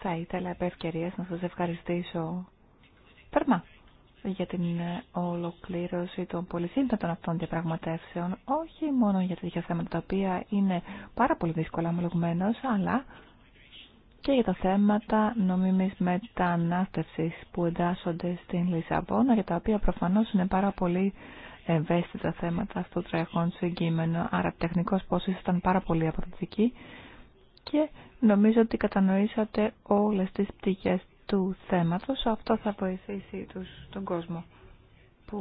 Θα ήθελα επ' ευκαιρίας να σας ευχαριστήσω θερμά για την ολοκλήρωση των πολυσύντατων αυτών διαπραγματεύσεων, όχι μόνο για τέτοια θέματα τα οποία είναι πάρα πολύ δύσκολα ομολογουμένως, αλλά και για τα θέματα νομίμης μετανάστευσης που εντάσσονται στην Λισαβόνα, για τα οποία προφανώς είναι πάρα πολύ ευαίσθητα θέματα στο τρέχον συγκείμενο. Άρα τεχνικός πώ ήταν πάρα πολύ αποδοτικοί και νομίζω ότι κατανοήσατε όλες τις πτυχές του θέματος. Αυτό θα βοηθήσει τους, τον κόσμο που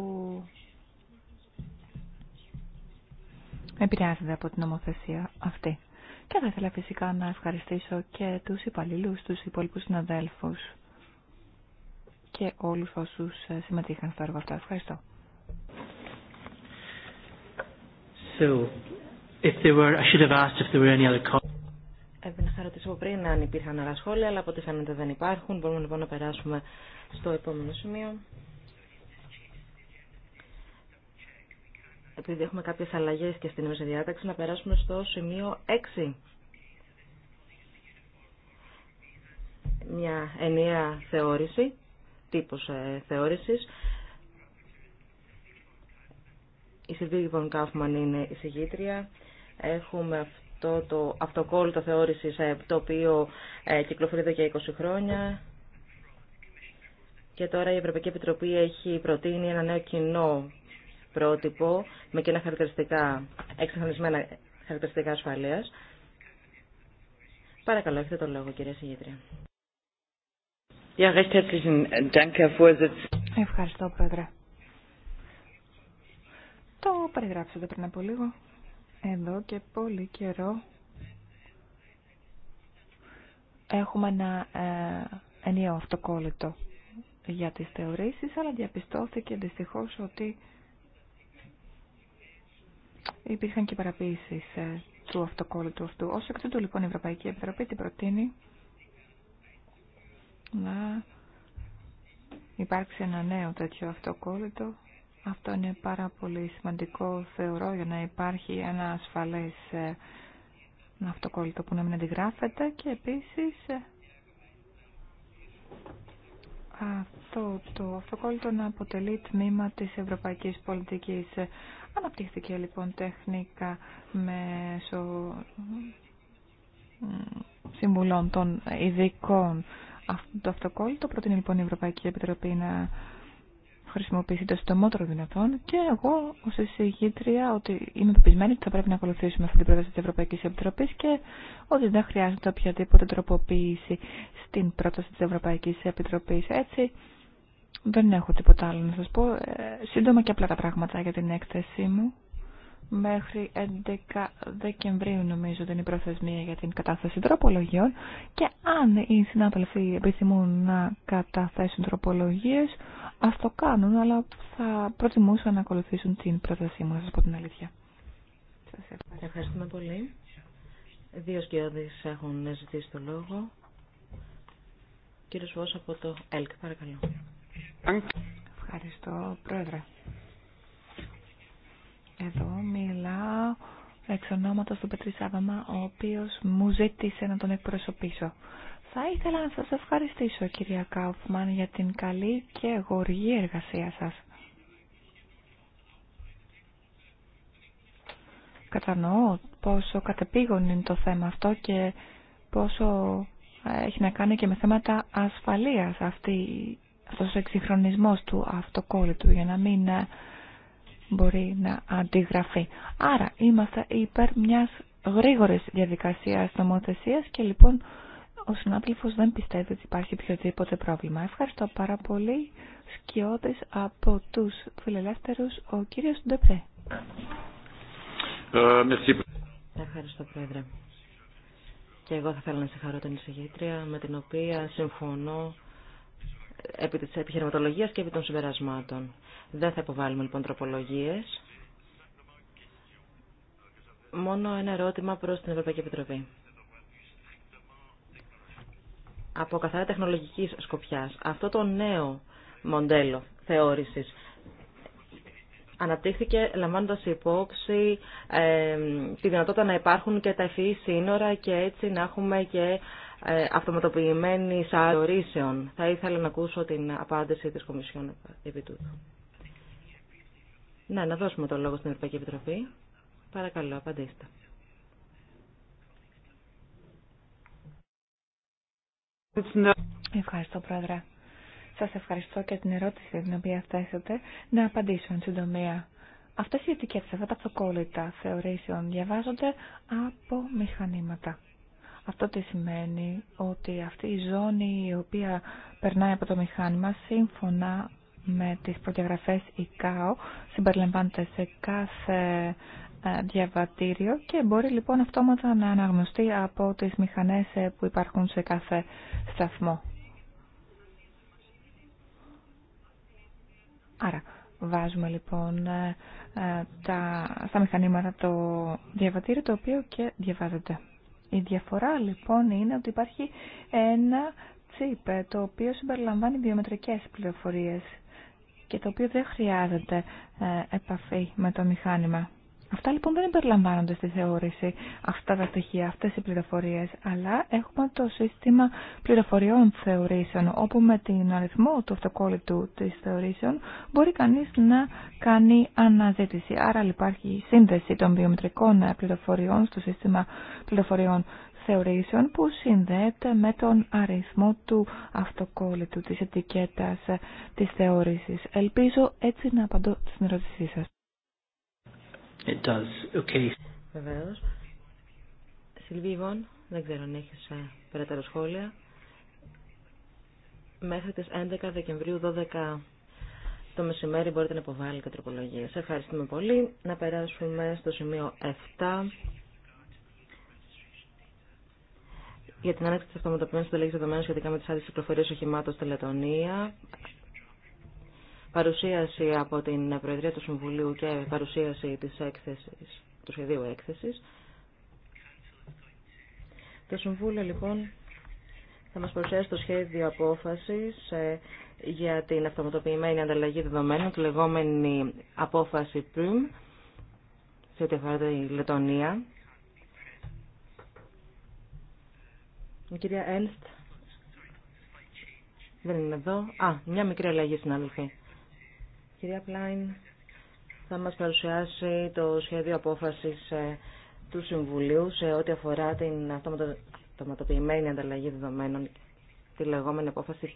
επηρεάζεται από την νομοθεσία αυτή. Και θα ήθελα φυσικά να ευχαριστήσω και τους υπαλλήλους, τους υπόλοιπους συναδέλφους και όλους όσους ε, συμμετείχαν στο έργο αυτό. Ευχαριστώ. So, if there were, I should have asked if there were any other ρωτήσω από πριν αν υπήρχαν άλλα σχόλια, αλλά από ό,τι φαίνεται δεν υπάρχουν. Μπορούμε λοιπόν να περάσουμε στο επόμενο σημείο. Επειδή έχουμε κάποιες αλλαγές και στην ημερήσια διάταξη, να περάσουμε στο σημείο 6. Μια ενιαία θεώρηση, τύπος ε, θεώρησης. Η Σιλβί Βον Κάφμαν είναι η συγγήτρια. Έχουμε αυτό το αυτοκόλλητο θεώρησης ε, το οποίο ε, κυκλοφορεί εδώ και 20 χρόνια. Και τώρα η Ευρωπαϊκή Επιτροπή έχει προτείνει ένα νέο κοινό πρότυπο με κοινά χαρακτηριστικά, εξαφανισμένα χαρακτηριστικά ασφαλεία. Παρακαλώ, έχετε το λόγο, κυρία Συγγήτρια. Ευχαριστώ, Πρόεδρε. Το περιγράψατε πριν από λίγο. Εδώ και πολύ καιρό έχουμε ένα ε, ενιαίο αυτοκόλλητο για τις θεωρήσεις, αλλά διαπιστώθηκε δυστυχώς ότι υπήρχαν και παραποίησεις ε, του αυτοκόλλητου αυτού. Ως εκ τούτου λοιπόν η Ευρωπαϊκή Επιτροπή την προτείνει να υπάρξει ένα νέο τέτοιο αυτοκόλλητο αυτό είναι πάρα πολύ σημαντικό, θεωρώ, για να υπάρχει ένα ασφαλές ε, αυτοκόλλητο που να μην αντιγράφεται και επίσης ε, αυτό το αυτοκόλλητο να αποτελεί τμήμα της ευρωπαϊκής πολιτικής. Ε, αναπτύχθηκε λοιπόν τέχνικα μέσω συμβουλών των ειδικών αυτό το αυτοκόλλητο. Προτείνει λοιπόν η Ευρωπαϊκή Επιτροπή να χρησιμοποιηθεί το συντομότερο δυνατόν και εγώ ω εισηγήτρια ότι είμαι πεπισμένη ότι θα πρέπει να ακολουθήσουμε αυτή την πρόταση τη Ευρωπαϊκή Επιτροπή και ότι δεν χρειάζεται οποιαδήποτε τροποποίηση στην πρόταση τη Ευρωπαϊκή Επιτροπή, Έτσι δεν έχω τίποτα άλλο να σα πω. Ε, σύντομα και απλά τα πράγματα για την έκθεσή μου. Μέχρι 11 Δεκεμβρίου νομίζω ότι είναι η προθεσμία για την κατάθεση τροπολογιών και αν οι συνάδελφοι επιθυμούν να καταθέσουν τροπολογίες Α το κάνουν, αλλά θα προτιμούσα να ακολουθήσουν την πρότασή μου, να σας πω την αλήθεια. Σας ευχαριστούμε πολύ. Δύο σκιώδεις έχουν ζητήσει το λόγο. Κύριος Βός από το ΕΛΚ, παρακαλώ. Ευχαριστώ, Πρόεδρε. Εδώ μιλάω εξ ονόματος του Πετρή Σάβαμα, ο οποίος μου ζήτησε να τον εκπροσωπήσω. Θα ήθελα να σας ευχαριστήσω κυρία Κάουφμαν για την καλή και γοργή εργασία σας. Κατανοώ πόσο κατεπήγον είναι το θέμα αυτό και πόσο ε, έχει να κάνει και με θέματα ασφαλείας αυτή, αυτός ο εξυγχρονισμός του αυτοκόλλητου για να μην ε, μπορεί να αντιγραφεί. Άρα είμαστε υπέρ μιας γρήγορης διαδικασίας νομοθεσίας και λοιπόν ο συνάδελφος δεν πιστεύει ότι υπάρχει οποιοδήποτε πρόβλημα. Ευχαριστώ πάρα πολύ. Σκιώτες από τους φιλελεύθερους, ο κύριος Ντεπρέ. Ε, Ευχαριστώ, Πρόεδρε. Και εγώ θα ήθελα να συγχαρώ την εισηγήτρια, με την οποία συμφωνώ επί της επιχειρηματολογίας και επί των συμπερασμάτων. Δεν θα υποβάλουμε λοιπόν τροπολογίες. Μόνο ένα ερώτημα προς την Ευρωπαϊκή Επιτροπή από καθαρά τεχνολογικής σκοπιάς. Αυτό το νέο μοντέλο θεώρησης αναπτύχθηκε λαμβάνοντας υπόψη ε, τη δυνατότητα να υπάρχουν και τα ευφυή σύνορα και έτσι να έχουμε και ε, αυτοματοποιημένη Θα ήθελα να ακούσω την απάντηση της Κομισιόν επί τούτου. Ναι, να δώσουμε το λόγο στην Ευρωπαϊκή Επιτροπή. Παρακαλώ, απαντήστε. Ευχαριστώ, Πρόεδρε. Σας ευχαριστώ και την ερώτηση την οποία θέσατε να απαντήσω εν συντομία. Αυτέ οι ετικέτες, αυτά τα αυτοκόλλητα θεωρήσεων διαβάζονται από μηχανήματα. Αυτό τι σημαίνει ότι αυτή η ζώνη η οποία περνάει από το μηχάνημα σύμφωνα με τις προδιαγραφές ICAO συμπεριλαμβάνεται σε κάθε ε, διαβατήριο και μπορεί λοιπόν αυτόματα να αναγνωστεί από τις μηχανές ε, που υπάρχουν σε κάθε σταθμό. Άρα βάζουμε λοιπόν ε, τα, στα μηχανήματα το διαβατήριο το οποίο και διαβάζεται. Η διαφορά λοιπόν είναι ότι υπάρχει ένα τσίπ το οποίο συμπεριλαμβάνει βιομετρικές πληροφορίες και το οποίο δεν χρειάζεται επαφή με το μηχάνημα. Αυτά λοιπόν δεν περιλαμβάνονται στη θεώρηση αυτά τα στοιχεία, αυτές οι πληροφορίες, αλλά έχουμε το σύστημα πληροφοριών θεωρήσεων, όπου με την αριθμό του αυτοκόλλητου της θεωρήσεων μπορεί κανείς να κάνει αναζήτηση. Άρα υπάρχει σύνδεση των βιομητρικών πληροφοριών στο σύστημα πληροφοριών θεωρήσεων που συνδέεται με τον αριθμό του αυτοκόλλητου της ετικέτας της θεώρησης. Ελπίζω έτσι να απαντώ στην ερώτησή σας. It does. Okay. δεν ξέρω αν έχεις ε, περαιτέρω σχόλια. Μέχρι τις 11 Δεκεμβρίου 12 το μεσημέρι μπορείτε να υποβάλλετε Σε Ευχαριστούμε πολύ. Να περάσουμε στο σημείο 7. για την άνοιξη τη αυτοματοποιημένη συντελέχη δεδομένων σχετικά με τι άδειε κυκλοφορία οχημάτων στη Λετωνία παρουσίαση από την Προεδρία του Συμβουλίου και παρουσίαση της έκθεσης, του σχεδίου έκθεσης. Το Συμβούλιο λοιπόν θα μας παρουσιάσει το σχέδιο απόφασης ε, για την αυτοματοποιημένη ανταλλαγή δεδομένων, τη λεγόμενη απόφαση PRIM, σε ό,τι αφορά τη Λετωνία. Η κυρία Ένστ δεν είναι εδώ. Α, μια μικρή αλλαγή στην αλήθεια. Κυρία Πλάιν, θα μας παρουσιάσει το σχέδιο απόφασης ε, του Συμβουλίου σε ό,τι αφορά την αυτοματοποιημένη ανταλλαγή δεδομένων, τη λεγόμενη απόφαση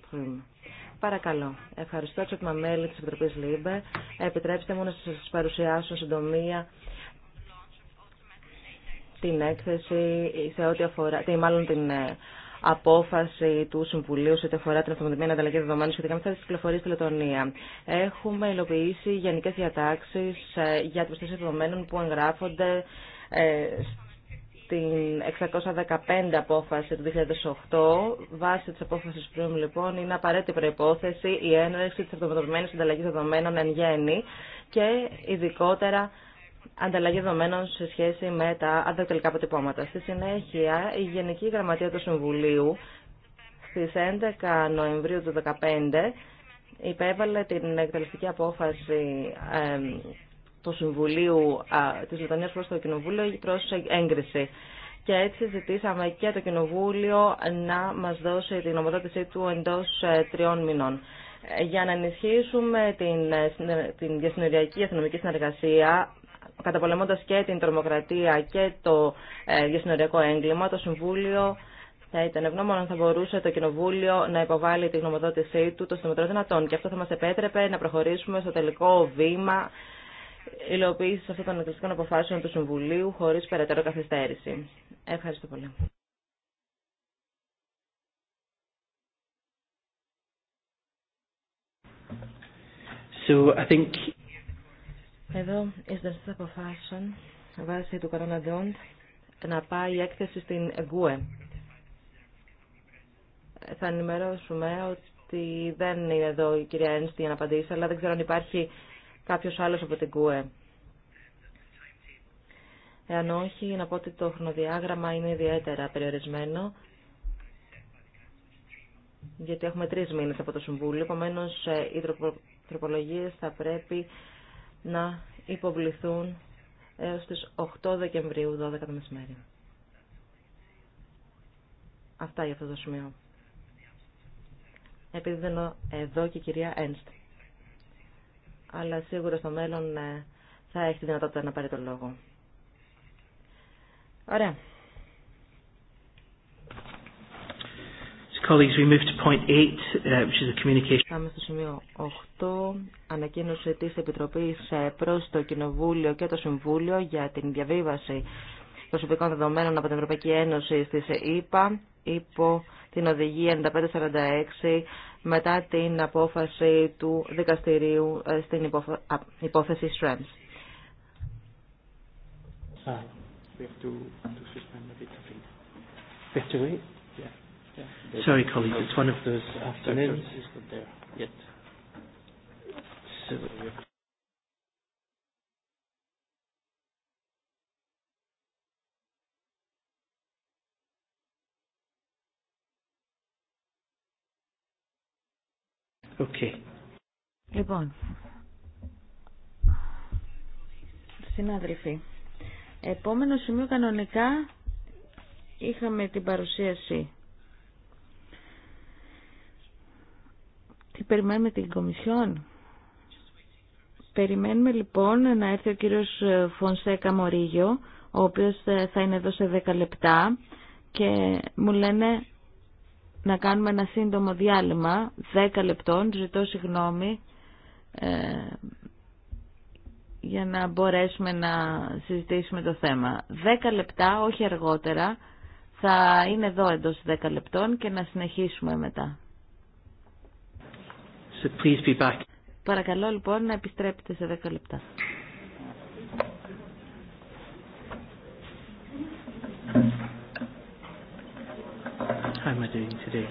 Παρακαλώ. Ευχαριστώ, τσέπμα μέλη της Επιτροπής ΛΥΜΠΕ. Επιτρέψτε μου να σας παρουσιάσω συντομία την έκθεση σε ό,τι αφορά, μάλλον την ε, απόφαση του Συμβουλίου σε ό,τι αφορά την αυτοματοποιημένη ανταλλαγή δεδομένων σχετικά με τι κυκλοφορίε στη Λετωνία. Έχουμε υλοποιήσει γενικέ διατάξει ε, για την προστασία δεδομένων που εγγράφονται ε, την 615 απόφαση του 2008. Βάσει τη απόφαση πριν λοιπόν είναι απαραίτητη προπόθεση η έναρξη τη αυτοματοποιημένη ανταλλαγή δεδομένων εν γέννη και ειδικότερα ανταλλαγή δεδομένων σε σχέση με τα ανταλλακτικά αποτυπώματα. Στη συνέχεια, η Γενική Γραμματεία του Συμβουλίου στι 11 Νοεμβρίου του 2015 υπέβαλε την εκτελεστική απόφαση του Συμβουλίου της Λετωνίας προς το Κοινοβούλιο προς έγκριση. Και έτσι ζητήσαμε και το Κοινοβούλιο να μας δώσει την ομοδότησή του εντός ε, τριών μηνών. Για να ενισχύσουμε την, ε, ε, την διασυνοριακή αστυνομική συνεργασία καταπολεμώντας και την τρομοκρατία και το ε, διασυνοριακό έγκλημα, το Συμβούλιο θα ήταν ευγνώμων αν θα μπορούσε το Κοινοβούλιο να υποβάλει τη γνωμοδότησή του το συντομότερο δυνατών. Και αυτό θα μας επέτρεπε να προχωρήσουμε στο τελικό βήμα υλοποίηση αυτών των εκκλησικών αποφάσεων του Συμβουλίου χωρίς περαιτέρω καθυστέρηση. Ευχαριστώ πολύ. So, I think... Εδώ οι συντονιστέ αποφάσισαν βάσει του κανόνα να πάει η έκθεση στην ΕΓΚΟΕ. Θα ενημερώσουμε ότι δεν είναι εδώ η κυρία Ένστη για να απαντήσει, αλλά δεν ξέρω αν υπάρχει κάποιος άλλος από την ΚΟΕ. Εάν όχι, να πω ότι το χρονοδιάγραμμα είναι ιδιαίτερα περιορισμένο, γιατί έχουμε τρεις μήνες από το Συμβούλιο, επομένω ε, οι τροπολογίες θα πρέπει να υποβληθούν έως τις 8 Δεκεμβρίου 12 το μεσημέρι. Αυτά για αυτό το σημείο. Επειδή δεν είναι εδώ και η κυρία Ένστ. Αλλά σίγουρα στο μέλλον ε, θα έχει τη δυνατότητα να πάρει το λόγο. Ωραία. we to point 8, uh, which is communication. Πάμε στο σημείο 8, ανακοίνωση της Επιτροπής ε, προς το Κοινοβούλιο και το Συμβούλιο για την διαβίβαση προσωπικών δεδομένων από την Ευρωπαϊκή Ένωση στις ΕΕΠΑ υπό την οδηγία 9546 μετά την απόφαση του δικαστηρίου ε, στην υπόθεση ΣΡΕΜΣ. Sorry, colleagues, it's one of those afternoons. Yet. So, Okay. Λοιπόν, συνάδελφοι, επόμενο σημείο κανονικά είχαμε την παρουσίαση Τι περιμένουμε την Κομισιόν. Περιμένουμε λοιπόν να έρθει ο κύριος Φωνσέκα Μορίγιο, ο οποίος θα είναι εδώ σε 10 λεπτά και μου λένε να κάνουμε ένα σύντομο διάλειμμα 10 λεπτών, ζητώ συγγνώμη, ε, για να μπορέσουμε να συζητήσουμε το θέμα. 10 λεπτά, όχι αργότερα, θα είναι εδώ εντός 10 λεπτών και να συνεχίσουμε μετά. So please be back. Παρακαλώ λοιπόν να επιστρέψετε σε 10 λεπτά. How am I doing today?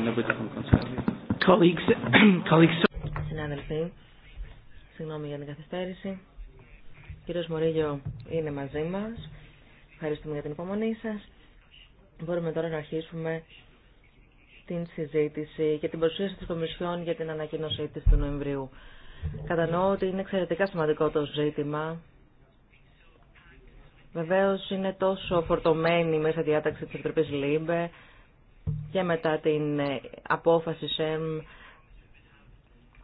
Συνάδελφοι, συγγνώμη για την καθυστέρηση. Κύριος Μωρίγιο είναι μαζί μας. Ευχαριστούμε για την υπομονή σας. Μπορούμε τώρα να αρχίσουμε την συζήτηση και την παρουσίαση της Κομισιόν για την ανακοίνωσή της του Νοεμβρίου. Κατανοώ ότι είναι εξαιρετικά σημαντικό το ζήτημα. Βεβαίως είναι τόσο φορτωμένη μέσα διάταξη της Επιτροπής ΛΥΜΠΕ και μετά την ε, απόφαση ΣΕΜ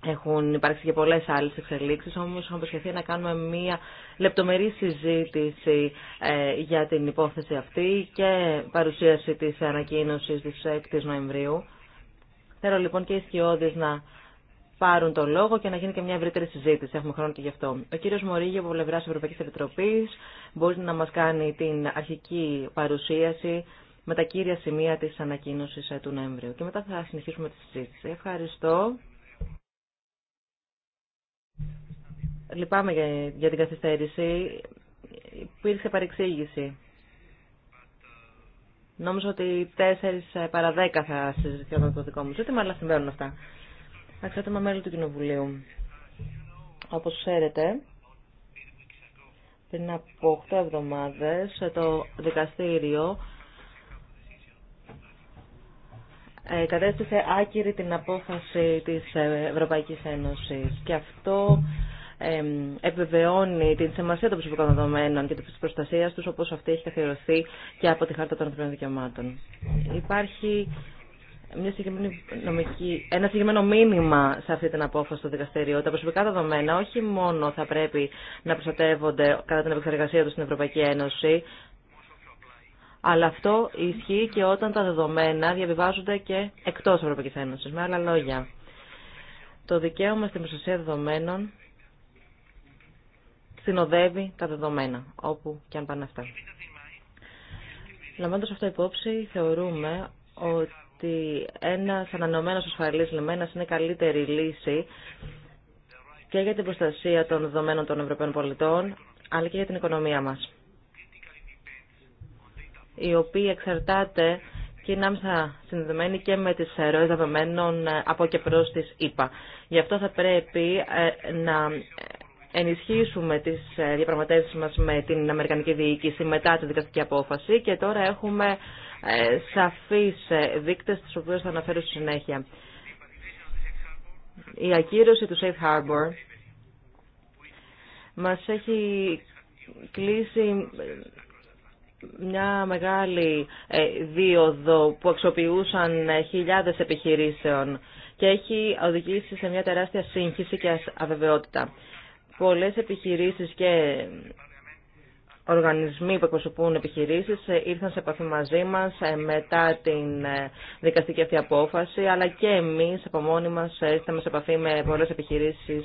έχουν υπάρξει και πολλέ άλλε εξελίξει. Όμω έχουμε προσχεθεί να κάνουμε μία λεπτομερή συζήτηση ε, για την υπόθεση αυτή και παρουσίαση τη ανακοίνωση τη 6 η Νοεμβρίου. Θέλω λοιπόν και οι σκιώδει να πάρουν το λόγο και να γίνει και μια ευρύτερη συζήτηση. Έχουμε χρόνο και γι' αυτό. Ο κύριος Μωρίγιο, από πλευρά Ευρωπαϊκή Επιτροπή μπορεί να μα κάνει την αρχική παρουσίαση με τα κύρια σημεία τη ανακοίνωση ε, του Νοεμβρίου. Και μετά θα συνεχίσουμε τη συζήτηση. Ευχαριστώ. Λυπάμαι για την καθυστέρηση. Υπήρξε παρεξήγηση. Νόμιζα ότι 4 παρα 10 θα συζητιόταν το δικό μου ζήτημα, αλλά συμβαίνουν αυτά. Αξιότιμα μέλη του Κοινοβουλίου. Όπως ξέρετε, πριν από 8 εβδομάδες, ε, το δικαστήριο Ε, κατέστησε άκυρη την απόφαση της Ευρωπαϊκής Ένωσης και αυτό επιβεβαιώνει την σημασία των προσωπικών δεδομένων και της προστασίας τους όπως αυτή έχει καθιερωθεί και από τη Χάρτα των Ανθρωπίνων Δικαιωμάτων. Υπάρχει μια νομική, ένα συγκεκριμένο μήνυμα σε αυτή την απόφαση του δικαστηρίου. Τα προσωπικά δεδομένα όχι μόνο θα πρέπει να προστατεύονται κατά την επεξεργασία του στην Ευρωπαϊκή Ένωση, αλλά αυτό ισχύει και όταν τα δεδομένα διαβιβάζονται και εκτός Ευρωπαϊκής Ένωση. Με άλλα λόγια, το δικαίωμα στην προστασία δεδομένων συνοδεύει τα δεδομένα, όπου και αν πάνε αυτά. Λαμβάνοντα αυτό υπόψη, θεωρούμε ότι ένα ανανεωμένος ασφαλή λιμένας είναι καλύτερη λύση και για την προστασία των δεδομένων των Ευρωπαίων πολιτών, αλλά και για την οικονομία μας η οποία εξαρτάται και είναι άμεσα συνδεδεμένη και με τις ροές δεδομένων ε, από και προς της ΕΠΑ. Γι' αυτό θα πρέπει ε, να ενισχύσουμε τις ε, διαπραγματεύσεις μας με την Αμερικανική Διοίκηση μετά τη δικαστική απόφαση και τώρα έχουμε σαφείς δείκτες τους οποίους θα αναφέρω στη συνέχεια. Η ακύρωση του Safe Harbor μας έχει κλείσει μια μεγάλη ε, δίωδο που αξιοποιούσαν ε, χιλιάδες επιχειρήσεων και έχει οδηγήσει σε μια τεράστια σύγχυση και αβεβαιότητα. Πολλές επιχειρήσεις και οργανισμοί που εκπροσωπούν επιχειρήσεις ε, ήρθαν σε επαφή μαζί μας μετά την δικαστική αυτή απόφαση, αλλά και εμείς από μόνοι μας ήρθαμε σε επαφή με πολλές επιχειρήσεις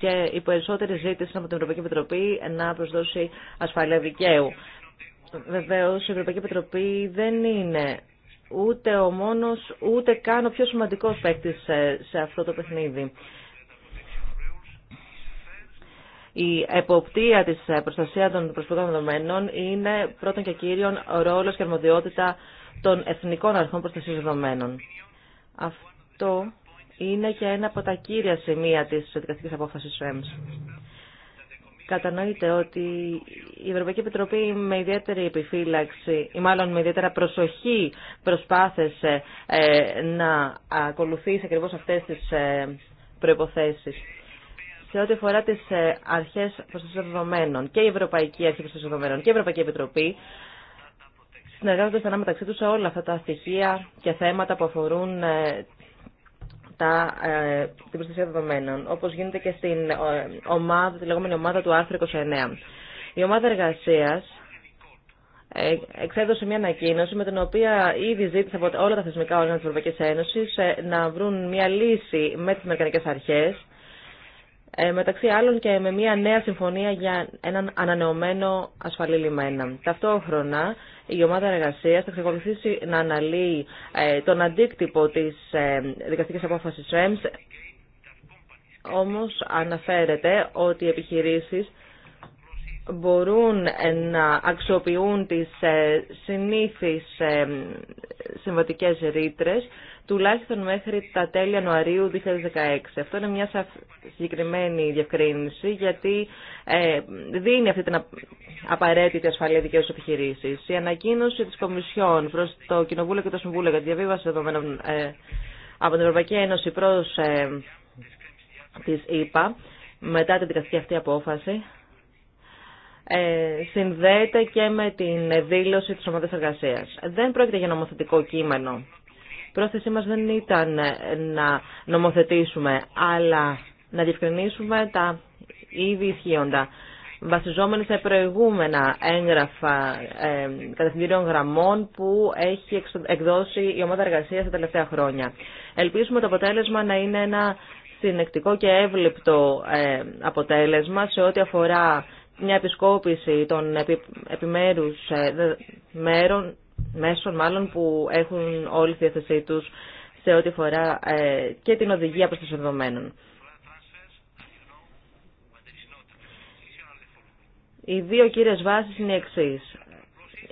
και οι περισσότεροι ζήτησαν από την Ευρωπαϊκή Επιτροπή να προσδώσει ασφάλεια δικαίου. Βεβαίω, η Ευρωπαϊκή Επιτροπή δεν είναι ούτε ο μόνος, ούτε καν ο πιο σημαντικός παίκτη σε, αυτό το παιχνίδι. Η εποπτεία της προστασία των προσωπικών δεδομένων είναι πρώτον και κύριον ρόλος και αρμοδιότητα των εθνικών αρχών προστασία δεδομένων. Αυτό είναι και ένα από τα κύρια σημεία της δικαστικής απόφασης του ΕΜΣ. Κατανοείται ότι η Ευρωπαϊκή Επιτροπή με ιδιαίτερη επιφύλαξη ή μάλλον με ιδιαίτερα προσοχή προσπάθησε ε, να ακολουθήσει ακριβώς αυτές τις ε, προϋποθέσεις. Σε ό,τι αφορά τις ε, αρχές προστασία δεδομένων και η Ευρωπαϊκή Αρχή Προστασία Δεδομένων και η Ευρωπαϊκή Επιτροπή συνεργάζονται στενά μεταξύ τους σε όλα αυτά τα στοιχεία και θέματα που αφορούν τα, ε, την προστασία δεδομένων, όπω γίνεται και στην ε, ομάδα, τη λεγόμενη ομάδα του άρθρου 29. Η ομάδα ε, εξέδωσε μια ανακοίνωση με την οποία ήδη ζήτησε από όλα τα θεσμικά όργανα τη Ευρωπαϊκή Ένωση ε, να βρουν μια λύση με τι Αμερικανικέ Αρχές ε, μεταξύ άλλων και με μια νέα συμφωνία για έναν ανανεωμένο ασφαλή λιμένα. Ταυτόχρονα η ομάδα εργασία θα εξακολουθήσει να αναλύει ε, τον αντίκτυπο της ε, δικαστικής απόφασης ΡΕΜΣ, όμως αναφέρεται ότι οι επιχειρήσεις μπορούν να αξιοποιούν τις συνήθεις συμβατικές ρήτρες τουλάχιστον μέχρι τα τέλη Ιανουαρίου 2016. Αυτό είναι μια συγκεκριμένη διευκρίνηση γιατί ε, δίνει αυτή την απαραίτητη ασφαλεία δικαίωση επιχειρήσει. Η ανακοίνωση της Κομισιόν προ το Κοινοβούλιο και το Συμβούλιο για τη διαβίβαση δεδομένων ε, από την Ευρωπαϊκή Ένωση προς ε, της ΕΠΑ μετά την δικαστική αυτή απόφαση συνδέεται και με την δήλωση της ομάδας εργασίας. Δεν πρόκειται για νομοθετικό κείμενο η πρόθεσή μας δεν ήταν να νομοθετήσουμε, αλλά να διευκρινίσουμε τα ήδη ισχύοντα. Βασιζόμενοι σε προηγούμενα έγγραφα ε, κατευθυντήριων γραμμών που έχει εκδώσει η ομάδα εργασίας τα τελευταία χρόνια. Ελπίζουμε το αποτέλεσμα να είναι ένα συνεκτικό και εύληπτο αποτέλεσμα σε ό,τι αφορά μια επισκόπηση των επι, επιμέρους ε, μέρων μέσων μάλλον που έχουν όλη τη διάθεσή τους σε ό,τι αφορά ε, και την οδηγία προς τους δεδομένων. Οι δύο κύριες βάσεις είναι οι εξής.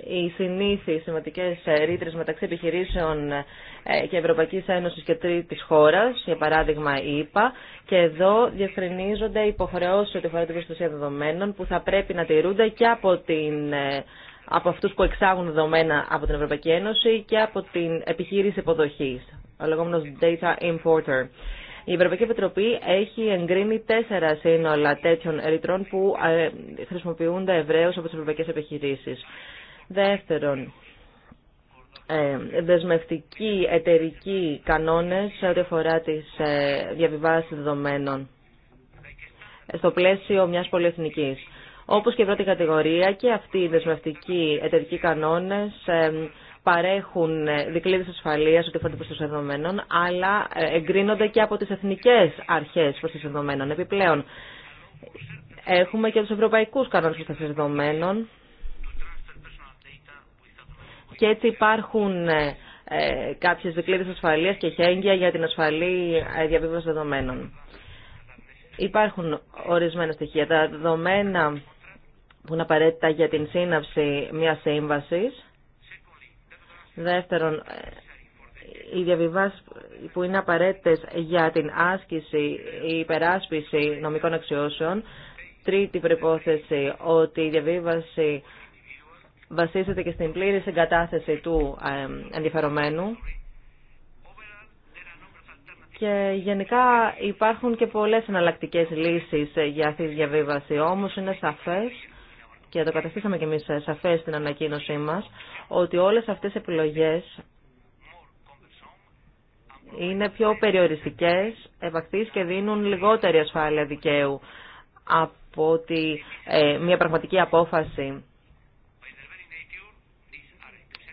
Οι συνήθει σημαντικέ ε, ρήτρε μεταξύ επιχειρήσεων ε, και Ευρωπαϊκή Ένωση και τρίτη χώρα, για παράδειγμα η ΕΠΑ, και εδώ διευκρινίζονται υποχρεώσει ότι αφορά την προστασία δεδομένων που θα πρέπει να τηρούνται και από την από αυτούς που εξάγουν δεδομένα από την Ευρωπαϊκή Ένωση και από την επιχείρηση υποδοχής, ο λεγόμενος Data Importer. Η Ευρωπαϊκή Επιτροπή έχει εγκρίνει τέσσερα σύνολα τέτοιων ρητρών που ε, χρησιμοποιούνται ευρέως από τις ευρωπαϊκές επιχειρήσεις. Δεύτερον, ε, δεσμευτικοί εταιρικοί κανόνες σε ό,τι αφορά τις ε, διαβιβάσεις δεδομένων στο πλαίσιο μιας πολυεθνικής. Όπως και η πρώτη κατηγορία και αυτοί οι δεσμευτικοί εταιρικοί κανόνες παρέχουν δικλείδες ασφαλείας ότι φορτή τους δεδομένων, αλλά ε, εγκρίνονται και από τις εθνικές αρχές τους δεδομένων. Επιπλέον, έχουμε και τους ευρωπαϊκούς κανόνες τους δεδομένων και έτσι υπάρχουν ε, ε, κάποιες δικλείδες ασφαλείας και χέγγια για την ασφαλή ε, διαβίβαση δεδομένων. Υπάρχουν ορισμένα στοιχεία. Τα δεδομένα που είναι απαραίτητα για την σύναυση μιας σύμβασης. Δεύτερον, ε, οι διαβιβάσεις που είναι απαραίτητες για την άσκηση ή υπεράσπιση νομικών αξιώσεων. Τρίτη προϋπόθεση, ότι η υπερασπιση νομικων αξιωσεων τριτη προποθεση βασίζεται και στην πλήρη συγκατάθεση του ε, ενδιαφερομένου. Και γενικά υπάρχουν και πολλές εναλλακτικές λύσεις ε, για αυτή τη διαβίβαση, όμως είναι σαφές και το καταστήσαμε κι εμείς ε, σαφές στην ανακοίνωσή μας, ότι όλες αυτές οι επιλογές είναι πιο περιοριστικές, ευαχθείς και δίνουν λιγότερη ασφάλεια δικαίου από ε, μια πραγματική απόφαση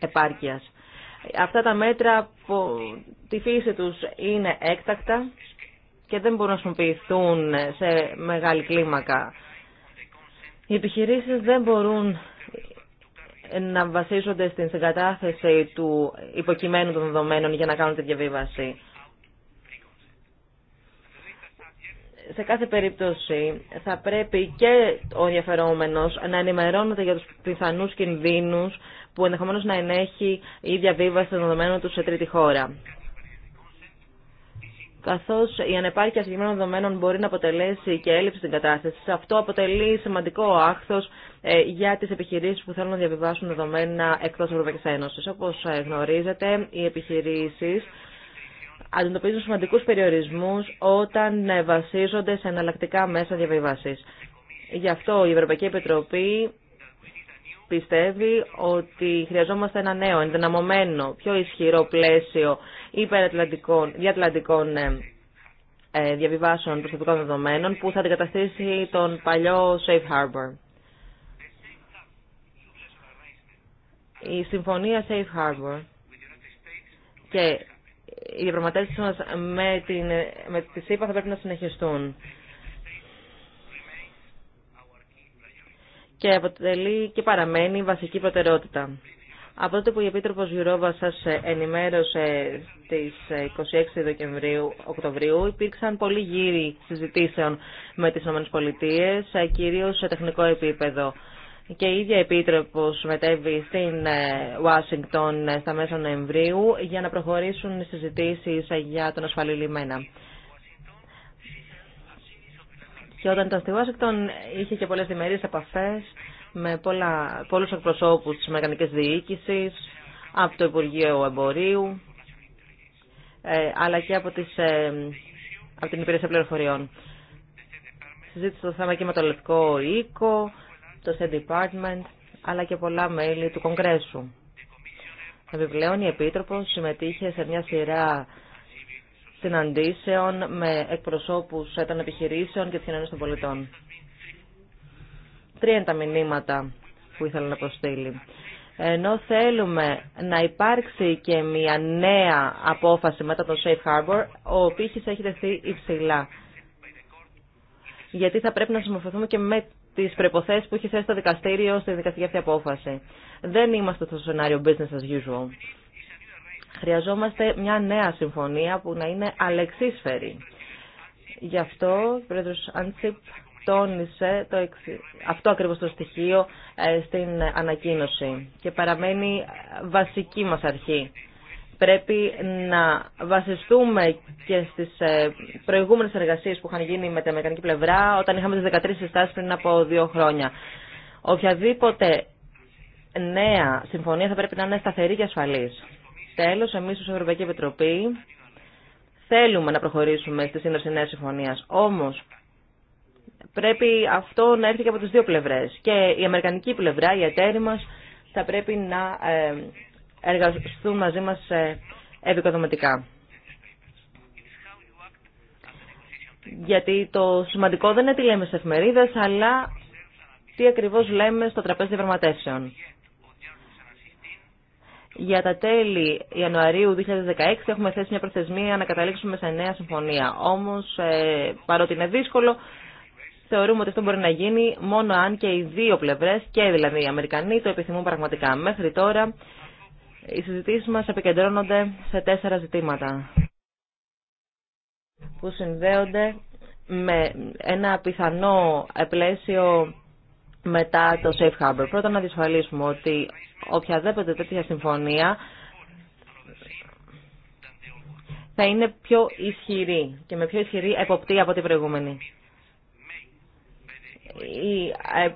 επάρκειας. Αυτά τα μέτρα τη φύση τους είναι έκτακτα και δεν μπορούν να χρησιμοποιηθούν σε μεγάλη κλίμακα οι επιχειρήσεις δεν μπορούν να βασίζονται στην συγκατάθεση του υποκειμένου των δεδομένων για να κάνουν τη διαβίβαση. Σε κάθε περίπτωση θα πρέπει και ο ενδιαφερόμενος να ενημερώνεται για τους πιθανούς κινδύνους που ενδεχομένως να ενέχει η διαβίβαση των δεδομένων του σε τρίτη χώρα. Καθώ η ανεπάρκεια συγκεκριμένων δεδομένων μπορεί να αποτελέσει και έλλειψη στην κατάσταση. Αυτό αποτελεί σημαντικό άχθο ε, για τι επιχειρήσει που θέλουν να διαβιβάσουν δεδομένα εκτός Ευρωπαϊκή Ένωση. Όπως ε, γνωρίζετε, οι επιχειρήσει αντιμετωπίζουν σημαντικού περιορισμού όταν ε, βασίζονται σε εναλλακτικά μέσα διαβίβαση. Γι' αυτό η Ευρωπαϊκή Επιτροπή πιστεύει ότι χρειαζόμαστε ένα νέο, ενδυναμωμένο, πιο ισχυρό πλαίσιο υπερατλαντικών, διατλαντικών ε, ε, διαβιβάσεων προσωπικών δεδομένων που θα αντικαταστήσει τον παλιό Safe Harbor. Η συμφωνία Safe Harbor και οι διαπραγματεύσει μας με, την, με τη ΣΥΠΑ θα πρέπει να συνεχιστούν. Και αποτελεί και παραμένει βασική προτεραιότητα. Από τότε που η επίτροπο Γιουρόβα σας ε, ενημέρωσε στι 26 ε, Δεκεμβρίου, Οκτωβρίου, υπήρξαν πολλοί γύροι συζητήσεων με τις ΗΠΑ, ε, κυρίω σε τεχνικό επίπεδο. Και η ίδια Επίτροπος μετέβη στην Ουάσιγκτον στα μέσα Νοεμβρίου για να προχωρήσουν οι συζητήσεις για τον ασφαλή λιμένα. Και όταν ήταν στη Ουάσιγκτον είχε και πολλέ διμερεί επαφέ, με πολλά, πολλούς εκπροσώπους της Μεκανικής Διοίκησης, από το Υπουργείο Εμπορίου, ε, αλλά και από, τις, ε, από την Υπηρεσία Πληροφοριών. Συζήτησε το θέμα και με το Λευκό Οίκο, το State Department, αλλά και πολλά μέλη του Κογκρέσου. Επιπλέον, η Επίτροπος συμμετείχε σε μια σειρά συναντήσεων με εκπροσώπους των επιχειρήσεων και της κοινωνίας των πολιτών. Τρία είναι τα μηνύματα που ήθελα να προστείλει. Ενώ θέλουμε να υπάρξει και μια νέα απόφαση μετά το Safe Harbor, ο πύχης έχει δεχθεί υψηλά. Γιατί θα πρέπει να συμμορφωθούμε και με τις προϋποθέσεις που έχει θέσει το δικαστήριο στη δικαστική αυτή απόφαση. Δεν είμαστε στο σενάριο business as usual. Χρειαζόμαστε μια νέα συμφωνία που να είναι αλεξίσφαιρη. Γι' αυτό, Πρόεδρος Άντσιπ, τόνισε το αυτό ακριβώς το στοιχείο ε, στην ανακοίνωση και παραμένει ε, βασική μας αρχή. Πρέπει να βασιστούμε και στις ε, προηγούμενες εργασίες που είχαν γίνει με τη Αμερικανική πλευρά όταν είχαμε τις 13 συστάσεις πριν από δύο χρόνια. Οποιαδήποτε νέα συμφωνία θα πρέπει να είναι σταθερή και ασφαλής. Τέλος, εμείς ως Ευρωπαϊκή Επιτροπή θέλουμε να προχωρήσουμε στη σύνδεση νέας συμφωνίας. Όμως, πρέπει αυτό να έρθει και από τις δύο πλευρές. Και η αμερικανική πλευρά, η εταίροι μας, θα πρέπει να ε, εργαστούν μαζί μας ε, επικοδομητικά. Γιατί το σημαντικό δεν είναι τι λέμε στις εφημερίδες, αλλά τι ακριβώς λέμε στο τραπέζι διαπραγματεύσεων. Για τα τέλη Ιανουαρίου 2016 έχουμε θέσει μια προθεσμία να καταλήξουμε σε νέα συμφωνία. Όμως, ε, παρότι είναι δύσκολο, θεωρούμε ότι αυτό μπορεί να γίνει μόνο αν και οι δύο πλευρές, και δηλαδή οι Αμερικανοί, το επιθυμούν πραγματικά. Μέχρι τώρα οι συζητήσει μας επικεντρώνονται σε τέσσερα ζητήματα που συνδέονται με ένα πιθανό πλαίσιο μετά το Safe Harbor. Πρώτα να διασφαλίσουμε ότι οποιαδήποτε τέτοια συμφωνία θα είναι πιο ισχυρή και με πιο ισχυρή εποπτεία από την προηγούμενη οι ε,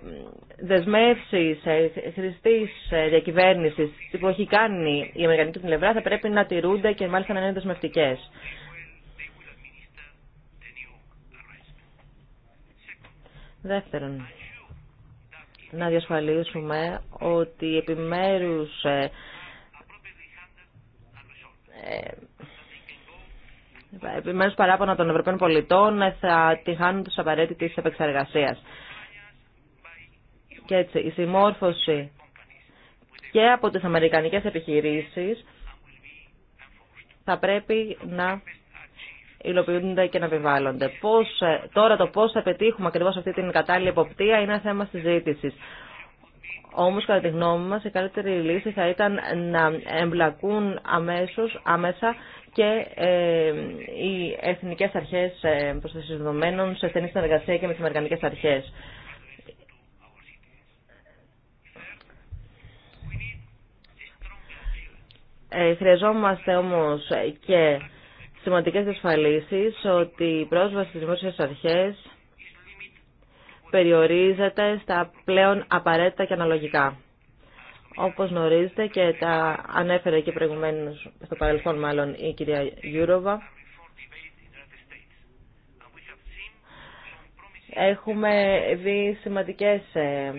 δεσμεύσει ε, χρηστή ε, διακυβέρνηση που έχει κάνει η Αμερικανική πλευρά θα πρέπει να τηρούνται και μάλιστα να είναι δεσμευτικέ. Δεύτερον, να διασφαλίσουμε ότι οι επιμέρους ε, παράπονα των Ευρωπαίων πολιτών θα τυχάνουν τους απαραίτητες επεξεργασίας. Και έτσι η συμμόρφωση και από τις αμερικανικές επιχειρήσεις θα πρέπει να υλοποιούνται και να επιβάλλονται. Πώς, ε, τώρα το πώς θα πετύχουμε ακριβώς αυτή την κατάλληλη εποπτεία είναι ένα θέμα συζήτησης. Όμως κατά τη γνώμη μας η καλύτερη λύση θα ήταν να εμπλακούν αμέσως, άμεσα και ε, οι εθνικές αρχές ε, δεδομένων σε στενή συνεργασία και με τις αμερικανικές αρχές. Ε, χρειαζόμαστε όμως και σημαντικές ασφαλίσεις ότι η πρόσβαση στις δημόσιες αρχές περιορίζεται στα πλέον απαραίτητα και αναλογικά. Όπως γνωρίζετε και τα ανέφερε και προηγουμένως στο παρελθόν μάλλον η κυρία Γιούροβα, έχουμε δει σημαντικές ε,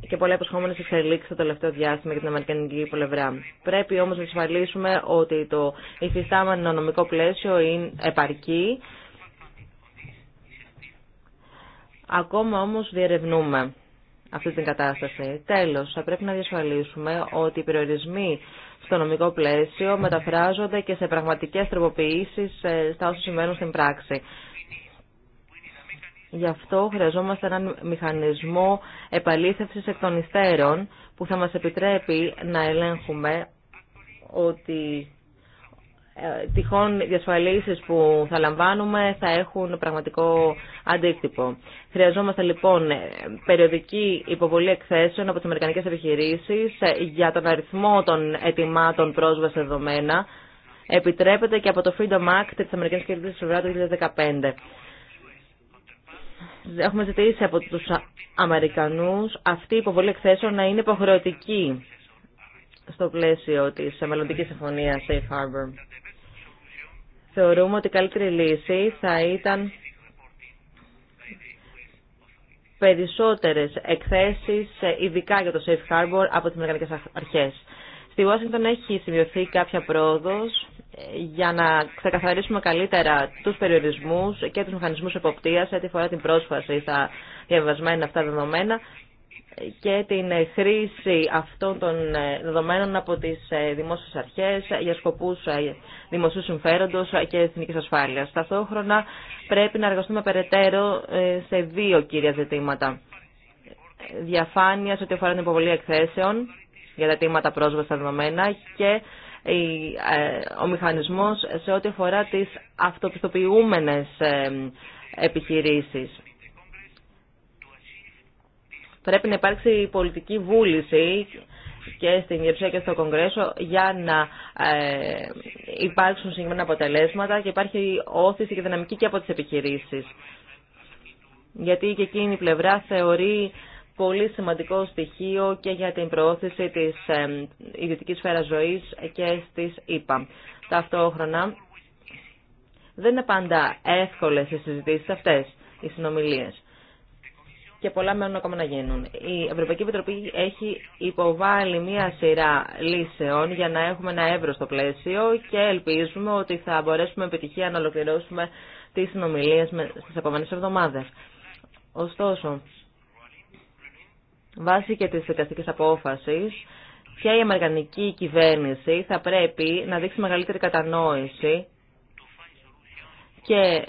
και πολλά υποσχόμενε εξελίξει το τελευταίο διάστημα για την Αμερικανική πλευρά. Πρέπει όμω να εξασφαλίσουμε ότι το υφιστάμενο νομικό πλαίσιο είναι επαρκή. Ακόμα όμω διερευνούμε αυτή την κατάσταση. Τέλο, θα πρέπει να διασφαλίσουμε ότι οι περιορισμοί στο νομικό πλαίσιο μεταφράζονται και σε πραγματικέ τροποποίησει ε, στα όσα σημαίνουν στην πράξη. Γι' αυτό χρειαζόμαστε έναν μηχανισμό επαλήθευσης εκ των υστέρων που θα μας επιτρέπει να ελέγχουμε ότι ε, τυχόν διασφαλίσεις που θα λαμβάνουμε θα έχουν πραγματικό αντίκτυπο. Χρειαζόμαστε λοιπόν περιοδική υποβολή εκθέσεων από τις Αμερικανικές επιχειρήσεις ε, για τον αριθμό των ετοιμάτων πρόσβαση δεδομένα επιτρέπεται και από το Freedom Act της Αμερικανικής Κυβέρνησης του 2015. Έχουμε ζητήσει από τους Αμερικανούς αυτή η υποβολή εκθέσεων να είναι υποχρεωτική στο πλαίσιο της μελλοντικής συμφωνία Safe Harbor. Θεωρούμε ότι η καλύτερη λύση θα ήταν περισσότερες εκθέσεις ειδικά για το Safe Harbor από τις Αμερικανικές Αρχές. Στη Washington έχει σημειωθεί κάποια πρόοδος για να ξεκαθαρίσουμε καλύτερα τους περιορισμούς και τους μηχανισμούς εποπτείας σε φορά την πρόσφαση στα διαβασμένα αυτά δεδομένα και την χρήση αυτών των ε, δεδομένων από τις ε, δημόσιες αρχές για σκοπούς ε, δημοσίου συμφέροντος και εθνικής ασφάλειας. Ταυτόχρονα πρέπει να εργαστούμε περαιτέρω σε δύο κύρια ζητήματα. Διαφάνεια σε ό,τι αφορά την υποβολή εκθέσεων για τα αιτήματα πρόσβαση στα δεδομένα και ε, ο μηχανισμός σε ό,τι αφορά τις αυτοπιστοποιούμενες ε, επιχειρήσεις. Πρέπει να υπάρξει πολιτική βούληση και στην Γερουσία και στο Κογκρέσο για να ε, υπάρξουν συγκεκριμένα αποτελέσματα και υπάρχει όθηση και δυναμική και από τις επιχειρήσεις. Γιατί και εκείνη η πλευρά θεωρεί πολύ σημαντικό στοιχείο και για την προώθηση της ιδιωτικής σφαίρας ζωής και στις ΕΠΑ. Ταυτόχρονα δεν είναι πάντα εύκολες οι συζητήσεις αυτές, οι συνομιλίες. Και πολλά μένουν ακόμα να γίνουν. Η Ευρωπαϊκή Επιτροπή έχει υποβάλει μία σειρά λύσεων για να έχουμε ένα εύρο στο πλαίσιο και ελπίζουμε ότι θα μπορέσουμε επιτυχία να ολοκληρώσουμε τις συνομιλίες στις επόμενες εβδομάδες. Ωστόσο, Βάσει και τη δικαστική απόφαση, ποια η Αμερικανική κυβέρνηση θα πρέπει να δείξει μεγαλύτερη κατανόηση και ε,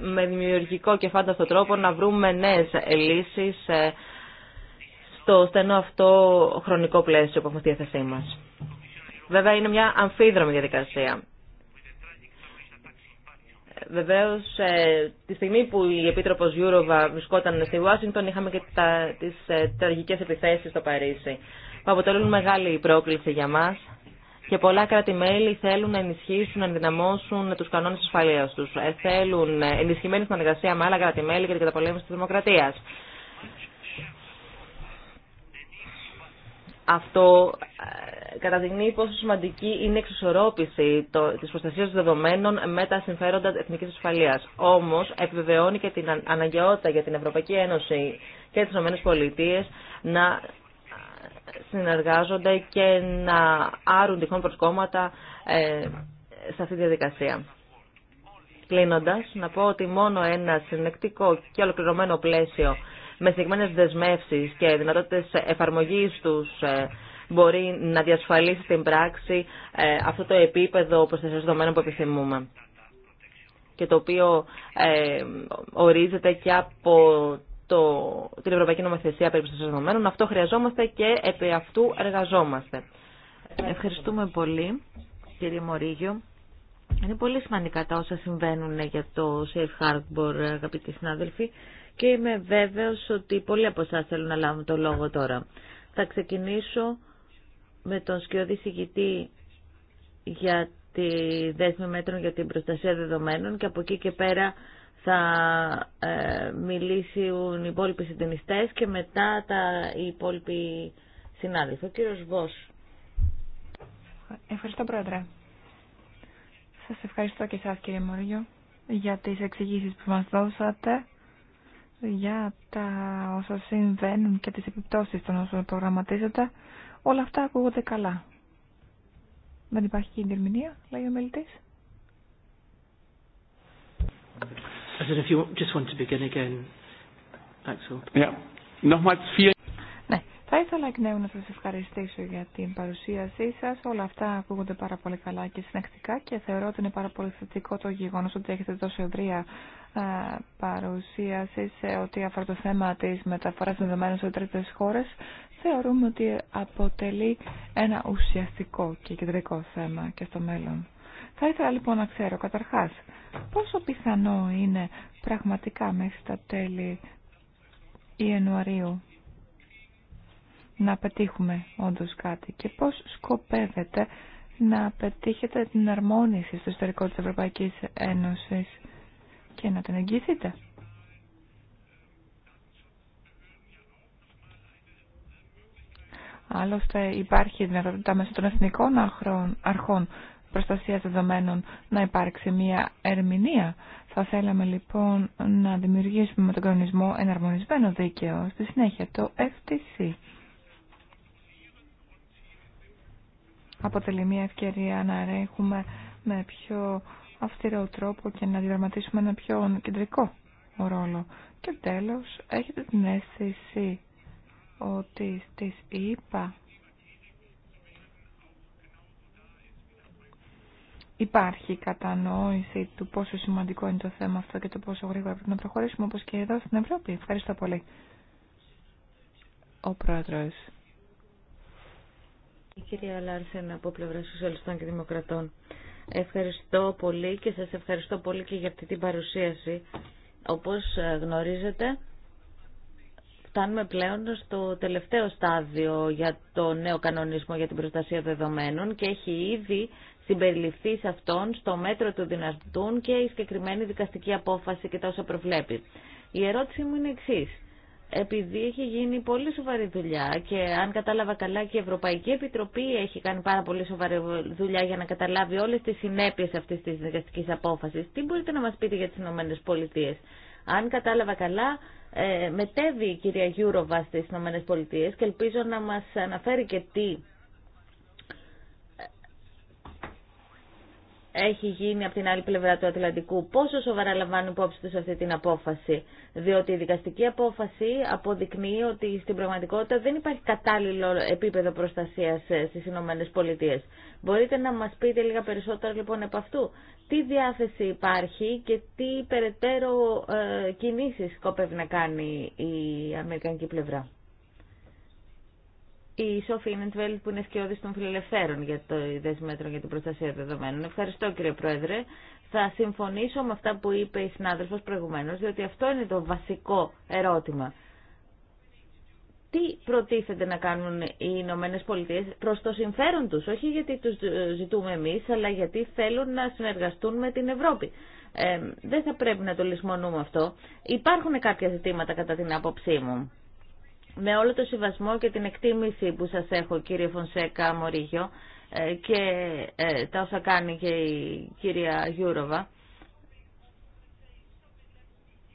με δημιουργικό και φάνταστο τρόπο να βρούμε νέες ε, λύσεις ε, στο στενό αυτό χρονικό πλαίσιο που έχουμε στη διάθεσή μας. Βέβαια είναι μια αμφίδρομη διαδικασία. Βεβαίω, ε, τη στιγμή που η Επίτροπο Γιούροβα βρισκόταν στη Ουάσιγκτον, είχαμε και τι ε, τραγικέ επιθέσει στο Παρίσι, που αποτελούν μεγάλη πρόκληση για μα και πολλά κράτη-μέλη θέλουν να ενισχύσουν, να ενδυναμώσουν του κανόνε ασφαλεία του. Ε, θέλουν ενισχυμένη συνεργασία με άλλα κράτη-μέλη για την καταπολέμηση τη δημοκρατία. Αυτό καταδεικνύει πόσο σημαντική είναι η εξισορρόπηση της προστασία δεδομένων με τα συμφέροντα εθνική ασφαλεία. Όμω, επιβεβαιώνει και την αναγκαιότητα για την Ευρωπαϊκή Ένωση και τις ΗΠΑ να συνεργάζονται και να άρουν τυχόν προσκόμματα ε, σε αυτή τη διαδικασία. Κλείνοντα, να πω ότι μόνο ένα συνεκτικό και ολοκληρωμένο πλαίσιο με συγκεκριμένε δεσμεύσει και δυνατότητε εφαρμογή τους ε, μπορεί να διασφαλίσει στην πράξη ε, αυτό το επίπεδο προστασία δεδομένων που επιθυμούμε και το οποίο ε, ορίζεται και από το, την Ευρωπαϊκή Νομοθεσία περί προστασία δεδομένων. Αυτό χρειαζόμαστε και επί αυτού εργαζόμαστε. Ευχαριστούμε πολύ, κύριε Μωρίγιο. Είναι πολύ σημαντικά τα όσα συμβαίνουν για το Safe Harbor, αγαπητοί συνάδελφοι, και είμαι βέβαιος ότι πολλοί από εσά θέλουν να λάβουν το λόγο τώρα. Θα ξεκινήσω με τον σκιώδη συγκητή για τη δέσμη μέτρων για την προστασία δεδομένων και από εκεί και πέρα θα ε, μιλήσουν οι υπόλοιποι συντονιστέ και μετά τα, οι υπόλοιποι συνάδελφοι. Ο κύριος Βος. Ευχαριστώ Πρόεδρε. Σας ευχαριστώ και εσάς κύριε Μόριο για τις εξηγήσεις που μας δώσατε για τα όσα συμβαίνουν και τις επιπτώσεις των όσων προγραμματίζεται. Όλα αυτά ακούγονται καλά. Δεν υπάρχει και διερμηνία, λέει ο μελητής. if Yeah. Nochmals vielen θα ήθελα εκ νέου να σας ευχαριστήσω για την παρουσίασή σας. Όλα αυτά ακούγονται πάρα πολύ καλά και συνεκτικά και θεωρώ ότι είναι πάρα πολύ θετικό το γεγονός ότι έχετε τόσο ευρία ε, παρουσίαση σε ό,τι αφορά το θέμα της μεταφοράς δεδομένων σε τρίτες χώρες. Θεωρούμε ότι αποτελεί ένα ουσιαστικό και κεντρικό θέμα και στο μέλλον. Θα ήθελα λοιπόν να ξέρω καταρχάς πόσο πιθανό είναι πραγματικά μέχρι τα τέλη Ιανουαρίου να πετύχουμε όντως κάτι και πώς σκοπεύετε να πετύχετε την αρμόνιση στο ιστορικό της Ευρωπαϊκής Ένωσης και να την εγγυηθείτε. Άλλωστε υπάρχει δυνατότητα μέσω των εθνικών αρχών προστασίας δεδομένων να υπάρξει μία ερμηνεία. Θα θέλαμε λοιπόν να δημιουργήσουμε με τον κανονισμό εναρμονισμένο δίκαιο, στη συνέχεια το FTC. αποτελεί μια ευκαιρία να ρέχουμε με πιο αυστηρό τρόπο και να διδραματίσουμε ένα πιο κεντρικό ρόλο. Και τέλος, έχετε την αίσθηση ότι στις ΕΙΠΑ υπάρχει κατανόηση του πόσο σημαντικό είναι το θέμα αυτό και το πόσο γρήγορα πρέπει να προχωρήσουμε όπως και εδώ στην Ευρώπη. Ευχαριστώ πολύ. Ο Πρόεδρος. Η κυρία Λάρσεν από πλευρά Σοσιαλιστών και Δημοκρατών. Ευχαριστώ πολύ και σας ευχαριστώ πολύ και για αυτή την παρουσίαση. Όπως ε, γνωρίζετε, φτάνουμε πλέον στο τελευταίο στάδιο για το νέο κανονισμό για την προστασία δεδομένων και έχει ήδη συμπεριληφθεί σε αυτόν στο μέτρο του δυνατούν και η συγκεκριμένη δικαστική απόφαση και τα όσα προβλέπει. Η ερώτηση μου είναι εξής επειδή έχει γίνει πολύ σοβαρή δουλειά και αν κατάλαβα καλά και η Ευρωπαϊκή Επιτροπή έχει κάνει πάρα πολύ σοβαρή δουλειά για να καταλάβει όλες τις συνέπειες αυτής της δικαστικής απόφασης. Τι μπορείτε να μας πείτε για τις Ηνωμένες Πολιτείες. Αν κατάλαβα καλά, ε, μετέβει η κυρία Γιούροβα στις Ηνωμένες Πολιτείες και ελπίζω να μας αναφέρει και τι έχει γίνει από την άλλη πλευρά του Ατλαντικού, πόσο σοβαρά λαμβάνουν υπόψη τους αυτή την απόφαση. Διότι η δικαστική απόφαση αποδεικνύει ότι στην πραγματικότητα δεν υπάρχει κατάλληλο επίπεδο προστασίας ε, στι Ηνωμένε Πολιτείε. Μπορείτε να μας πείτε λίγα περισσότερα λοιπόν από αυτού. Τι διάθεση υπάρχει και τι περαιτέρω ε, κινήσει σκοπεύει να κάνει η Αμερικανική πλευρά η Σόφη Ινεντβέλ που είναι σκιώδης των φιλελευθέρων για το μέτρων για την προστασία δεδομένων. Ευχαριστώ κύριε Πρόεδρε. Θα συμφωνήσω με αυτά που είπε η συνάδελφος προηγουμένως, διότι αυτό είναι το βασικό ερώτημα. Τι προτίθεται να κάνουν οι Ηνωμένε Πολιτείε προ το συμφέρον του, όχι γιατί του ζητούμε εμεί, αλλά γιατί θέλουν να συνεργαστούν με την Ευρώπη. Ε, δεν θα πρέπει να το λησμονούμε αυτό. Υπάρχουν κάποια ζητήματα κατά την άποψή μου με όλο το συμβασμό και την εκτίμηση που σας έχω κύριε Φωνσέκα Μωρίγιο ε, και ε, τα όσα κάνει και η κυρία Γιούροβα.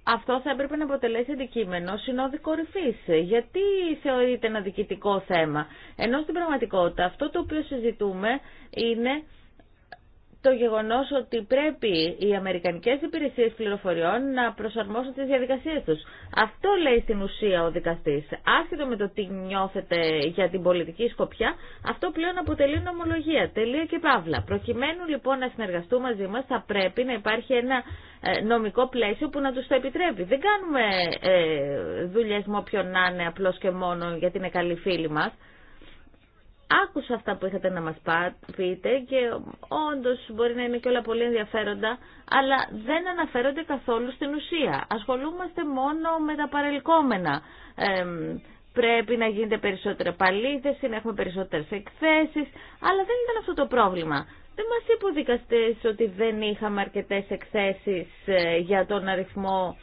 Αυτό θα έπρεπε να αποτελέσει αντικείμενο συνόδη κορυφή. Γιατί θεωρείται ένα διοικητικό θέμα. Ενώ στην πραγματικότητα αυτό το οποίο συζητούμε είναι το γεγονός ότι πρέπει οι Αμερικανικές υπηρεσίες πληροφοριών να προσαρμόσουν τις διαδικασίες τους. Αυτό λέει στην ουσία ο δικαστής. Άσχετο με το τι νιώθετε για την πολιτική σκοπιά, αυτό πλέον αποτελεί νομολογία. Τελεία και παύλα. Προκειμένου λοιπόν να συνεργαστούμε μαζί μας, θα πρέπει να υπάρχει ένα ε, νομικό πλαίσιο που να τους το επιτρέπει. Δεν κάνουμε ε, με όποιον να είναι απλώς και μόνο γιατί είναι καλοί φίλοι μας άκουσα αυτά που είχατε να μας πείτε και όντως μπορεί να είναι και όλα πολύ ενδιαφέροντα, αλλά δεν αναφέρονται καθόλου στην ουσία. Ασχολούμαστε μόνο με τα παρελκόμενα. πρέπει να γίνεται περισσότερα παλίδες να έχουμε περισσότερες εκθέσεις, αλλά δεν ήταν αυτό το πρόβλημα. Δεν μας είπε ο δικαστής ότι δεν είχαμε αρκετές εκθέσεις ε, για τον αριθμό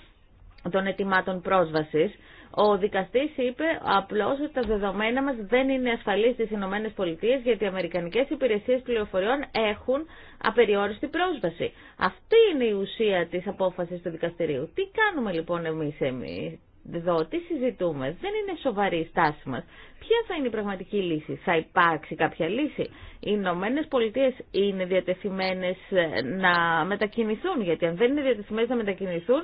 των ετοιμάτων πρόσβασης. Ο δικαστή είπε απλώ ότι τα δεδομένα μα δεν είναι ασφαλή στι Ηνωμένες Πολιτείες γιατί οι Αμερικανικέ Υπηρεσίε πληροφοριών έχουν απεριόριστη πρόσβαση. Αυτή είναι η ουσία τη απόφαση του δικαστηρίου. Τι κάνουμε λοιπόν εμεί εμεί εδώ, τι συζητούμε, δεν είναι σοβαρή η στάση μας. Ποια θα είναι η πραγματική λύση, θα υπάρξει κάποια λύση. Οι Ηνωμένε Πολιτείε είναι διατεθειμένες να μετακινηθούν, γιατί αν δεν είναι διατεθειμένες να μετακινηθούν,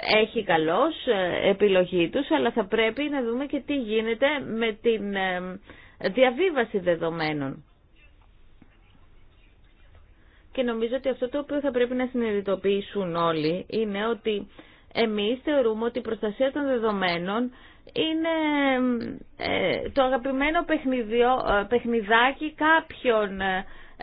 έχει καλώς ε, επιλογή τους, αλλά θα πρέπει να δούμε και τι γίνεται με την ε, διαβίβαση δεδομένων. Και νομίζω ότι αυτό το οποίο θα πρέπει να συνειδητοποιήσουν όλοι είναι ότι εμείς θεωρούμε ότι η προστασία των δεδομένων είναι ε, το αγαπημένο παιχνιδάκι κάποιων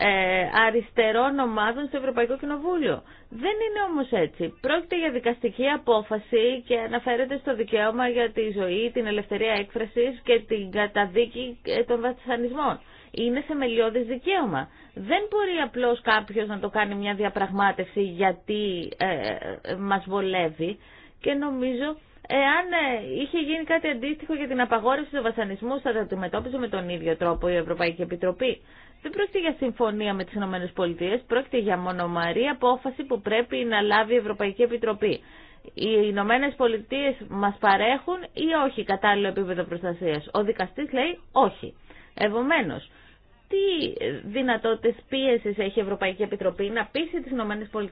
ε, αριστερών ομάδων στο Ευρωπαϊκό Κοινοβούλιο. Δεν είναι όμως έτσι. Πρόκειται για δικαστική απόφαση και αναφέρεται στο δικαίωμα για τη ζωή, την ελευθερία έκφρασης και την καταδίκη ε, των βασανισμών. Είναι θεμελιώδης δικαίωμα. Δεν μπορεί απλώς κάποιος να το κάνει μια διαπραγμάτευση γιατί ε, μας βολεύει και νομίζω Εάν ε, είχε γίνει κάτι αντίστοιχο για την απαγόρευση του βασανισμού, θα το αντιμετώπιζε με τον ίδιο τρόπο η Ευρωπαϊκή Επιτροπή. Δεν πρόκειται για συμφωνία με τι ΗΠΑ, πρόκειται για μονομαρή απόφαση που πρέπει να λάβει η Ευρωπαϊκή Επιτροπή. Οι Ηνωμένε Πολιτείε μα παρέχουν ή όχι κατάλληλο επίπεδο προστασία. Ο δικαστή λέει όχι. Επομένω, τι δυνατότητες πίεσης έχει η Ευρωπαϊκή επομενω τι δυνατότητε πίεση εχει η ευρωπαικη επιτροπη να πείσει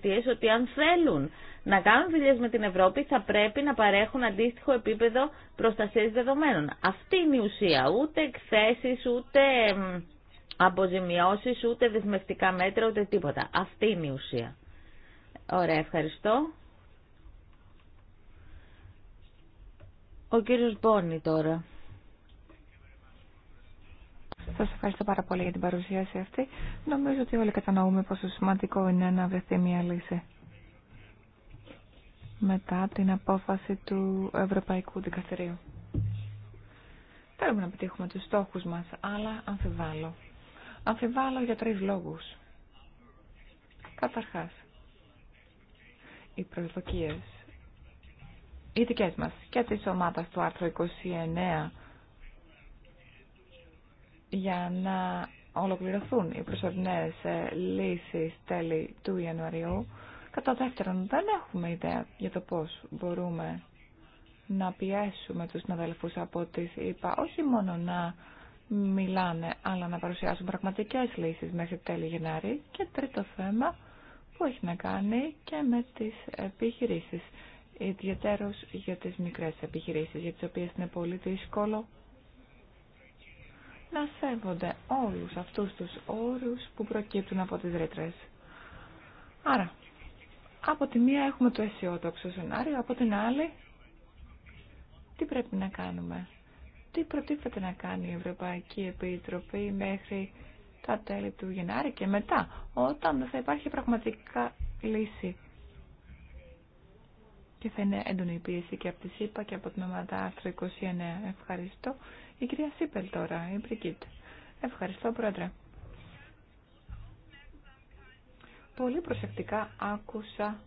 τι ΗΠΑ ότι αν θέλουν να κάνουν δουλειέ με την Ευρώπη θα πρέπει να παρέχουν αντίστοιχο επίπεδο προστασία δεδομένων. Αυτή είναι η ουσία. Ούτε εκθέσει, ούτε αποζημιώσει, ούτε δεσμευτικά μέτρα, ούτε τίποτα. Αυτή είναι η ουσία. Ωραία, ευχαριστώ. Ο κύριος Μπόνι τώρα. Σας ευχαριστώ πάρα πολύ για την παρουσίαση αυτή. Νομίζω ότι όλοι κατανοούμε πόσο σημαντικό είναι να βρεθεί μια λύση μετά την απόφαση του Ευρωπαϊκού Δικαστηρίου. Θέλουμε να πετύχουμε τους στόχους μας, αλλά αμφιβάλλω. Αμφιβάλλω για τρεις λόγους. Καταρχάς, οι προσδοκίες, οι δικές μας και της ομάδας του άρθρου 29 για να ολοκληρωθούν οι προσωρινές ε, λύσεις τέλη του Ιανουαρίου Κατά δεύτερον, δεν έχουμε ιδέα για το πώς μπορούμε να πιέσουμε τους συναδελφούς από τις είπα, όχι μόνο να μιλάνε, αλλά να παρουσιάσουν πραγματικές λύσεις μέχρι τέλη Γενάρη. Και τρίτο θέμα που έχει να κάνει και με τις επιχειρήσεις, ιδιαίτερως για τις μικρές επιχειρήσεις, για τις οποίες είναι πολύ δύσκολο να σέβονται όλους αυτούς τους όρους που προκύπτουν από τις ρήτρες. Άρα, από τη μία έχουμε το αισιόδοξο σενάριο, από την άλλη τι πρέπει να κάνουμε. Τι προτίθεται να κάνει η Ευρωπαϊκή Επιτροπή μέχρι τα τέλη του Γενάρη και μετά, όταν θα υπάρχει πραγματικά λύση. Και θα είναι έντονη η πίεση και από τη ΣΥΠΑ και από την ομάδα άρθρο 29. Ευχαριστώ. Η κυρία Σίπελ τώρα, η Μπρικίτ. Ευχαριστώ, Πρόεδρε. Πολύ προσεκτικά άκουσα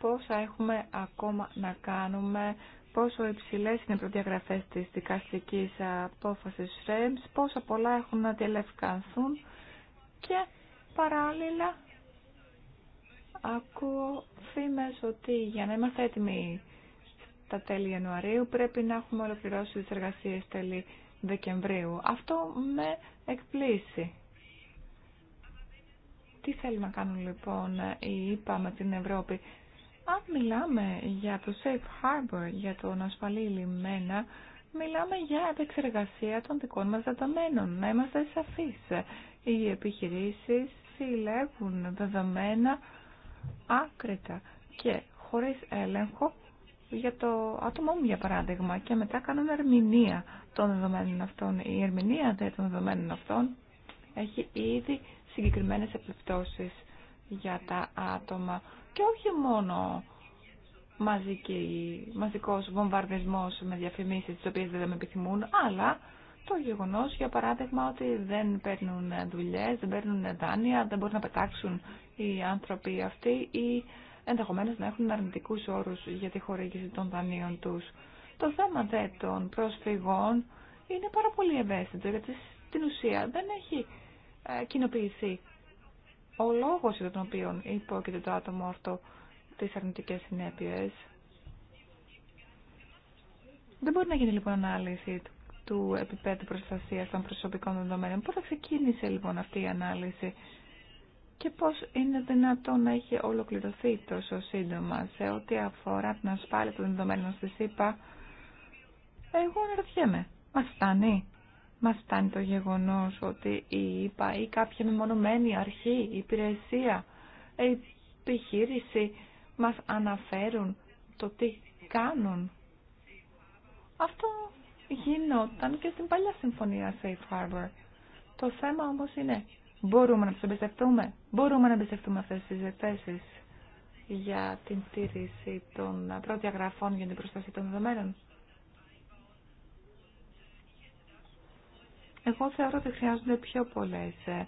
πόσα έχουμε ακόμα να κάνουμε, πόσο υψηλές είναι οι προδιαγραφές της δικαστικής απόφασης ΣΡΕΜΣ, πόσα πολλά έχουν να τελευκανθούν και παράλληλα ακούω φήμες ότι για να είμαστε έτοιμοι τα τέλη Ιανουαρίου πρέπει να έχουμε ολοκληρώσει τις εργασίες τέλη Δεκεμβρίου. Αυτό με εκπλήσει. Τι θέλουν να κάνουν λοιπόν οι ΙΠΑ με την Ευρώπη. Αν μιλάμε για το safe harbor, για τον ασφαλή λιμένα, μιλάμε για επεξεργασία των δικών μας δεδομένων. Να είμαστε σαφείς. Οι επιχειρήσεις συλλέγουν δεδομένα άκρητα και χωρίς έλεγχο για το άτομο μου για παράδειγμα και μετά κάνουν ερμηνεία των δεδομένων αυτών. Η ερμηνεία των δεδομένων αυτών έχει ήδη συγκεκριμένες επιπτώσεις για τα άτομα και όχι μόνο μαζική, μαζικός βομβαρδισμός με διαφημίσεις τις οποίες δεν με επιθυμούν, αλλά το γεγονός για παράδειγμα ότι δεν παίρνουν δουλειές, δεν παίρνουν δάνεια, δεν μπορούν να πετάξουν οι άνθρωποι αυτοί ή ενδεχομένως να έχουν αρνητικούς όρους για τη χορήγηση των δανείων τους. Το θέμα των προσφυγών είναι πάρα πολύ ευαίσθητο γιατί στην ουσία δεν έχει ε, κοινοποιηθεί ο λόγος για τον οποίο υπόκειται το άτομο αυτό τις αρνητικές συνέπειες. Δεν μπορεί να γίνει λοιπόν ανάλυση του επίπεδου προστασίας των προσωπικών δεδομένων. Πώς θα ξεκίνησε λοιπόν αυτή η ανάλυση και πώς είναι δυνατόν να έχει ολοκληρωθεί τόσο σύντομα σε ό,τι αφορά την ασφάλεια των δεδομένων στη ΣΥΠΑ. Εγώ αναρωτιέμαι, μας φτάνει Μα φτάνει το γεγονός ότι η ΕΠΑ ή κάποια μεμονωμένη αρχή, υπηρεσία, επιχείρηση μας αναφέρουν το τι κάνουν. Αυτό γινόταν και στην παλιά συμφωνία Safe Harbor. Το θέμα όμως είναι, μπορούμε να τους εμπιστευτούμε, μπορούμε να εμπιστευτούμε αυτές τις εκθέσεις για την τήρηση των προδιαγραφών για την προστασία των δεδομένων. Εγώ θεωρώ ότι χρειάζονται πιο πολλές ε,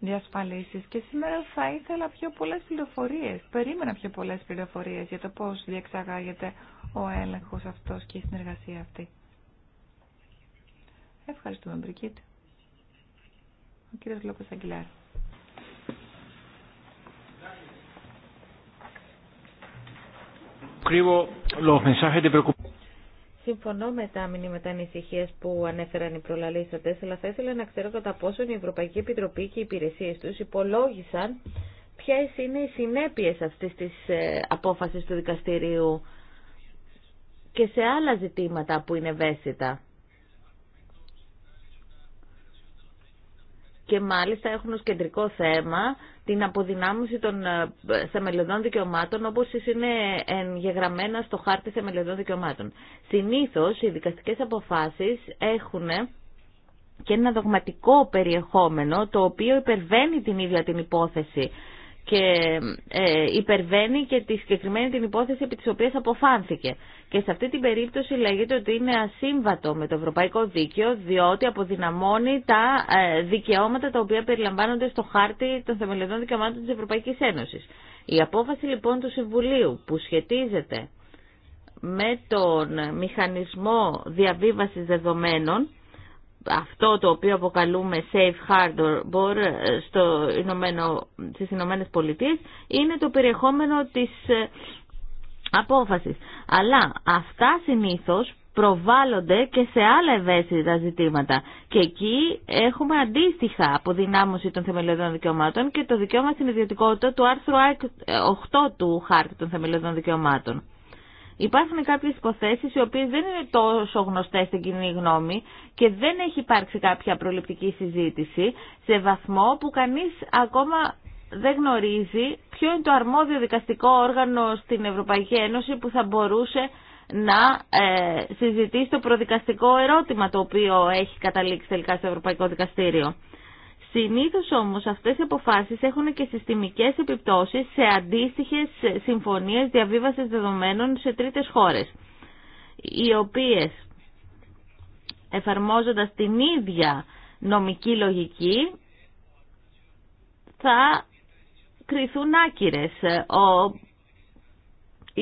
διασφαλίσεις και σήμερα θα ήθελα πιο πολλές πληροφορίες. Περίμενα πιο πολλές πληροφορίες για το πώς διεξαγάγεται ο έλεγχος αυτός και η συνεργασία αυτή. Ευχαριστούμε, Μπρικίτ. Ο κύριος Λόκος Αγγιλάρ. Συμφωνώ με τα μηνύματα ανησυχία που ανέφεραν οι προλαλήσαντε, αλλά θα ήθελα να ξέρω κατά πόσο η Ευρωπαϊκή Επιτροπή και οι υπηρεσίε του υπολόγισαν ποιε είναι οι συνέπειε αυτή τη ε, απόφαση του δικαστηρίου και σε άλλα ζητήματα που είναι ευαίσθητα. και μάλιστα έχουν ως κεντρικό θέμα την αποδυνάμωση των ε, θεμελιωδών δικαιωμάτων όπως είναι εγγεγραμμένα στο χάρτη θεμελιωδών δικαιωμάτων. Συνήθως οι δικαστικές αποφάσεις έχουν και ένα δογματικό περιεχόμενο το οποίο υπερβαίνει την ίδια την υπόθεση και ε, υπερβαίνει και τη συγκεκριμένη την υπόθεση επί της οποίας αποφάνθηκε. Και σε αυτή την περίπτωση λέγεται ότι είναι ασύμβατο με το Ευρωπαϊκό Δίκαιο διότι αποδυναμώνει τα ε, δικαιώματα τα οποία περιλαμβάνονται στο χάρτη των θεμελιωδών δικαιωμάτων της Ευρωπαϊκής Ένωσης. Η απόφαση λοιπόν του Συμβουλίου που σχετίζεται με τον μηχανισμό διαβίβασης δεδομένων αυτό το οποίο αποκαλούμε safe harbor ε, στο Ηνωμένο, στις Ηνωμένες είναι το περιεχόμενο της ε, απόφασης. Αλλά αυτά συνήθως προβάλλονται και σε άλλα ευαίσθητα ζητήματα. Και εκεί έχουμε αντίστοιχα αποδυνάμωση των θεμελιωδών δικαιωμάτων και το δικαίωμα στην ιδιωτικότητα του άρθρου 8 ε, του Χάρτη των Θεμελιωδών Δικαιωμάτων. Υπάρχουν κάποιε υποθέσει οι οποίες δεν είναι τόσο γνωστέ στην κοινή γνώμη και δεν έχει υπάρξει κάποια προληπτική συζήτηση σε βαθμό που κανείς ακόμα δεν γνωρίζει ποιο είναι το αρμόδιο δικαστικό όργανο στην Ευρωπαϊκή Ένωση που θα μπορούσε να ε, συζητήσει το προδικαστικό ερώτημα το οποίο έχει καταλήξει τελικά στο Ευρωπαϊκό Δικαστήριο. Συνήθως όμως αυτές οι αποφάσεις έχουν και συστημικές επιπτώσεις σε αντίστοιχες συμφωνίες διαβίβασης δεδομένων σε τρίτες χώρες, οι οποίες εφαρμόζοντας την ίδια νομική λογική θα κριθούν άκυρες. Ο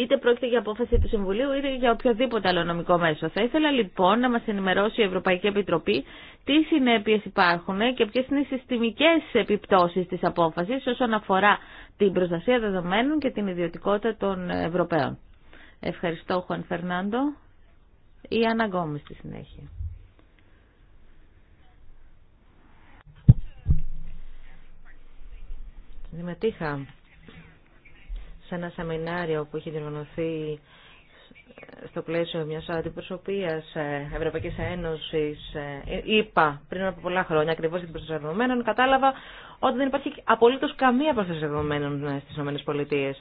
είτε πρόκειται για απόφαση του Συμβουλίου είτε για οποιοδήποτε άλλο νομικό μέσο. Θα ήθελα λοιπόν να μας ενημερώσει η Ευρωπαϊκή Επιτροπή τι συνέπειες υπάρχουν και ποιες είναι οι συστημικές επιπτώσεις της απόφασης όσον αφορά την προστασία δεδομένων και την ιδιωτικότητα των Ευρωπαίων. Ευχαριστώ, Χουαν Φερνάντο. Η Άννα στη συνέχεια σε ένα σεμινάριο που είχε διοργανωθεί στο πλαίσιο μια αντιπροσωπεία ε, Ευρωπαϊκή Ένωση είπα πριν από πολλά χρόνια ακριβώ για την προστασία δεδομένων, κατάλαβα ότι δεν υπάρχει απολύτω καμία προστασία δεδομένων ε, στι ΗΠΑ.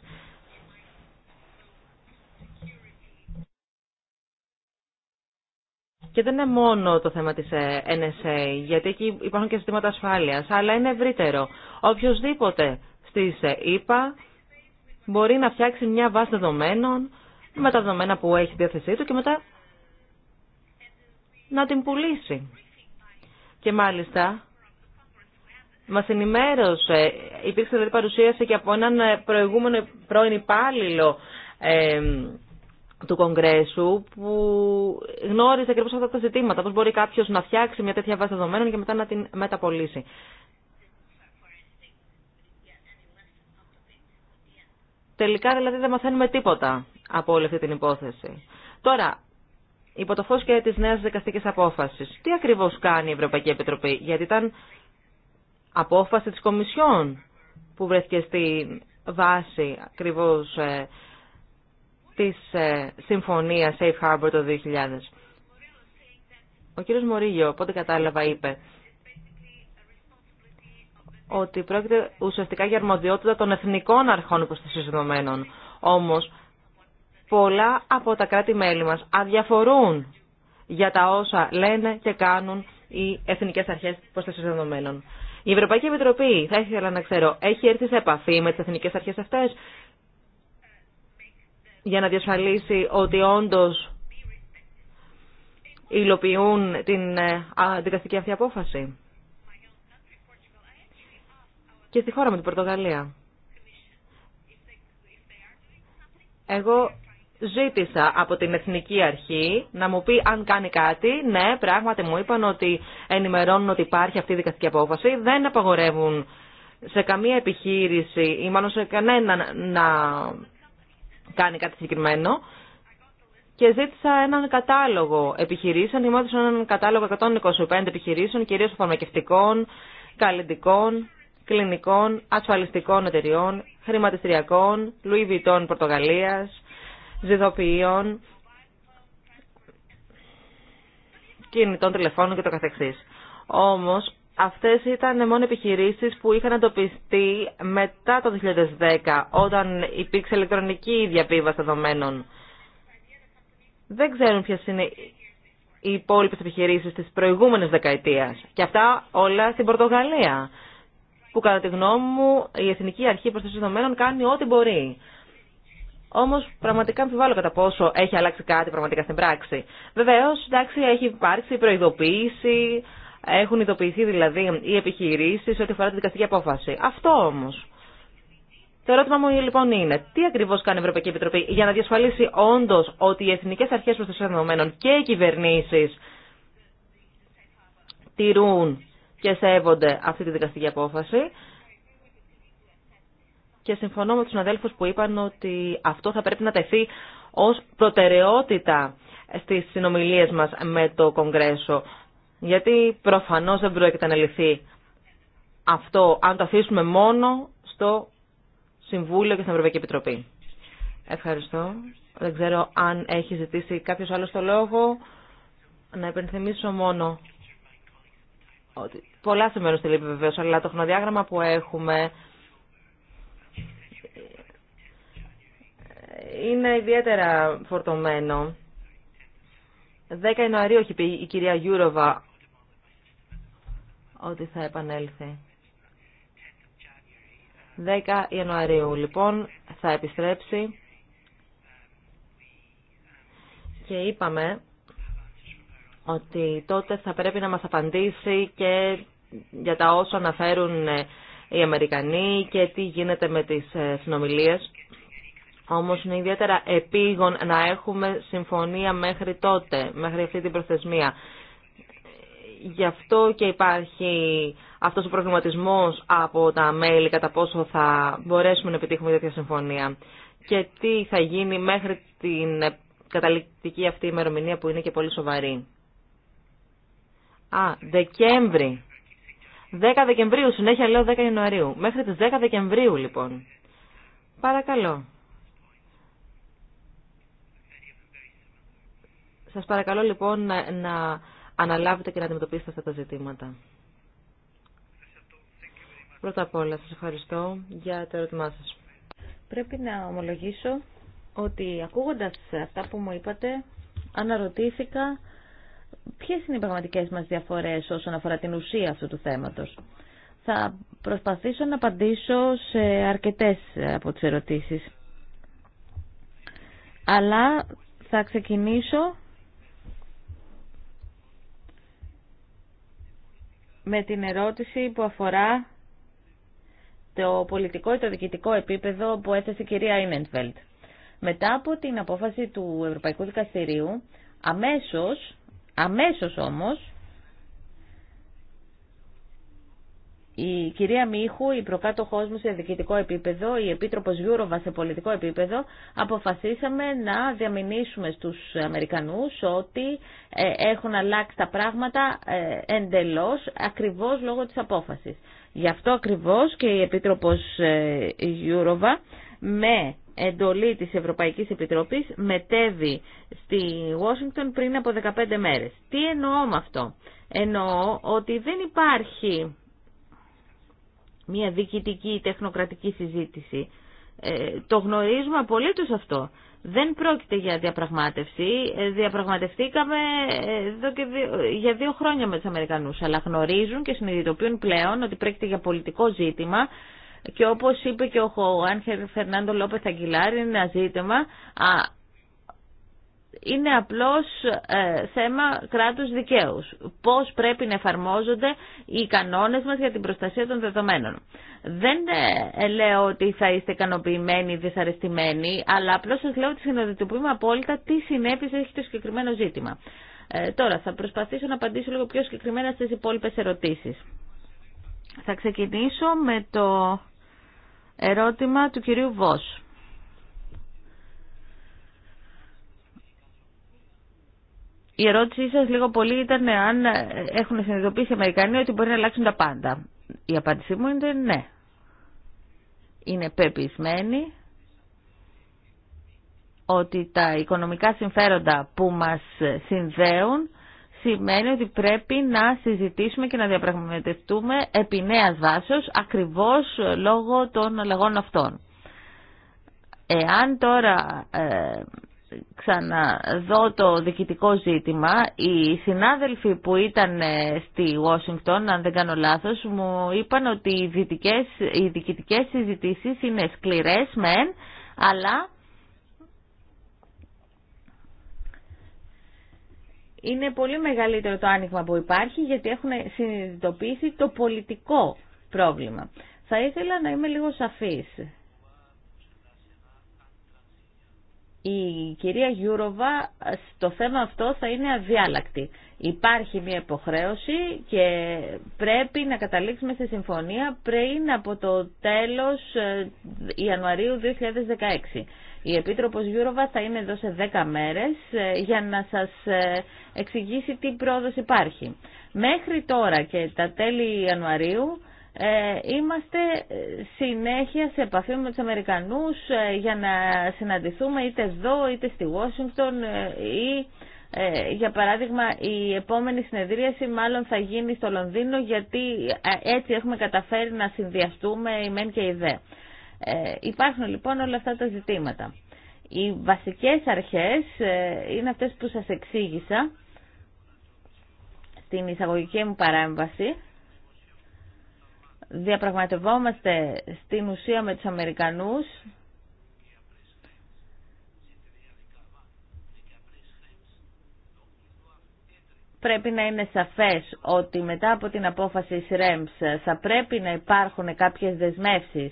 Και δεν είναι μόνο το θέμα της ε, NSA, γιατί εκεί υπάρχουν και ζητήματα ασφάλειας, αλλά είναι ευρύτερο. Οποιοςδήποτε στις ΗΠΑ μπορεί να φτιάξει μια βάση δεδομένων με τα δεδομένα που έχει διάθεσή του και μετά να την πουλήσει. Και μάλιστα Μα ενημέρωσε, υπήρξε δηλαδή παρουσίαση και από έναν ε, προηγούμενο πρώην υπάλληλο του Κογκρέσου που γνώριζε ακριβώ αυτά τα ζητήματα. Πώ μπορεί κάποιο να φτιάξει μια τέτοια βάση δεδομένων και μετά να την μεταπολίσει. Τελικά δηλαδή δεν μαθαίνουμε τίποτα από όλη αυτή την υπόθεση. Τώρα, υπό το φως και της νέας δικαστικής απόφασης, τι ακριβώς κάνει η Ευρωπαϊκή Επιτροπή, γιατί ήταν απόφαση της Κομισιόν που βρέθηκε στη βάση ακριβώς ε, της ε, συμφωνίας Safe Harbor το 2000. Ο κύριος Μωρίγιο, πότε κατάλαβα, είπε ότι πρόκειται ουσιαστικά για αρμοδιότητα των εθνικών αρχών προστασίας δεδομένων. Όμως, πολλά από τα κράτη-μέλη μας αδιαφορούν για τα όσα λένε και κάνουν οι εθνικές αρχές προστασίας δεδομένων. Η Ευρωπαϊκή Επιτροπή, θα ήθελα να ξέρω, έχει έρθει σε επαφή με τις εθνικές αρχές αυτές για να διασφαλίσει ότι όντως υλοποιούν την δικαστική ε, αυτή απόφαση και στη χώρα μου, την Πορτογαλία. Εγώ ζήτησα από την Εθνική Αρχή να μου πει αν κάνει κάτι. Ναι, πράγματι μου είπαν ότι ενημερώνουν ότι υπάρχει αυτή η δικαστική απόφαση. Δεν απαγορεύουν σε καμία επιχείρηση ή μάλλον σε κανέναν να κάνει κάτι συγκεκριμένο. Και ζήτησα έναν κατάλογο επιχειρήσεων, θυμόντουσαν έναν κατάλογο 125 επιχειρήσεων, κυρίως φαρμακευτικών, καλλιντικών κλινικών, ασφαλιστικών εταιριών, χρηματιστηριακών, Λουιβιτών Vuitton Πορτογαλίας, ζηδοποιείων, κινητών τηλεφώνων και το καθεξής. Όμως, αυτές ήταν μόνο επιχειρήσεις που είχαν αντοπιστεί μετά το 2010, όταν υπήρξε ηλεκτρονική διαβίβαση δεδομένων. Δεν ξέρουν ποιες είναι οι υπόλοιπε επιχειρήσεις της προηγούμενης δεκαετίας. Και αυτά όλα στην Πορτογαλία που κατά τη γνώμη μου η Εθνική Αρχή Προστασία Δεδομένων κάνει ό,τι μπορεί. Όμω πραγματικά αμφιβάλλω κατά πόσο έχει αλλάξει κάτι πραγματικά στην πράξη. Βεβαίω, εντάξει, έχει υπάρξει προειδοποίηση, έχουν ειδοποιηθεί δηλαδή οι επιχειρήσει ό,τι αφορά τη δικαστική απόφαση. Αυτό όμω. Το ερώτημα μου λοιπόν είναι, τι ακριβώ κάνει η Ευρωπαϊκή Επιτροπή για να διασφαλίσει όντω ότι οι εθνικέ αρχέ προστασία δεδομένων και οι κυβερνήσει τηρούν και σέβονται αυτή τη δικαστική απόφαση. Και συμφωνώ με τους αδέλφους που είπαν ότι αυτό θα πρέπει να τεθεί ως προτεραιότητα στις συνομιλίες μας με το Κογκρέσο. Γιατί προφανώς δεν πρόκειται να λυθεί αυτό αν το αφήσουμε μόνο στο Συμβούλιο και στην Ευρωπαϊκή Επιτροπή. Ευχαριστώ. Δεν ξέρω αν έχει ζητήσει κάποιος άλλος το λόγο. Να υπενθυμίσω μόνο ότι Πολλά σημαίνουν στη λύπη βεβαίω, αλλά το χρονοδιάγραμμα που έχουμε είναι ιδιαίτερα φορτωμένο. 10 Ιανουαρίου έχει πει η κυρία Γιούροβα ότι θα επανέλθει. 10 Ιανουαρίου λοιπόν θα επιστρέψει και είπαμε ότι τότε θα πρέπει να μας απαντήσει και για τα όσα αναφέρουν ε, οι Αμερικανοί και τι γίνεται με τις ε, συνομιλίες. Όμως είναι ιδιαίτερα επίγον να έχουμε συμφωνία μέχρι τότε, μέχρι αυτή την προθεσμία. Γι' αυτό και υπάρχει αυτός ο προβληματισμός από τα μέλη κατά πόσο θα μπορέσουμε να επιτύχουμε τέτοια συμφωνία και τι θα γίνει μέχρι την καταληκτική αυτή ημερομηνία που είναι και πολύ σοβαρή. Α, Δεκέμβρη. 10 Δεκεμβρίου, συνέχεια λέω 10 Ιανουαρίου. Μέχρι τις 10 Δεκεμβρίου λοιπόν. Παρακαλώ. Σας παρακαλώ λοιπόν να, αναλάβετε και να αντιμετωπίσετε αυτά τα ζητήματα. Πρώτα απ' όλα σας ευχαριστώ για το ερώτημά σας. Πρέπει να ομολογήσω ότι ακούγοντας αυτά που μου είπατε αναρωτήθηκα Ποιε είναι οι πραγματικέ μας διαφορές όσον αφορά την ουσία αυτού του θέματος. Θα προσπαθήσω να απαντήσω σε αρκετές από τις ερωτήσεις. Αλλά θα ξεκινήσω με την ερώτηση που αφορά το πολιτικό ή το διοικητικό επίπεδο που έθεσε η κυρία Ίνεντβελτ. Μετά από την απόφαση του Ευρωπαϊκού Δικαστηρίου, αμέσως Αμέσως όμως Η κυρία Μίχου, η προκάτοχός μου σε διοικητικό επίπεδο, η Επίτροπος Γιούροβα σε πολιτικό επίπεδο, αποφασίσαμε να διαμηνήσουμε στους Αμερικανούς ότι ε, έχουν αλλάξει τα πράγματα ε, εντελώς, ακριβώς λόγω της απόφασης. Γι' αυτό ακριβώς και η Επίτροπος ε, Γιούροβα με εντολή της Ευρωπαϊκής Επιτροπής μετέβη στη Washington πριν από 15 μέρες. Τι εννοώ με αυτό. Εννοώ ότι δεν υπάρχει μια διοικητική τεχνοκρατική συζήτηση. Ε, το γνωρίζουμε απολύτως αυτό. Δεν πρόκειται για διαπραγμάτευση. Ε, διαπραγματευτήκαμε ε, δύο, για δύο χρόνια με τους Αμερικανούς, αλλά γνωρίζουν και συνειδητοποιούν πλέον ότι πρόκειται για πολιτικό ζήτημα και όπω είπε και ο Χωάν Φερνάντο Λόπεθ Αγγιλάρη, είναι ένα ζήτημα, α, είναι απλώς ε, θέμα κράτους δικαίου. Πώς πρέπει να εφαρμόζονται οι κανόνες μας για την προστασία των δεδομένων. Δεν ε, λέω ότι θα είστε ικανοποιημένοι ή δυσαρεστημένοι, αλλά απλώς σας λέω ότι συνοδητοποιούμε απόλυτα τι συνέπειες έχει το συγκεκριμένο ζήτημα. Ε, τώρα, θα προσπαθήσω να απαντήσω λίγο πιο συγκεκριμένα στις υπόλοιπες ερωτήσεις. Θα ξεκινήσω με το Ερώτημα του κυρίου Βοσ. Η ερώτησή σας λίγο πολύ ήταν αν έχουν συνειδητοποιήσει οι Αμερικανοί ότι μπορεί να αλλάξουν τα πάντα. Η απάντησή μου είναι ναι. Είναι πεπισμένοι ότι τα οικονομικά συμφέροντα που μας συνδέουν σημαίνει ότι πρέπει να συζητήσουμε και να διαπραγματευτούμε επί νέας βάσεως ακριβώς λόγω των αλλαγών αυτών. Εάν τώρα ε, ξαναδώ το διοικητικό ζήτημα, οι συνάδελφοι που ήταν ε, στη Ουάσιγκτον, αν δεν κάνω λάθος, μου είπαν ότι οι, δυτικές, οι συζητήσεις είναι σκληρές μεν, αλλά είναι πολύ μεγαλύτερο το άνοιγμα που υπάρχει γιατί έχουν συνειδητοποιήσει το πολιτικό πρόβλημα. Θα ήθελα να είμαι λίγο σαφής. Η κυρία Γιούροβα στο θέμα αυτό θα είναι αδιάλακτη. Υπάρχει μια υποχρέωση και πρέπει να καταλήξουμε σε συμφωνία πριν από το τέλος ε, Ιανουαρίου 2016. Η Επίτροπος Γιούροβα θα είναι εδώ σε 10 μέρες ε, για να σας ε, εξηγήσει τι πρόοδος υπάρχει. Μέχρι τώρα και τα τέλη Ιανουαρίου ε, είμαστε συνέχεια σε επαφή με τους Αμερικανούς για να συναντηθούμε είτε εδώ είτε στη Washington ή για παράδειγμα η επόμενη συνεδρίαση μάλλον θα γίνει στο Λονδίνο γιατί έτσι έχουμε καταφέρει να συνδυαστούμε η ΜΕΝ και η ΔΕ. Ε, υπάρχουν λοιπόν όλα αυτά τα ζητήματα. Οι βασικές αρχές ε, είναι αυτές που σας εξήγησα στην εισαγωγική μου παρέμβαση. Διαπραγματευόμαστε στην ουσία με τους Αμερικανούς πρέπει να είναι σαφές ότι μετά από την απόφαση της ΡΕΜΣ θα πρέπει να υπάρχουν κάποιες δεσμεύσεις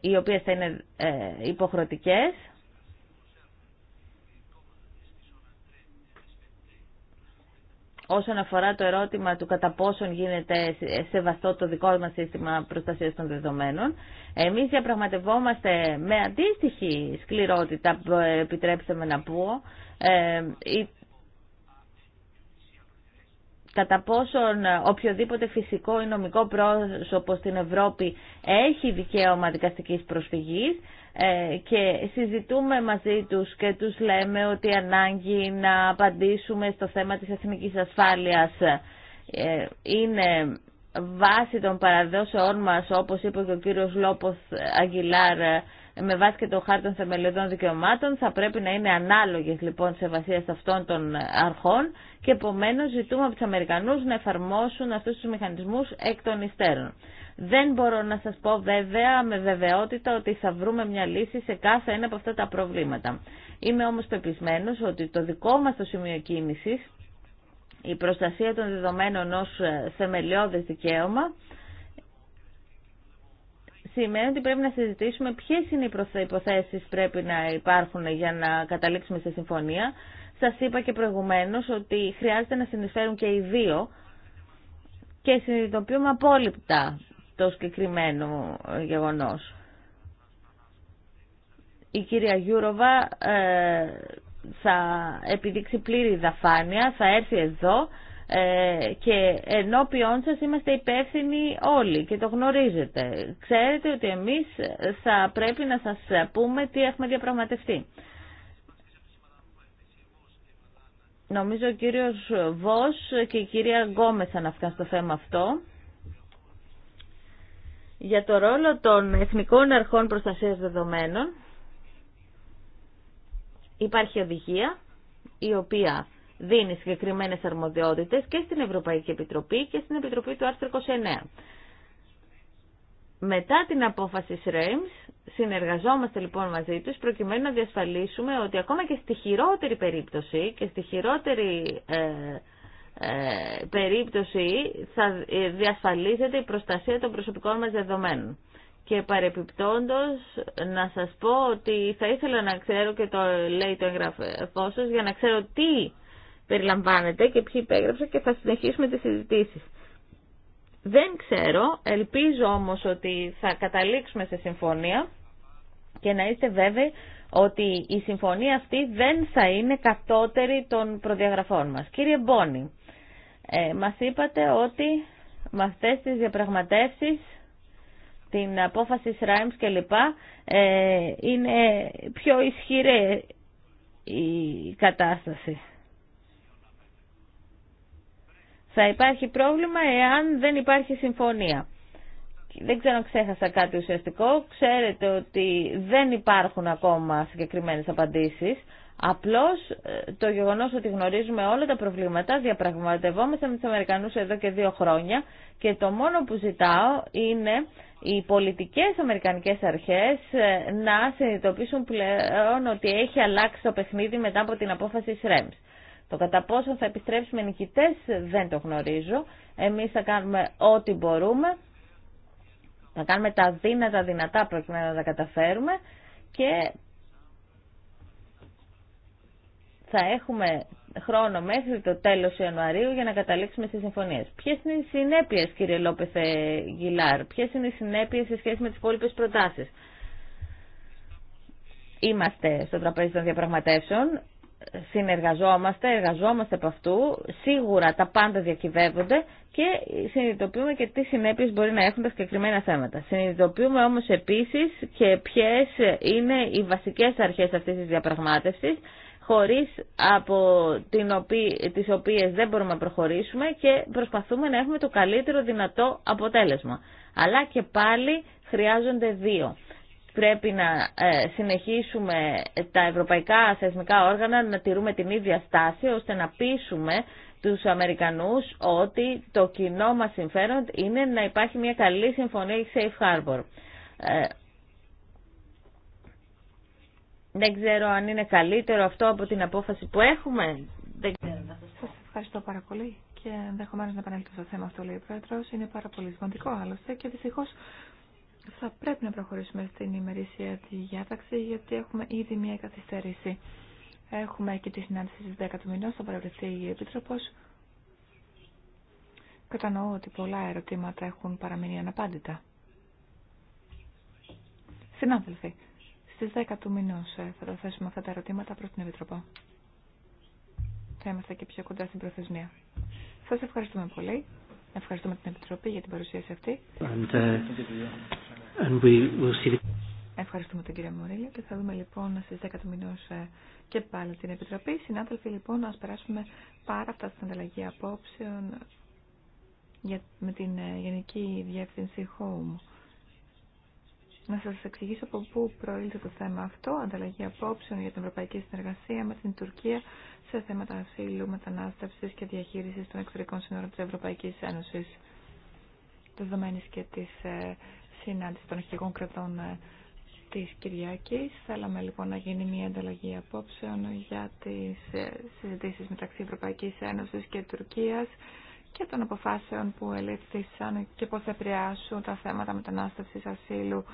οι οποίες θα είναι ε, υποχρεωτικές. Όσον αφορά το ερώτημα του κατά πόσον γίνεται σεβαστό το δικό μας σύστημα προστασίας των δεδομένων, εμείς διαπραγματευόμαστε με αντίστοιχη σκληρότητα, ε, επιτρέψτε με να πω, ε, κατά πόσον οποιοδήποτε φυσικό ή νομικό πρόσωπο στην Ευρώπη έχει δικαίωμα δικαστικής προσφυγής ε, και συζητούμε μαζί τους και τους λέμε ότι ανάγκη να απαντήσουμε στο θέμα της εθνικής ασφάλειας ε, είναι βάση των παραδόσεών μας, όπως είπε και ο κύριος Λόπος Αγγιλάρ, ε, με βάση και το χάρτη των θεμελιωδών δικαιωμάτων θα πρέπει να είναι ανάλογες λοιπόν σε βασίες αυτών των αρχών και επομένω ζητούμε από τους Αμερικανούς να εφαρμόσουν αυτούς τους μηχανισμούς εκ των υστέρων. Δεν μπορώ να σας πω βέβαια με βεβαιότητα ότι θα βρούμε μια λύση σε κάθε ένα από αυτά τα προβλήματα. Είμαι όμως πεπισμένο ότι το δικό μας το σημείο κίνησης, η προστασία των δεδομένων ως θεμελιώδες δικαίωμα, σημαίνει ότι πρέπει να συζητήσουμε ποιες είναι οι που πρέπει να υπάρχουν για να καταλήξουμε σε συμφωνία. Σα είπα και προηγουμένω ότι χρειάζεται να συνεισφέρουν και οι δύο και συνειδητοποιούμε απόλυτα το συγκεκριμένο ε, γεγονός. Η κυρία Γιούροβα ε, θα επιδείξει πλήρη δαφάνεια, θα έρθει εδώ ε, και ενώπιόν σας είμαστε υπεύθυνοι όλοι και το γνωρίζετε. Ξέρετε ότι εμείς θα πρέπει να σας πούμε τι έχουμε διαπραγματευτεί. Νομίζω ο κύριος Βος και η κυρία Γκόμες αναφτά στο θέμα αυτό. Για το ρόλο των Εθνικών Αρχών Προστασίας Δεδομένων υπάρχει οδηγία η οποία δίνει συγκεκριμένες αρμοδιότητε και στην Ευρωπαϊκή Επιτροπή και στην Επιτροπή του άρθρου 29. Μετά την απόφαση REMS, συνεργαζόμαστε λοιπόν μαζί τους προκειμένου να διασφαλίσουμε ότι ακόμα και στη χειρότερη περίπτωση και στη χειρότερη ε, ε, περίπτωση θα διασφαλίζεται η προστασία των προσωπικών μας δεδομένων. Και παρεπιπτόντος να σας πω ότι θα ήθελα να ξέρω και το λέει το εγγραφό για να ξέρω τι περιλαμβάνεται και ποιοι υπέγραψαν και θα συνεχίσουμε τις συζητήσεις. Δεν ξέρω, ελπίζω όμως ότι θα καταλήξουμε σε συμφωνία και να είστε βέβαιοι ότι η συμφωνία αυτή δεν θα είναι κατώτερη των προδιαγραφών μας. Κύριε Μπόνι, ε, μας είπατε ότι με αυτές τις διαπραγματεύσεις την απόφαση Σράιμς και ε, είναι πιο ισχυρή η κατάσταση. Θα υπάρχει πρόβλημα εάν δεν υπάρχει συμφωνία. Δεν ξέρω αν ξέχασα κάτι ουσιαστικό. Ξέρετε ότι δεν υπάρχουν ακόμα συγκεκριμένες απαντήσεις. Απλώς ε, το γεγονός ότι γνωρίζουμε όλα τα προβλήματα, διαπραγματευόμαστε με τους Αμερικανούς εδώ και δύο χρόνια και το μόνο που ζητάω είναι οι πολιτικές Αμερικανικές αρχές ε, να συνειδητοποιήσουν πλέον ότι έχει αλλάξει το παιχνίδι μετά από την απόφαση της το κατά πόσο θα επιστρέψουμε νικητέ, δεν το γνωρίζω. Εμείς θα κάνουμε ό,τι μπορούμε, θα κάνουμε τα δύνατα δυνατά προκειμένου να τα καταφέρουμε και θα έχουμε χρόνο μέχρι το τέλος Ιανουαρίου για να καταλήξουμε στις συμφωνίες. Ποιες είναι οι συνέπειες, κύριε Λόπεθε Γιλάρ, ποιες είναι οι συνέπειες σε σχέση με τις υπόλοιπε προτάσεις. Είμαστε στο τραπέζι των διαπραγματεύσεων συνεργαζόμαστε, εργαζόμαστε από αυτού, σίγουρα τα πάντα διακυβεύονται και συνειδητοποιούμε και τι συνέπειες μπορεί να έχουν τα συγκεκριμένα θέματα. Συνειδητοποιούμε όμως επίσης και ποιες είναι οι βασικές αρχές αυτής της διαπραγμάτευσης, χωρίς από την οποία, τις οποίες δεν μπορούμε να προχωρήσουμε και προσπαθούμε να έχουμε το καλύτερο δυνατό αποτέλεσμα. Αλλά και πάλι χρειάζονται δύο πρέπει να ε, συνεχίσουμε τα ευρωπαϊκά θεσμικά όργανα να τηρούμε την ίδια στάση ώστε να πείσουμε τους Αμερικανούς ότι το κοινό μας συμφέρον είναι να υπάρχει μια καλή συμφωνία safe harbor. Ε, δεν ξέρω αν είναι καλύτερο αυτό από την απόφαση που έχουμε. Δεν ξέρω. Σας ευχαριστώ πάρα πολύ και ενδεχομένω να επανέλθω στο θέμα αυτό, λέει ο Είναι πάρα πολύ σημαντικό άλλωστε και δυστυχώ θα πρέπει να προχωρήσουμε στην ημερήσια διάταξη γιατί έχουμε ήδη μια καθυστέρηση. Έχουμε και τη συνάντηση στις 10 του μηνός, θα παρευρεθεί η Επίτροπος. Κατανοώ ότι πολλά ερωτήματα έχουν παραμείνει αναπάντητα. Συνάδελφοι, στις 10 του μηνός ε, θα τα θέσουμε αυτά τα ερωτήματα προς την Επίτροπο. Θα είμαστε και πιο κοντά στην προθεσμία. Σας ευχαριστούμε πολύ. Ευχαριστούμε την Επιτροπή για την παρουσίαση αυτή. And, ε, Ευχαριστούμε τον κύριο Μωρίλη και θα δούμε λοιπόν στι 10 του μηνό ε, και πάλι την Επιτροπή. Συνάδελφοι, λοιπόν, να περάσουμε πάρα αυτά στην ανταλλαγή απόψεων για, με την ε, Γενική Διεύθυνση Home. Να σα εξηγήσω από πού προήλθε το θέμα αυτό, ανταλλαγή απόψεων για την ευρωπαϊκή συνεργασία με την Τουρκία σε θέματα ασύλου, μετανάστευση και διαχείριση των εξωτερικών σύνορων τη Ευρωπαϊκή Ένωση. Δεδομένη και της ε, συνάντηση των αρχηγών κρατών ε, της Κυριακής. Θέλαμε λοιπόν να γίνει μια ανταλλαγή απόψεων για τις ε, συζητήσεις μεταξύ Ευρωπαϊκής Ένωσης και Τουρκίας και των αποφάσεων που ελήφθησαν και πώς θα επηρεάσουν τα θέματα μετανάστευσης, ασύλου,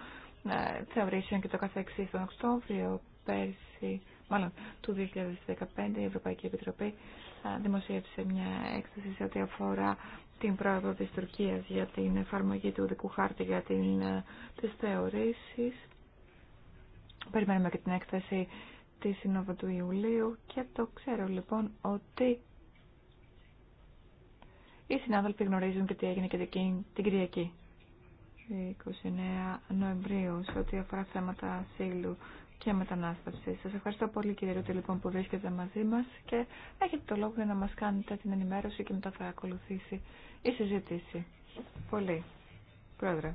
ε, θεωρήσεων και το καθεξής τον Οκτώβριο πέρσι, μάλλον του 2015 η Ευρωπαϊκή Επιτροπή δημοσίευσε μια έκθεση σε ό,τι αφορά την πρόοδο της Τουρκίας για την εφαρμογή του δικού χάρτη για την, ε, τις θεωρήσεις. Περιμένουμε και την έκθεση της Συνόδου του Ιουλίου και το ξέρω λοιπόν ότι οι συνάδελφοι γνωρίζουν και τι έγινε και την Κυριακή. 29 Νοεμβρίου σε ό,τι αφορά θέματα ασύλου και μετανάστευση. Σας ευχαριστώ πολύ κύριε Ρούτη λοιπόν που βρίσκεται μαζί μας και έχετε το λόγο για να μας κάνετε την ενημέρωση και μετά θα ακολουθήσει η συζήτηση. Πολύ. Πρόεδρε.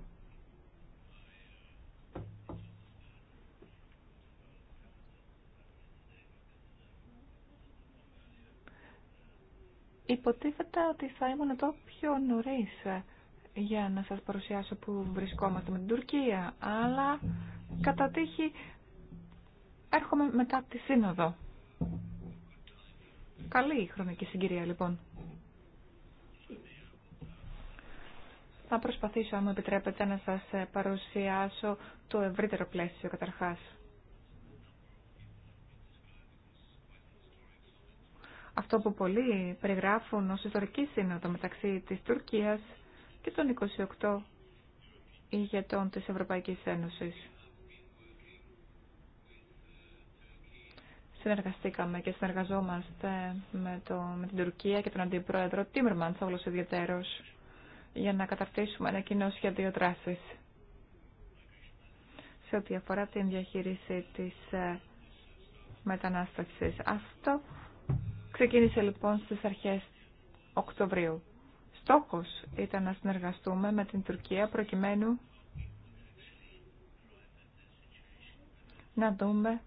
Υποτίθεται ότι θα ήμουν εδώ πιο νωρί ε, για να σας παρουσιάσω που βρισκόμαστε με την Τουρκία, αλλά κατά τύχη έρχομαι μετά τη σύνοδο. Καλή η χρονική συγκυρία λοιπόν. Θα προσπαθήσω, αν μου επιτρέπετε, να σας ε, παρουσιάσω το ευρύτερο πλαίσιο καταρχάς. Αυτό που πολλοί περιγράφουν ως ιστορική σύνοδο μεταξύ της Τουρκίας και των 28 ηγετών της Ευρωπαϊκής Ένωσης. συνεργαστήκαμε και συνεργαζόμαστε με, το, με την Τουρκία και τον Αντιπρόεδρο Τίμερμαντ, όλο ιδιαίτερος για να καταρτήσουμε ένα κοινό σχέδιο δράση σε ό,τι αφορά την διαχείριση της ε, μετανάστευσης. Αυτό ξεκίνησε λοιπόν στις αρχές Οκτωβρίου. Στόχο ήταν να συνεργαστούμε με την Τουρκία προκειμένου να δούμε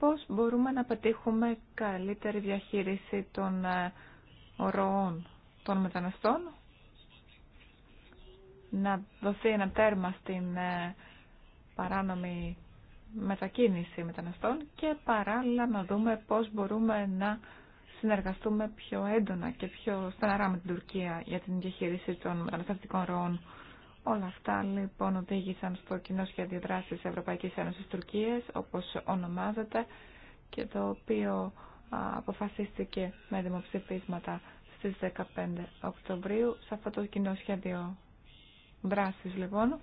πώς μπορούμε να πετύχουμε καλύτερη διαχείριση των ε, ροών των μεταναστών, να δοθεί ένα τέρμα στην ε, παράνομη μετακίνηση μεταναστών και παράλληλα να δούμε πώς μπορούμε να συνεργαστούμε πιο έντονα και πιο στεναρά με την Τουρκία για την διαχείριση των μεταναστευτικών ροών Όλα αυτά λοιπόν οδήγησαν στο κοινό σχέδιο δράση τη Ευρωπαϊκή Ένωση Τουρκία, όπω ονομάζεται, και το οποίο αποφασίστηκε με δημοψηφίσματα στις 15 Οκτωβρίου. Σε αυτό το κοινό σχέδιο δράσης λοιπόν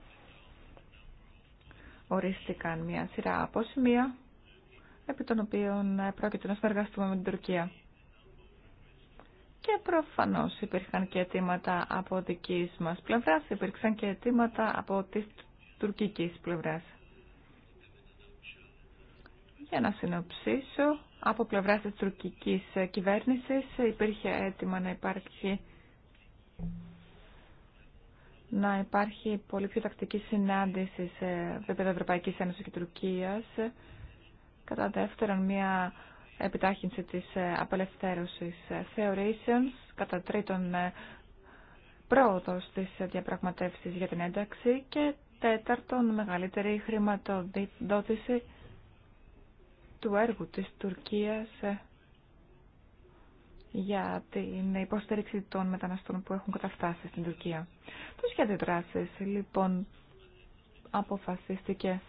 ορίστηκαν μια σειρά από σημεία επί των οποίων πρόκειται να συνεργαστούμε με την Τουρκία. Και προφανώς υπήρχαν και αιτήματα από δικής μας πλευράς, υπήρξαν και αιτήματα από της τουρκικής πλευράς. Για να συνοψίσω, από πλευράς της τουρκικής κυβέρνησης υπήρχε αίτημα να υπάρχει να υπάρχει πολύ πιο τακτική συνάντηση σε επίπεδο Ευρωπαϊκής Ένωσης και Τουρκίας. Κατά δεύτερον, μια επιτάχυνση της ε, απελευθέρωσης ε, θεωρήσεων, κατά τρίτον ε, πρόοδος της διαπραγματεύσεις για την ένταξη και τέταρτον μεγαλύτερη χρηματοδότηση του έργου της Τουρκίας για την υποστήριξη των μεταναστών που έχουν καταφτάσει στην Τουρκία. Το σχέδιο δράσης λοιπόν αποφασίστηκε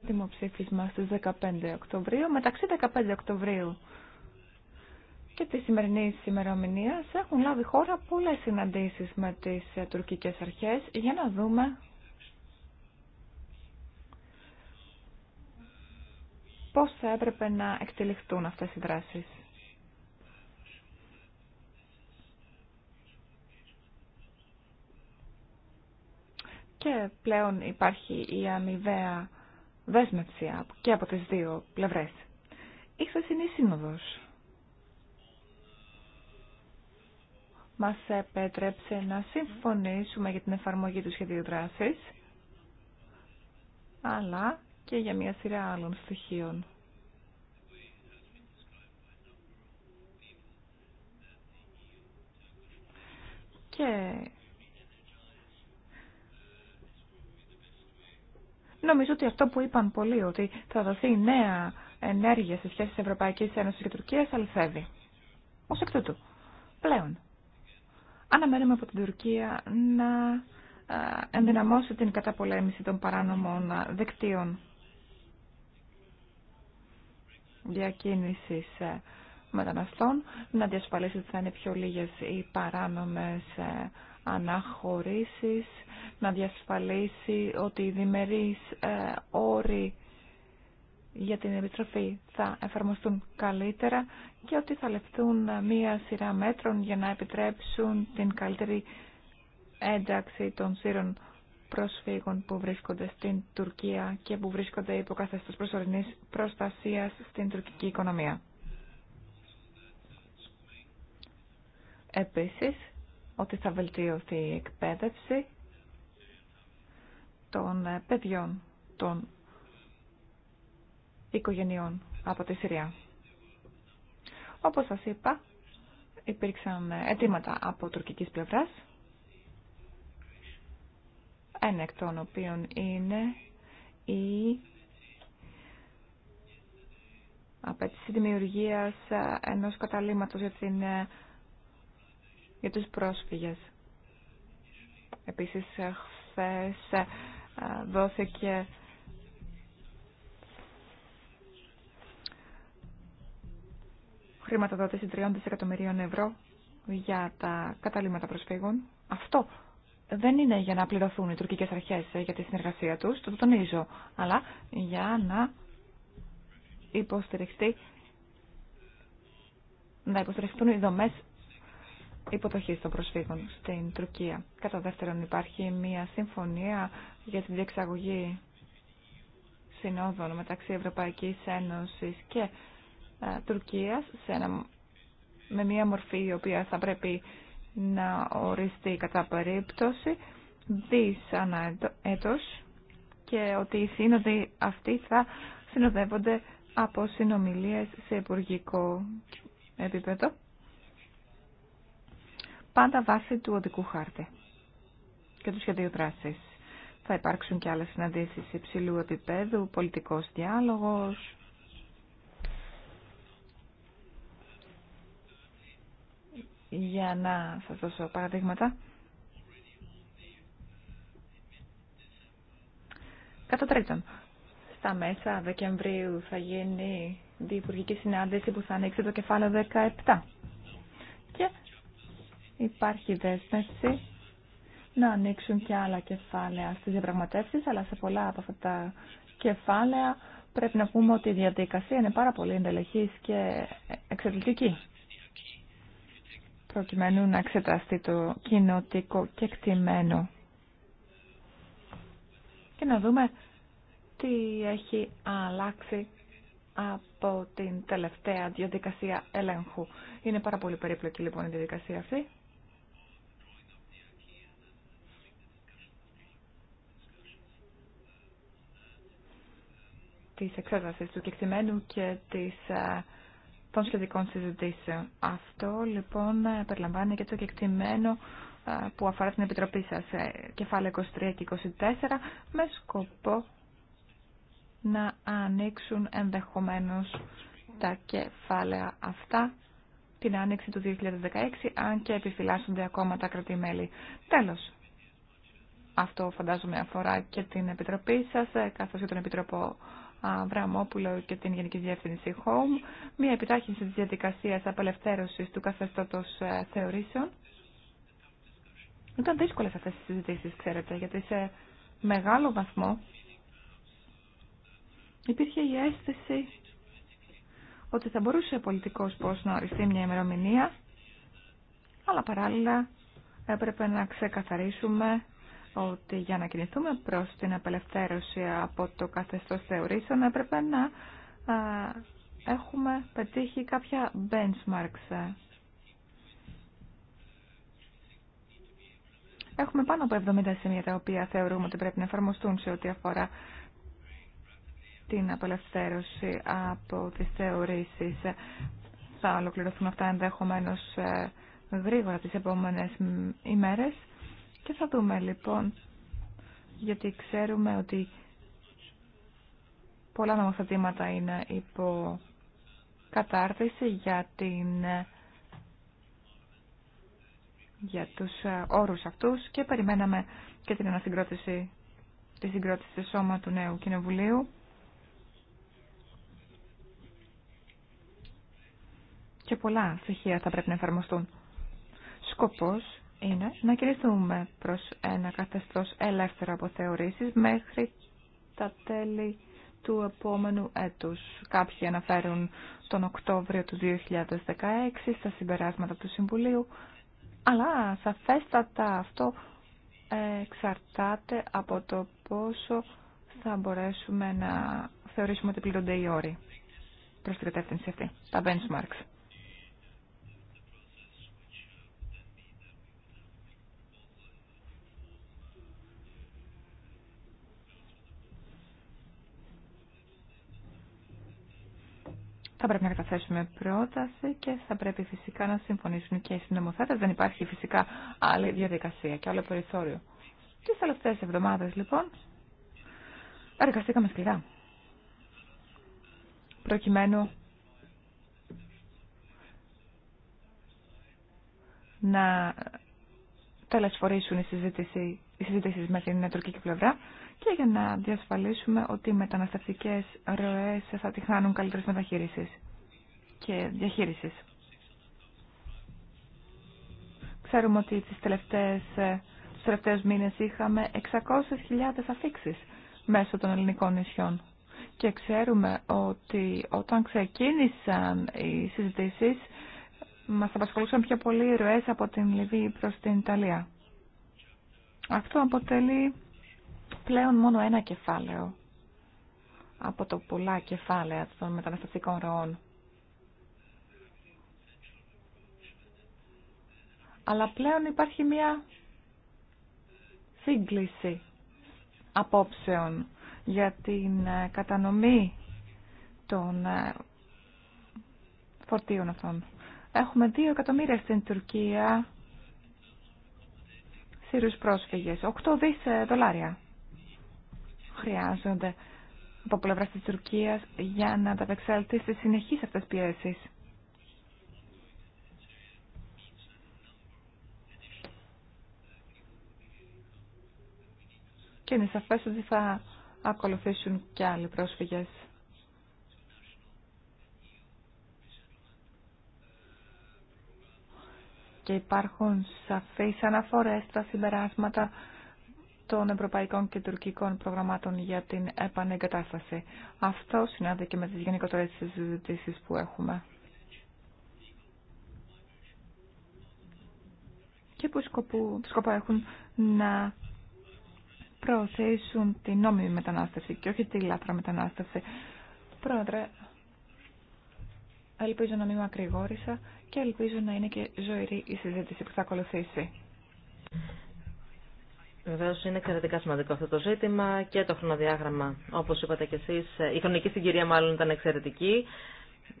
δημοψήφισμα στις 15 Οκτωβρίου. Μεταξύ 15 Οκτωβρίου και τη σημερινή ημερομηνία έχουν λάβει χώρα πολλές συναντήσεις με τις ε, τουρκικές αρχές για να δούμε πώς θα έπρεπε να εκτελεχτούν αυτές οι δράσεις. Και πλέον υπάρχει η αμοιβαία δέσμευση και από τις δύο πλευρές. Η χθεσινή σύνοδος μας επέτρεψε να συμφωνήσουμε για την εφαρμογή του σχεδίου δράσης, αλλά και για μια σειρά άλλων στοιχείων. Και Νομίζω ότι αυτό που είπαν πολλοί, ότι θα δοθεί νέα ενέργεια σχέση της Ευρωπαϊκής Ένωσης και Τουρκίας, αληθεύει. Ως εκ τούτου. Πλέον. Αναμένουμε από την Τουρκία να ενδυναμώσει την καταπολέμηση των παράνομων δικτύων διακίνησης ε, μεταναστών, να διασφαλίσει ότι θα είναι πιο λίγες οι παράνομες ε, αναχωρήσεις, να διασφαλίσει ότι οι διμερείς ε, όροι για την επιστροφή θα εφαρμοστούν καλύτερα και ότι θα λεφτούν ε, μία σειρά μέτρων για να επιτρέψουν την καλύτερη ένταξη των σύρων προσφύγων που βρίσκονται στην Τουρκία και που βρίσκονται υπό καθεστώς προσωρινής προστασίας στην τουρκική οικονομία. Επίσης, ότι θα βελτιωθεί η εκπαίδευση των ε, παιδιών των οικογενειών από τη Συρία. Όπως σας είπα, υπήρξαν αιτήματα από τουρκικής πλευράς, ένα εκ των οποίων είναι η απέτηση δημιουργίας ε, ενός καταλήμματος για την ε, για τους πρόσφυγες. Επίσης, χθε ε, δόθηκε χρηματοδότηση 3 δισεκατομμυρίων ευρώ για τα καταλήμματα προσφύγων. Αυτό δεν είναι για να πληρωθούν οι τουρκικές αρχές ε, για τη συνεργασία τους, το τονίζω, αλλά για να υποστηριχθεί να υποστηριχθούν οι δομές υποδοχή των προσφύγων στην Τουρκία. Κατά δεύτερον υπάρχει μια συμφωνία για την διεξαγωγή συνόδων μεταξύ Ευρωπαϊκής Ένωσης και ε, Τουρκίας με μια μορφή η οποία θα πρέπει να οριστεί κατά περίπτωση δις ανά και ότι οι σύνοδοι αυτοί θα συνοδεύονται από συνομιλίες σε υπουργικό επίπεδο πάντα βάσει του οδικού χάρτη και του σχεδίου δράση. Θα υπάρξουν και άλλε συναντήσει υψηλού επίπεδου, πολιτικός διάλογος, για να σας δώσω παραδείγματα. Κατά τρίτον, στα μέσα Δεκεμβρίου θα γίνει Υπουργική συνάντηση που θα ανοίξει το κεφάλαιο 17 υπάρχει δέσμευση να ανοίξουν και άλλα κεφάλαια στις διαπραγματεύσεις, αλλά σε πολλά από αυτά τα κεφάλαια πρέπει να πούμε ότι η διαδικασία είναι πάρα πολύ εντελεχής και εξαιρετική προκειμένου να εξεταστεί το κοινοτικό και εκτιμένο και να δούμε τι έχει αλλάξει από την τελευταία διαδικασία ελέγχου. Είναι πάρα πολύ περίπλοκη λοιπόν η διαδικασία αυτή Τη εξέταση του κεκτημένου και της, ε, των σχετικών συζητήσεων. Αυτό λοιπόν περιλαμβάνει και το κεκτημένο ε, που αφορά την Επιτροπή σας, ε, κεφάλαιο 23 και 24, με σκοπό να ανοίξουν ενδεχομένως τα κεφάλαια αυτά την άνοιξη του 2016, αν και επιφυλάσσονται ακόμα τα κρατημέλη. Τέλος, αυτό φαντάζομαι αφορά και την Επιτροπή σας, καθώς και τον Επιτροπό Αβραμόπουλο και την Γενική Διεύθυνση Home, μια επιτάχυνση της διαδικασίας απελευθέρωσης του καθεστώτος ε, θεωρήσεων. Ήταν δύσκολες αυτές τι συζητήσεις, ξέρετε, γιατί σε μεγάλο βαθμό υπήρχε η αίσθηση ότι θα μπορούσε πολιτικός πώς να οριστεί μια ημερομηνία, αλλά παράλληλα έπρεπε να ξεκαθαρίσουμε ότι για να κινηθούμε προς την απελευθέρωση από το καθεστώς θεωρήσεων έπρεπε να έχουμε πετύχει κάποια benchmarks. Έχουμε πάνω από 70 σημεία τα οποία θεωρούμε ότι πρέπει να εφαρμοστούν σε ό,τι αφορά την απελευθέρωση από τις θεωρήσεις. Θα ολοκληρωθούν αυτά ενδεχομένως ε, γρήγορα τις επόμενες ημέρες και θα δούμε λοιπόν, γιατί ξέρουμε ότι πολλά νομοθετήματα είναι υπό κατάρτιση για, την, για τους ε, όρους αυτούς και περιμέναμε και την ανασυγκρότηση τη συγκρότηση σώμα του νέου κοινοβουλίου. Και πολλά στοιχεία θα πρέπει να εφαρμοστούν. Σκοπός είναι να κινηθούμε προς ένα καθεστώς ελεύθερο από θεωρήσεις μέχρι τα τέλη του επόμενου έτους. Κάποιοι αναφέρουν τον Οκτώβριο του 2016 στα συμπεράσματα του Συμβουλίου, αλλά σαφέστατα αυτό εξαρτάται από το πόσο θα μπορέσουμε να θεωρήσουμε ότι πληρώνται οι όροι προς την κατεύθυνση αυτή, τα benchmarks. θα πρέπει να καταθέσουμε πρόταση και θα πρέπει φυσικά να συμφωνήσουν και οι συνομοθέτες. Δεν υπάρχει φυσικά άλλη διαδικασία και άλλο περιθώριο. Τις τελευταίες εβδομάδες λοιπόν εργαστήκαμε σκληρά. Προκειμένου να τελεσφορήσουν οι συζήτησεις, οι συζήτησεις με την τουρκική πλευρά και για να διασφαλίσουμε ότι οι μεταναστευτικές ροές θα τυχάνουν χάνουν καλύτερες μεταχείρισης και διαχείρισης. Ξέρουμε ότι τις τελευταίες, τους μήνες είχαμε 600.000 αφήξεις μέσω των ελληνικών νησιών. Και ξέρουμε ότι όταν ξεκίνησαν οι συζητήσεις, μας απασχολούσαν πιο πολύ οι ροές από την Λιβύη προς την Ιταλία. Αυτό αποτελεί πλέον μόνο ένα κεφάλαιο από το πολλά κεφάλαια των μεταναστευτικών ροών. Αλλά πλέον υπάρχει μία σύγκληση απόψεων για την ε, κατανομή των ε, φορτίων αυτών. Έχουμε δύο εκατομμύρια στην Τουρκία Σύρους πρόσφυγες, 8 δις ε, δολάρια χρειάζονται από πλευρά της Τουρκίας για να ανταπεξέλθει στις συνεχείς αυτέ πιέσει. Και είναι σαφές ότι θα ακολουθήσουν και άλλοι πρόσφυγες. Και υπάρχουν σαφείς αναφορές στα συμπεράσματα των ευρωπαϊκών και τουρκικών προγραμμάτων για την επανεγκατάσταση. Αυτό συνάδει και με τις γενικότερες συζητήσει που έχουμε. Και που σκοπό, σκοπό έχουν να προωθήσουν την νόμιμη μετανάστευση και όχι τη λάθρα μετανάστευση. Πρόεδρε, ελπίζω να μην μακρηγόρησα και ελπίζω να είναι και ζωηρή η συζήτηση που θα ακολουθήσει. Βεβαίω είναι εξαιρετικά σημαντικό αυτό το ζήτημα και το χρονοδιάγραμμα. Όπω είπατε και εσεί, ε, η χρονική συγκυρία μάλλον ήταν εξαιρετική,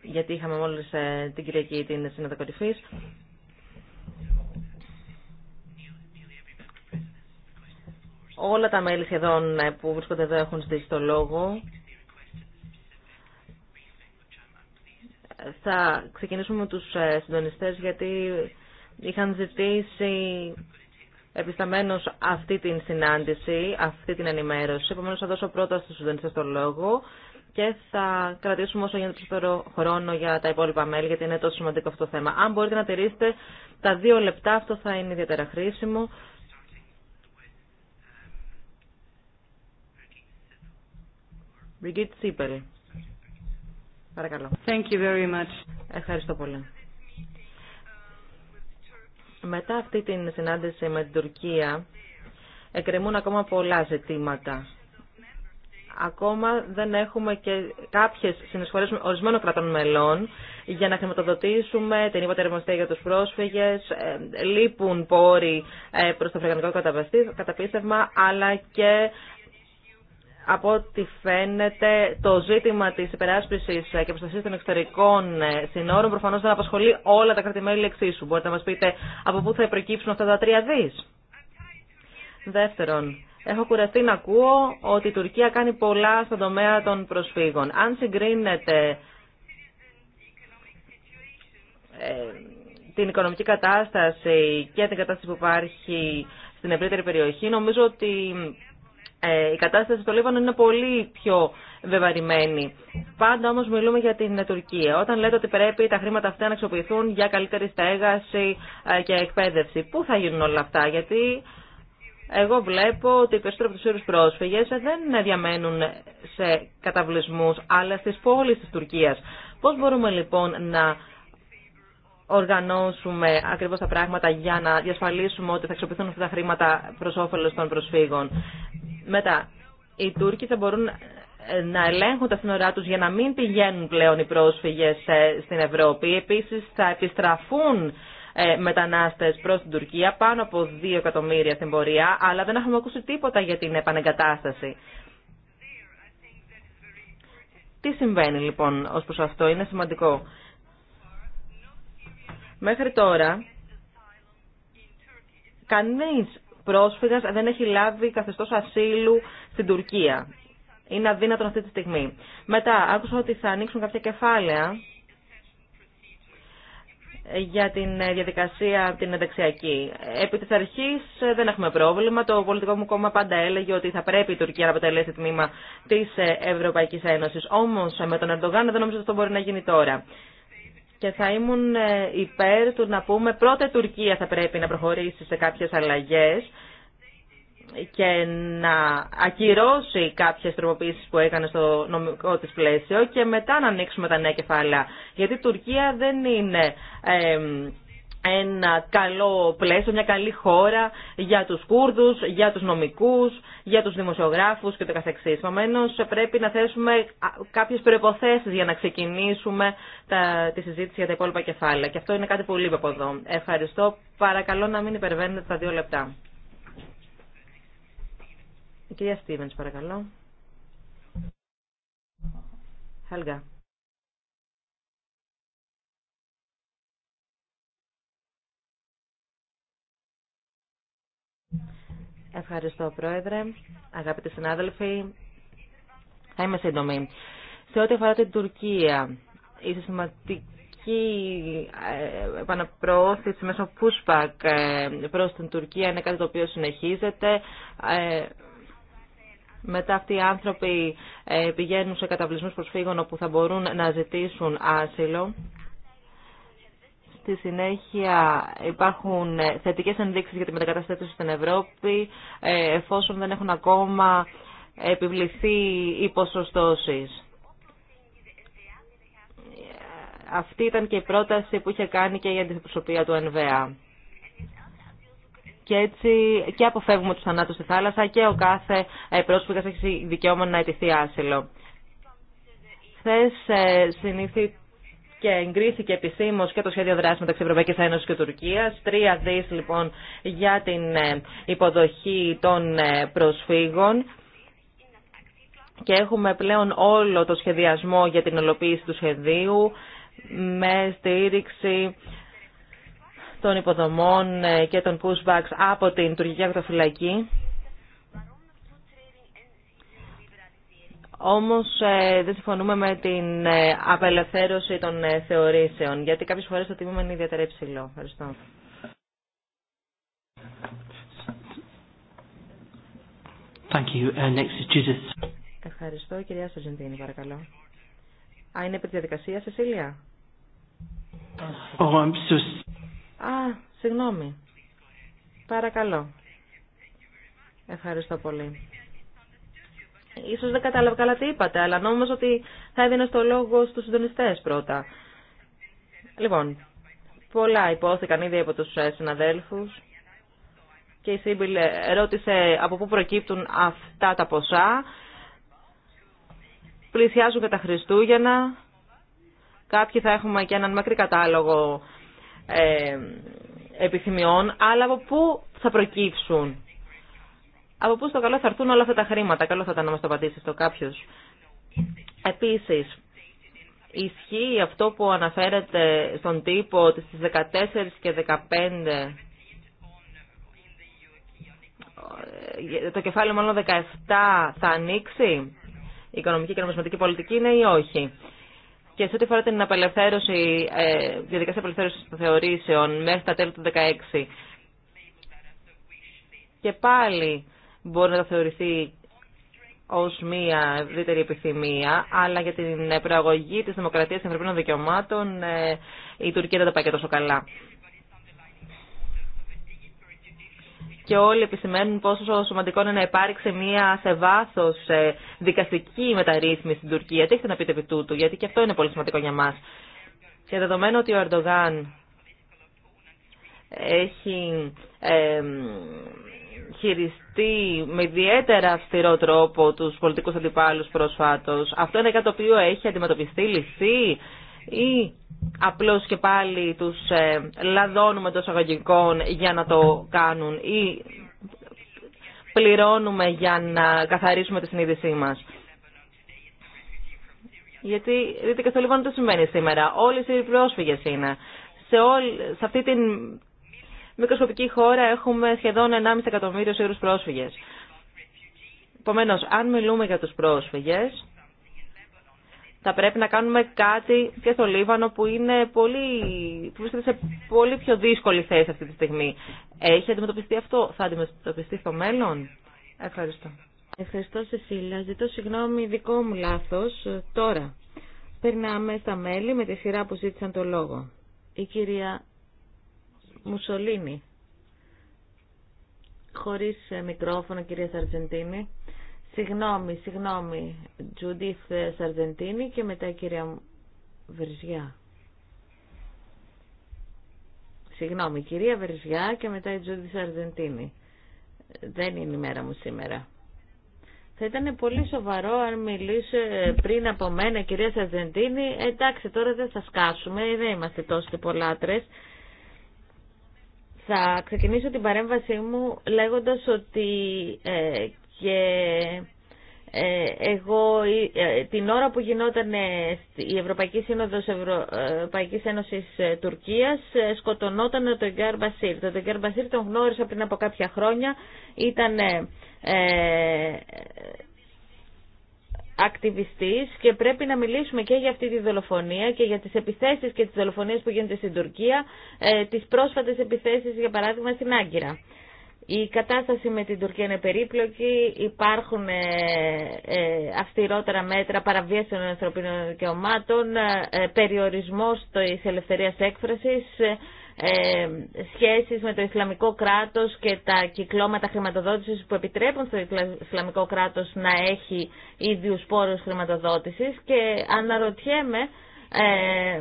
γιατί είχαμε μόλι ε, την Κυριακή την Σύνοδο Όλα τα μέλη σχεδόν ε, που βρίσκονται εδώ έχουν ζητήσει το λόγο. Θα ξεκινήσουμε με τους συντονιστές γιατί είχαν ζητήσει επισταμένω αυτή την συνάντηση, αυτή την ενημέρωση. Επομένω θα δώσω πρώτα στους συντονιστέ το λόγο και θα κρατήσουμε όσο γίνεται περισσότερο χρόνο για τα υπόλοιπα μέλη, γιατί είναι τόσο σημαντικό αυτό το θέμα. Αν μπορείτε να τηρήσετε τα δύο λεπτά, αυτό θα είναι ιδιαίτερα χρήσιμο. Σίπελ. Παρακαλώ. Ευχαριστώ πολύ. Μετά αυτή την συνάντηση με την Τουρκία, εκκρεμούν ακόμα πολλά ζητήματα. Ακόμα δεν έχουμε και κάποιες συνεισφορές ορισμένων κρατών μελών για να χρηματοδοτήσουμε την υποτερμοστία για τους πρόσφυγες. Ε, λείπουν πόροι ε, προς το φρεγανικό καταπίστευμα, αλλά και από ό,τι φαίνεται το ζήτημα τη υπεράσπιση και προστασία των εξωτερικών ε, συνόρων προφανώς δεν απασχολεί όλα τα κρατημέλη εξίσου. Μπορείτε να μα πείτε από πού θα προκύψουν αυτά τα τρία δι. Δεύτερον, έχω κουραστεί να ακούω ότι η Τουρκία κάνει πολλά στον τομέα των προσφύγων. Αν συγκρίνεται ε, την οικονομική κατάσταση και την κατάσταση που υπάρχει στην ευρύτερη περιοχή, νομίζω ότι ε, η κατάσταση στο Λίβανο είναι πολύ πιο βεβαρημένη. Πάντα όμως μιλούμε για την Τουρκία. Όταν λέτε ότι πρέπει τα χρήματα αυτά να αξιοποιηθούν για καλύτερη στέγαση ε, και εκπαίδευση, πού θα γίνουν όλα αυτά, γιατί... Εγώ βλέπω ότι οι περισσότεροι από τους Σύρου πρόσφυγε δεν διαμένουν σε καταβλισμού, αλλά στις πόλεις της Τουρκίας. Πώς μπορούμε λοιπόν να οργανώσουμε ακριβώ τα πράγματα για να διασφαλίσουμε ότι θα αξιοποιηθούν αυτά τα χρήματα προ όφελο των προσφύγων. Μετά, οι Τούρκοι θα μπορούν ε, να ελέγχουν τα σύνορά του για να μην πηγαίνουν πλέον οι πρόσφυγε ε, στην Ευρώπη. Επίση, θα επιστραφούν ε, μετανάστε προ την Τουρκία, πάνω από 2 εκατομμύρια στην πορεία, αλλά δεν έχουμε ακούσει τίποτα για την επανεγκατάσταση. Τι συμβαίνει λοιπόν ως προς αυτό, είναι σημαντικό. Μέχρι τώρα, κανείς πρόσφυγας δεν έχει λάβει καθεστώς ασύλου στην Τουρκία. Είναι αδύνατον αυτή τη στιγμή. Μετά, άκουσα ότι θα ανοίξουν κάποια κεφάλαια για την διαδικασία την ενταξιακή. Επί της αρχής ε, δεν έχουμε πρόβλημα. Το πολιτικό μου κόμμα πάντα έλεγε ότι θα πρέπει η Τουρκία να αποτελέσει τμήμα της ε, Ευρωπαϊκής Ένωσης. Όμως ε, με τον Ερντογάν δεν νομίζω ότι αυτό μπορεί να γίνει τώρα και θα ήμουν ε, υπέρ του να πούμε πρώτα η Τουρκία θα πρέπει να προχωρήσει σε κάποιες αλλαγές και να ακυρώσει κάποιες τροποποίησεις που έκανε στο νομικό της πλαίσιο και μετά να ανοίξουμε τα νέα κεφάλαια. Γιατί η Τουρκία δεν είναι ε, ένα καλό πλαίσιο, μια καλή χώρα για τους Κούρδους, για τους νομικούς, για τους δημοσιογράφους και το καθεξής. Επομένως πρέπει να θέσουμε κάποιες προϋποθέσεις για να ξεκινήσουμε τα, τη συζήτηση για τα υπόλοιπα κεφάλαια. Και αυτό είναι κάτι που λείπει από εδώ. Ευχαριστώ. Παρακαλώ να μην υπερβαίνετε τα δύο λεπτά. Η κυρία Στίβενς, παρακαλώ. Helga. Ευχαριστώ, Πρόεδρε. Αγαπητοί συνάδελφοι, θα είμαι σύντομη. Σε ό,τι αφορά την Τουρκία, η συστηματική ε, επαναπροώθηση μέσω pushback ε, προς την Τουρκία είναι κάτι το οποίο συνεχίζεται. Ε, μετά αυτοί οι άνθρωποι πηγαίνουν σε καταβλισμούς προσφύγων όπου θα μπορούν να ζητήσουν άσυλο. Στη συνέχεια υπάρχουν ε, θετικές ενδείξεις για τη μετακατάσταση στην Ευρώπη, ε, εφόσον δεν έχουν ακόμα επιβληθεί οι ποσοστώσεις. Αυτή ήταν και η πρόταση που είχε κάνει και η αντιπροσωπεία του ΕΝΒΕΑ. Και έτσι και αποφεύγουμε τους θανάτους στη θάλασσα και ο κάθε ε, πρόσφυγας έχει δικαίωμα να αιτηθεί άσυλο. Χθε συνήθι και εγκρίθηκε επισήμω και το σχέδιο δράση μεταξύ Ευρωπαϊκή Ένωση και Τουρκία. Τρία δι λοιπόν για την ε, υποδοχή των ε, προσφύγων. Και έχουμε πλέον όλο το σχεδιασμό για την ολοποίηση του σχεδίου με στήριξη των υποδομών ε, και των pushbacks από την τουρκική ακτοφυλακή Όμως ε, δεν συμφωνούμε με την ε, απελευθέρωση των ε, θεωρήσεων, γιατί κάποιες φορές το τίμημα είναι ιδιαίτερα υψηλό. Ευχαριστώ. Uh, Ευχαριστώ. Κυρία Σαζεντίνη, παρακαλώ. Α, είναι επί τη διαδικασία, Σεσίλια. Oh, I'm so... Α, συγγνώμη. Παρακαλώ. Ευχαριστώ πολύ. Ίσως δεν κατάλαβα καλά τι είπατε, αλλά νόμιζα ότι θα έδινε το λόγο στου συντονιστέ πρώτα. Λοιπόν, πολλά υπόθηκαν ήδη από του ε, συναδέλφου και η Σίμπιλ ε, ρώτησε από πού προκύπτουν αυτά τα ποσά. Πλησιάζουν και τα Χριστούγεννα. Κάποιοι θα έχουμε και έναν μακρύ κατάλογο ε, επιθυμιών, αλλά από πού θα προκύψουν από πού στο καλό θα έρθουν όλα αυτά τα χρήματα. Καλό θα ήταν να μα το απαντήσει αυτό κάποιο. Επίση, ισχύει αυτό που αναφέρεται στον τύπο ότι στι 14 και 15 το κεφάλαιο μόνο 17 θα ανοίξει η οικονομική και νομισματική πολιτική είναι ή όχι. Και σε ό,τι αφορά την απελευθέρωση, ε, διαδικασία απελευθέρωση των θεωρήσεων μέχρι τα τέλη του 2016. Και πάλι μπορεί να το θεωρηθεί ως μία ευρύτερη επιθυμία, αλλά για την ε, προαγωγή της δημοκρατίας και ανθρωπίνων δικαιωμάτων ε, η Τουρκία δεν τα πάει και τόσο καλά. Και όλοι επισημαίνουν πόσο σημαντικό είναι να υπάρξει μία σε βάθος ε, δικαστική μεταρρύθμιση στην Τουρκία. Τι έχετε να πείτε επί τούτου, γιατί και αυτό είναι πολύ σημαντικό για μας. Και δεδομένου ότι ο Ερντογάν έχει ε, χειριστεί με ιδιαίτερα αυστηρό τρόπο τους πολιτικούς αντιπάλους προσφάτως. Αυτό είναι κάτι το οποίο έχει αντιμετωπιστεί, λυθεί ή απλώς και πάλι τους ε, λαδώνουμε των εισαγωγικών για να το κάνουν ή πληρώνουμε για να καθαρίσουμε τη συνείδησή μας. Γιατί δείτε και στο λοιπόν τι συμβαίνει σήμερα. Όλοι οι πρόσφυγες είναι. Σε, σε αυτή την μικροσκοπική χώρα έχουμε σχεδόν 1,5 εκατομμύριο Σύρους πρόσφυγες. Επομένω, αν μιλούμε για τους πρόσφυγες, θα πρέπει να κάνουμε κάτι και στο Λίβανο που, είναι πολύ, που βρίσκεται σε πολύ πιο δύσκολη θέση αυτή τη στιγμή. Έχει αντιμετωπιστεί αυτό, θα αντιμετωπιστεί στο μέλλον. Ευχαριστώ. Ευχαριστώ Σεσίλα. Ζητώ συγγνώμη δικό μου λάθος. Τώρα περνάμε στα μέλη με τη σειρά που ζήτησαν το λόγο. Η κυρία Μουσολίνη. Χωρίς ε, μικρόφωνο, κυρία Σαρτζεντίνη. Συγγνώμη, συγγνώμη, Τζούντιθ ε, Σαρτζεντίνη και μετά κυρία Βερζιά. Συγγνώμη, κυρία Βερζιά και μετά η Τζούντιθ Σαρτζεντίνη. Δεν είναι η μέρα μου σήμερα. Θα ήταν πολύ σοβαρό αν μιλήσει ε, πριν από μένα κυρία Σαρτζεντίνη. Εντάξει, τώρα δεν θα σκάσουμε, δεν είμαστε τόσο πολλάτρες. Θα ξεκινήσω την παρέμβασή μου λέγοντας ότι ε, και ε, εγώ ε, την ώρα που γινόταν η Ευρωπαϊκή Σύνοδος Ευρωπαϊκής Ένωσης Τουρκίας σκοτωνόταν ο Τεγκέρ Μπασίρ. Το Τεγκέρ Μπασίρ τον γνώρισα πριν από κάποια χρόνια. Ήταν ε, ακτιβιστής και πρέπει να μιλήσουμε και για αυτή τη δολοφονία και για τις επιθέσεις και τις δολοφονίες που γίνονται στην Τουρκία, ε, τις πρόσφατες επιθέσεις για παράδειγμα στην Άγκυρα. Η κατάσταση με την Τουρκία είναι περίπλοκη, υπάρχουν ε, ε αυστηρότερα μέτρα παραβίαση των ανθρωπίνων δικαιωμάτων, ε, περιορισμός της ελευθερίας έκφρασης, ε, ε, σχέσεις με το Ισλαμικό κράτος και τα κυκλώματα χρηματοδότησης που επιτρέπουν στο Ισλαμικό κράτος να έχει ίδιους πόρους χρηματοδότησης και αναρωτιέμαι ε,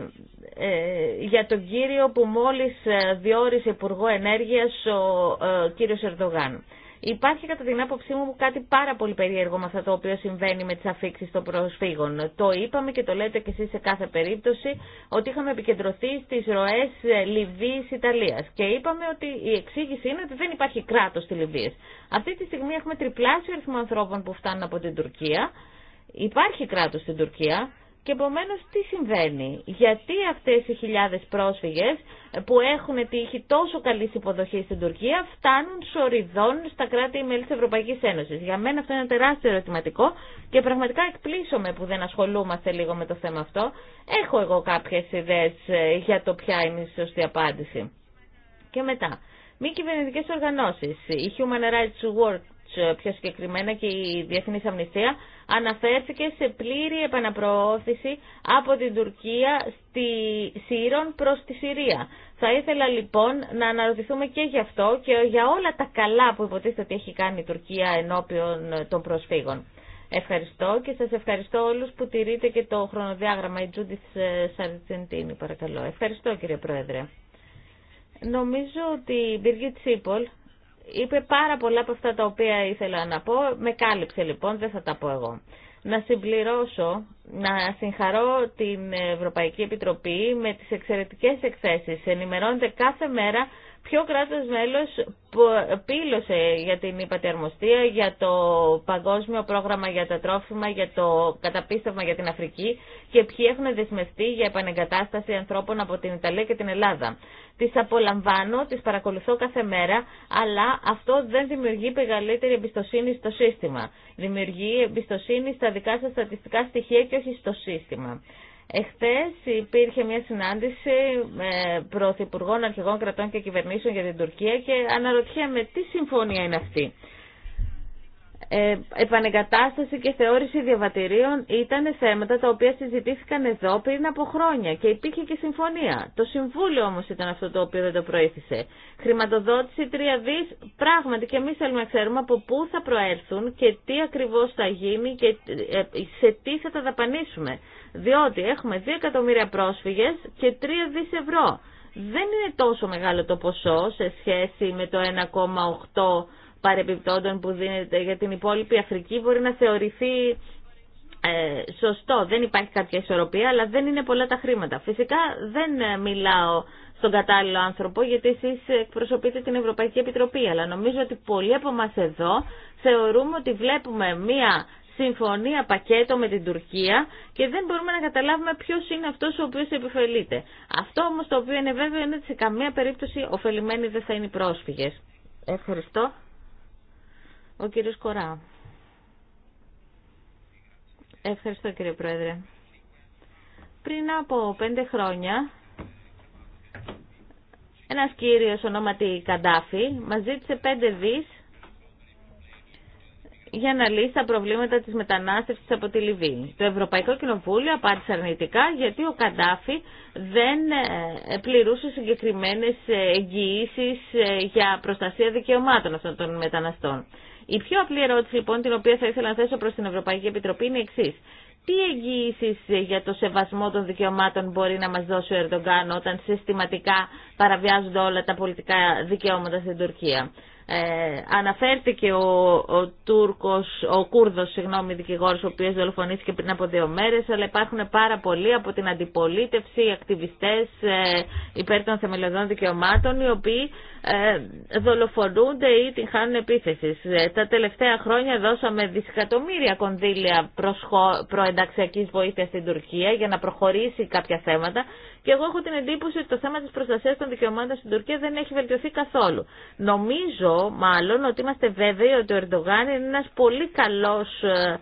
ε, για τον κύριο που μόλις ε, διόρισε Υπουργό Ενέργειας ο κύριος Ερδογάν. Υπάρχει κατά την άποψή μου κάτι πάρα πολύ περίεργο με αυτό το οποίο συμβαίνει με τι αφήξει των προσφύγων. Το είπαμε και το λέτε και εσεί σε κάθε περίπτωση ότι είχαμε επικεντρωθεί στι ροέ Λιβύη-Ιταλία. Και είπαμε ότι η εξήγηση είναι ότι δεν υπάρχει κράτο στη Λιβύη. Αυτή τη στιγμή έχουμε τριπλάσιο αριθμό ανθρώπων που φτάνουν από την Τουρκία. Υπάρχει κράτο στην Τουρκία. Και επομένω τι συμβαίνει, γιατί αυτές οι χιλιάδες πρόσφυγες που έχουν τύχει τόσο καλή υποδοχή στην Τουρκία φτάνουν σοριδών στα κράτη-μέλη της Ευρωπαϊκής Ένωσης. Για μένα αυτό είναι ένα τεράστιο ερωτηματικό και πραγματικά εκπλήσωμαι που δεν ασχολούμαστε λίγο με το θέμα αυτό. Έχω εγώ κάποιες ιδέες ε, για το ποια είναι η σωστή απάντηση. Και μετά, μη κυβερνητικέ οργανώσεις, η Human Rights Watch, ε, πιο συγκεκριμένα και η Διεθνής Αμνηστία, αναφέρθηκε σε πλήρη επαναπροώθηση από την Τουρκία στη Σύρων προς τη Συρία. Θα ήθελα λοιπόν να αναρωτηθούμε και γι' αυτό και για όλα τα καλά που υποτίθεται ότι έχει κάνει η Τουρκία ενώπιον των προσφύγων. Ευχαριστώ και σας ευχαριστώ όλους που τηρείτε και το χρονοδιάγραμμα. Η Τζούντις ε, Σαρτζεντίνη, παρακαλώ. Ευχαριστώ κύριε Πρόεδρε. Νομίζω ότι η Μπίργκη Τσίπολ είπε πάρα πολλά από αυτά τα οποία ήθελα να πω. Με κάλυψε λοιπόν, δεν θα τα πω εγώ. Να συμπληρώσω, να συγχαρώ την Ευρωπαϊκή Επιτροπή με τις εξαιρετικές εκθέσεις. Ενημερώνεται κάθε μέρα Ποιο κράτος μέλος πήλωσε για την υπατερμοστία, για το παγκόσμιο πρόγραμμα για τα τρόφιμα, για το καταπίστευμα για την Αφρική και ποιοι έχουν δεσμευτεί για επανεγκατάσταση ανθρώπων από την Ιταλία και την Ελλάδα. Τις απολαμβάνω, τις παρακολουθώ κάθε μέρα, αλλά αυτό δεν δημιουργεί μεγαλύτερη εμπιστοσύνη στο σύστημα. Δημιουργεί εμπιστοσύνη στα δικά σας στατιστικά στοιχεία και όχι στο σύστημα. Εχθές υπήρχε μια συνάντηση με πρωθυπουργών, αρχηγών κρατών και κυβερνήσεων για την Τουρκία και αναρωτιέμαι τι συμφωνία είναι αυτή. Ε, επανεγκατάσταση και θεώρηση διαβατηρίων ήταν θέματα τα οποία συζητήθηκαν εδώ πριν από χρόνια και υπήρχε και συμφωνία. Το Συμβούλιο όμως ήταν αυτό το οποίο δεν το προήθησε. Χρηματοδότηση 3 δις, πράγματι και εμείς θέλουμε να ξέρουμε από πού θα προέλθουν και τι ακριβώς θα γίνει και ε, σε τι θα τα δαπανίσουμε. Διότι έχουμε 2 εκατομμύρια πρόσφυγες και 3 δις ευρώ. Δεν είναι τόσο μεγάλο το ποσό σε σχέση με το 1,8 παρεμπιπτόντων που δίνεται για την υπόλοιπη Αφρική μπορεί να θεωρηθεί ε, σωστό. Δεν υπάρχει κάποια ισορροπία, αλλά δεν είναι πολλά τα χρήματα. Φυσικά δεν ε, μιλάω στον κατάλληλο άνθρωπο, γιατί εσεί εκπροσωπείτε την Ευρωπαϊκή Επιτροπή. Αλλά νομίζω ότι πολλοί από εμά εδώ θεωρούμε ότι βλέπουμε μία συμφωνία πακέτο με την Τουρκία και δεν μπορούμε να καταλάβουμε ποιο είναι αυτό ο οποίο επιφελείται. Αυτό όμω το οποίο είναι βέβαιο είναι ότι σε καμία περίπτωση ωφελημένοι δεν θα είναι οι πρόσφυγε. Ευχαριστώ. Ο κύριος Κορά. Ευχαριστώ κύριε Πρόεδρε. Πριν από πέντε χρόνια, ένας κύριος ονόματι Καντάφη μας ζήτησε πέντε δις για να λύσει τα προβλήματα της μετανάστευσης από τη Λιβύη. Το Ευρωπαϊκό Κοινοβούλιο απάντησε αρνητικά γιατί ο Καντάφη δεν ε, πληρούσε συγκεκριμένες ε, εγγυήσεις ε, για προστασία δικαιωμάτων αυτών των μεταναστών. Η πιο απλή ερώτηση λοιπόν την οποία θα ήθελα να θέσω προς την Ευρωπαϊκή Επιτροπή είναι η Τι εγγύησει για το σεβασμό των δικαιωμάτων μπορεί να μας δώσει ο Ερντογκάν όταν συστηματικά παραβιάζονται όλα τα πολιτικά δικαιώματα στην Τουρκία. Ε, αναφέρθηκε ο, ο Τούρκος, ο Κούρδος, συγγνώμη, δικηγόρος, ο οποίος δολοφονήθηκε πριν από δύο μέρες, αλλά υπάρχουν πάρα πολλοί από την αντιπολίτευση, οι ακτιβιστές ε, υπέρ των θεμελιωδών δικαιωμάτων, οι οποίοι ε, δολοφονούνται ή την χάνουν επίθεση. Ε, τα τελευταία χρόνια δώσαμε δισεκατομμύρια κονδύλια προσχο, προενταξιακής βοήθειας στην Τουρκία για να προχωρήσει κάποια θέματα και εγώ έχω την εντύπωση ότι το θέμα τη προστασία των δικαιωμάτων στην Τουρκία δεν έχει βελτιωθεί καθόλου. Νομίζω μάλλον ότι είμαστε βέβαιοι ότι ο Ερντογάν είναι ένα πολύ καλό ε,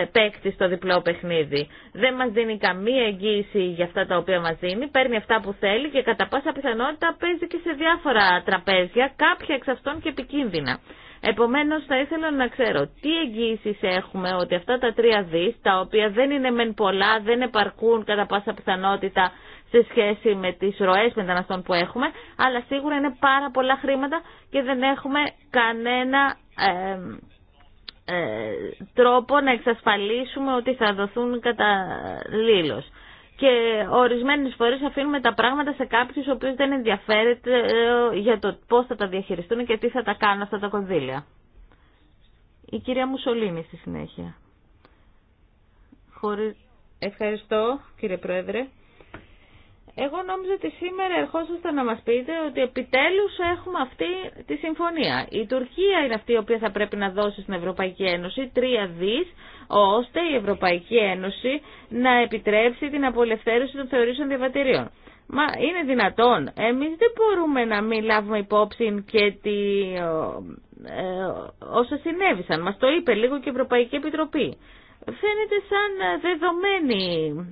ε, παίκτη στο διπλό παιχνίδι. Δεν μα δίνει καμία εγγύηση για αυτά τα οποία μα δίνει, παίρνει αυτά που θέλει και κατά πάσα πιθανότητα παίζει και σε διάφορα τραπέζια, κάποια εξ αυτών και επικίνδυνα. Επομένω, θα ήθελα να ξέρω τι εγγύησει έχουμε ότι αυτά τα τρία δι, τα οποία δεν είναι μεν πολλά, δεν επαρκούν κατά πάσα πιθανότητα σε σχέση με τις ροέ μεταναστών που έχουμε, αλλά σίγουρα είναι πάρα πολλά χρήματα και δεν έχουμε κανένα ε, τρόπο να εξασφαλίσουμε ότι θα δοθούν κατά Και ορισμένες φορές αφήνουμε τα πράγματα σε κάποιου ο οποίο δεν ενδιαφέρεται ε, για το πώς θα τα διαχειριστούν και τι θα τα κάνουν αυτά τα κονδύλια. Η κυρία Μουσολίνη στη συνέχεια. Ευχαριστώ κύριε Πρόεδρε. Εγώ νόμιζα ότι σήμερα ερχόσασταν να μας πείτε ότι επιτέλους έχουμε αυτή τη συμφωνία. Η Τουρκία είναι αυτή η οποία θα πρέπει να δώσει στην Ευρωπαϊκή Ένωση τρία δις, ώστε η Ευρωπαϊκή Ένωση να επιτρέψει την απολευθέρωση των θεωρήσεων διαβατηρίων. Μα είναι δυνατόν. Εμείς δεν μπορούμε να μην λάβουμε υπόψη και τη, ε, όσα συνέβησαν. Μας το είπε λίγο και η Ευρωπαϊκή Επιτροπή. Φαίνεται σαν δεδομένη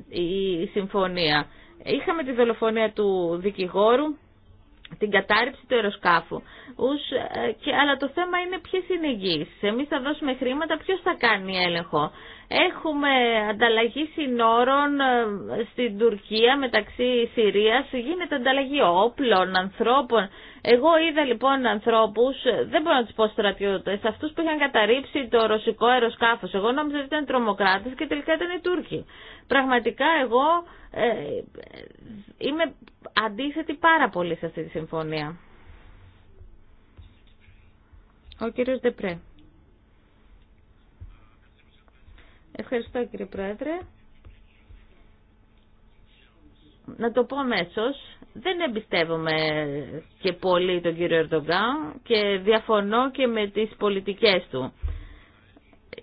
η συμφωνία. Είχαμε τη δολοφονία του δικηγόρου, την κατάρριψη του αεροσκάφου. Ε, και, αλλά το θέμα είναι ποιες είναι οι Εμείς θα δώσουμε χρήματα, ποιος θα κάνει έλεγχο. Έχουμε ανταλλαγή συνόρων ε, στην Τουρκία μεταξύ Συρίας, γίνεται ανταλλαγή όπλων, ανθρώπων. Εγώ είδα λοιπόν ανθρώπους, ε, δεν μπορώ να τους πω στρατιώτες, αυτούς που είχαν καταρρύψει το ρωσικό αεροσκάφος. Εγώ νόμιζα ότι ήταν τρομοκράτες και τελικά ήταν οι Τούρκοι. Πραγματικά εγώ ε, είμαι αντίθετη πάρα πολύ σε αυτή τη συμφωνία. Ο κύριος Δεπρέ. Ευχαριστώ κύριε Πρόεδρε. Να το πω αμέσω. Δεν εμπιστεύομαι και πολύ τον κύριο Ερντογκάν και διαφωνώ και με τις πολιτικές του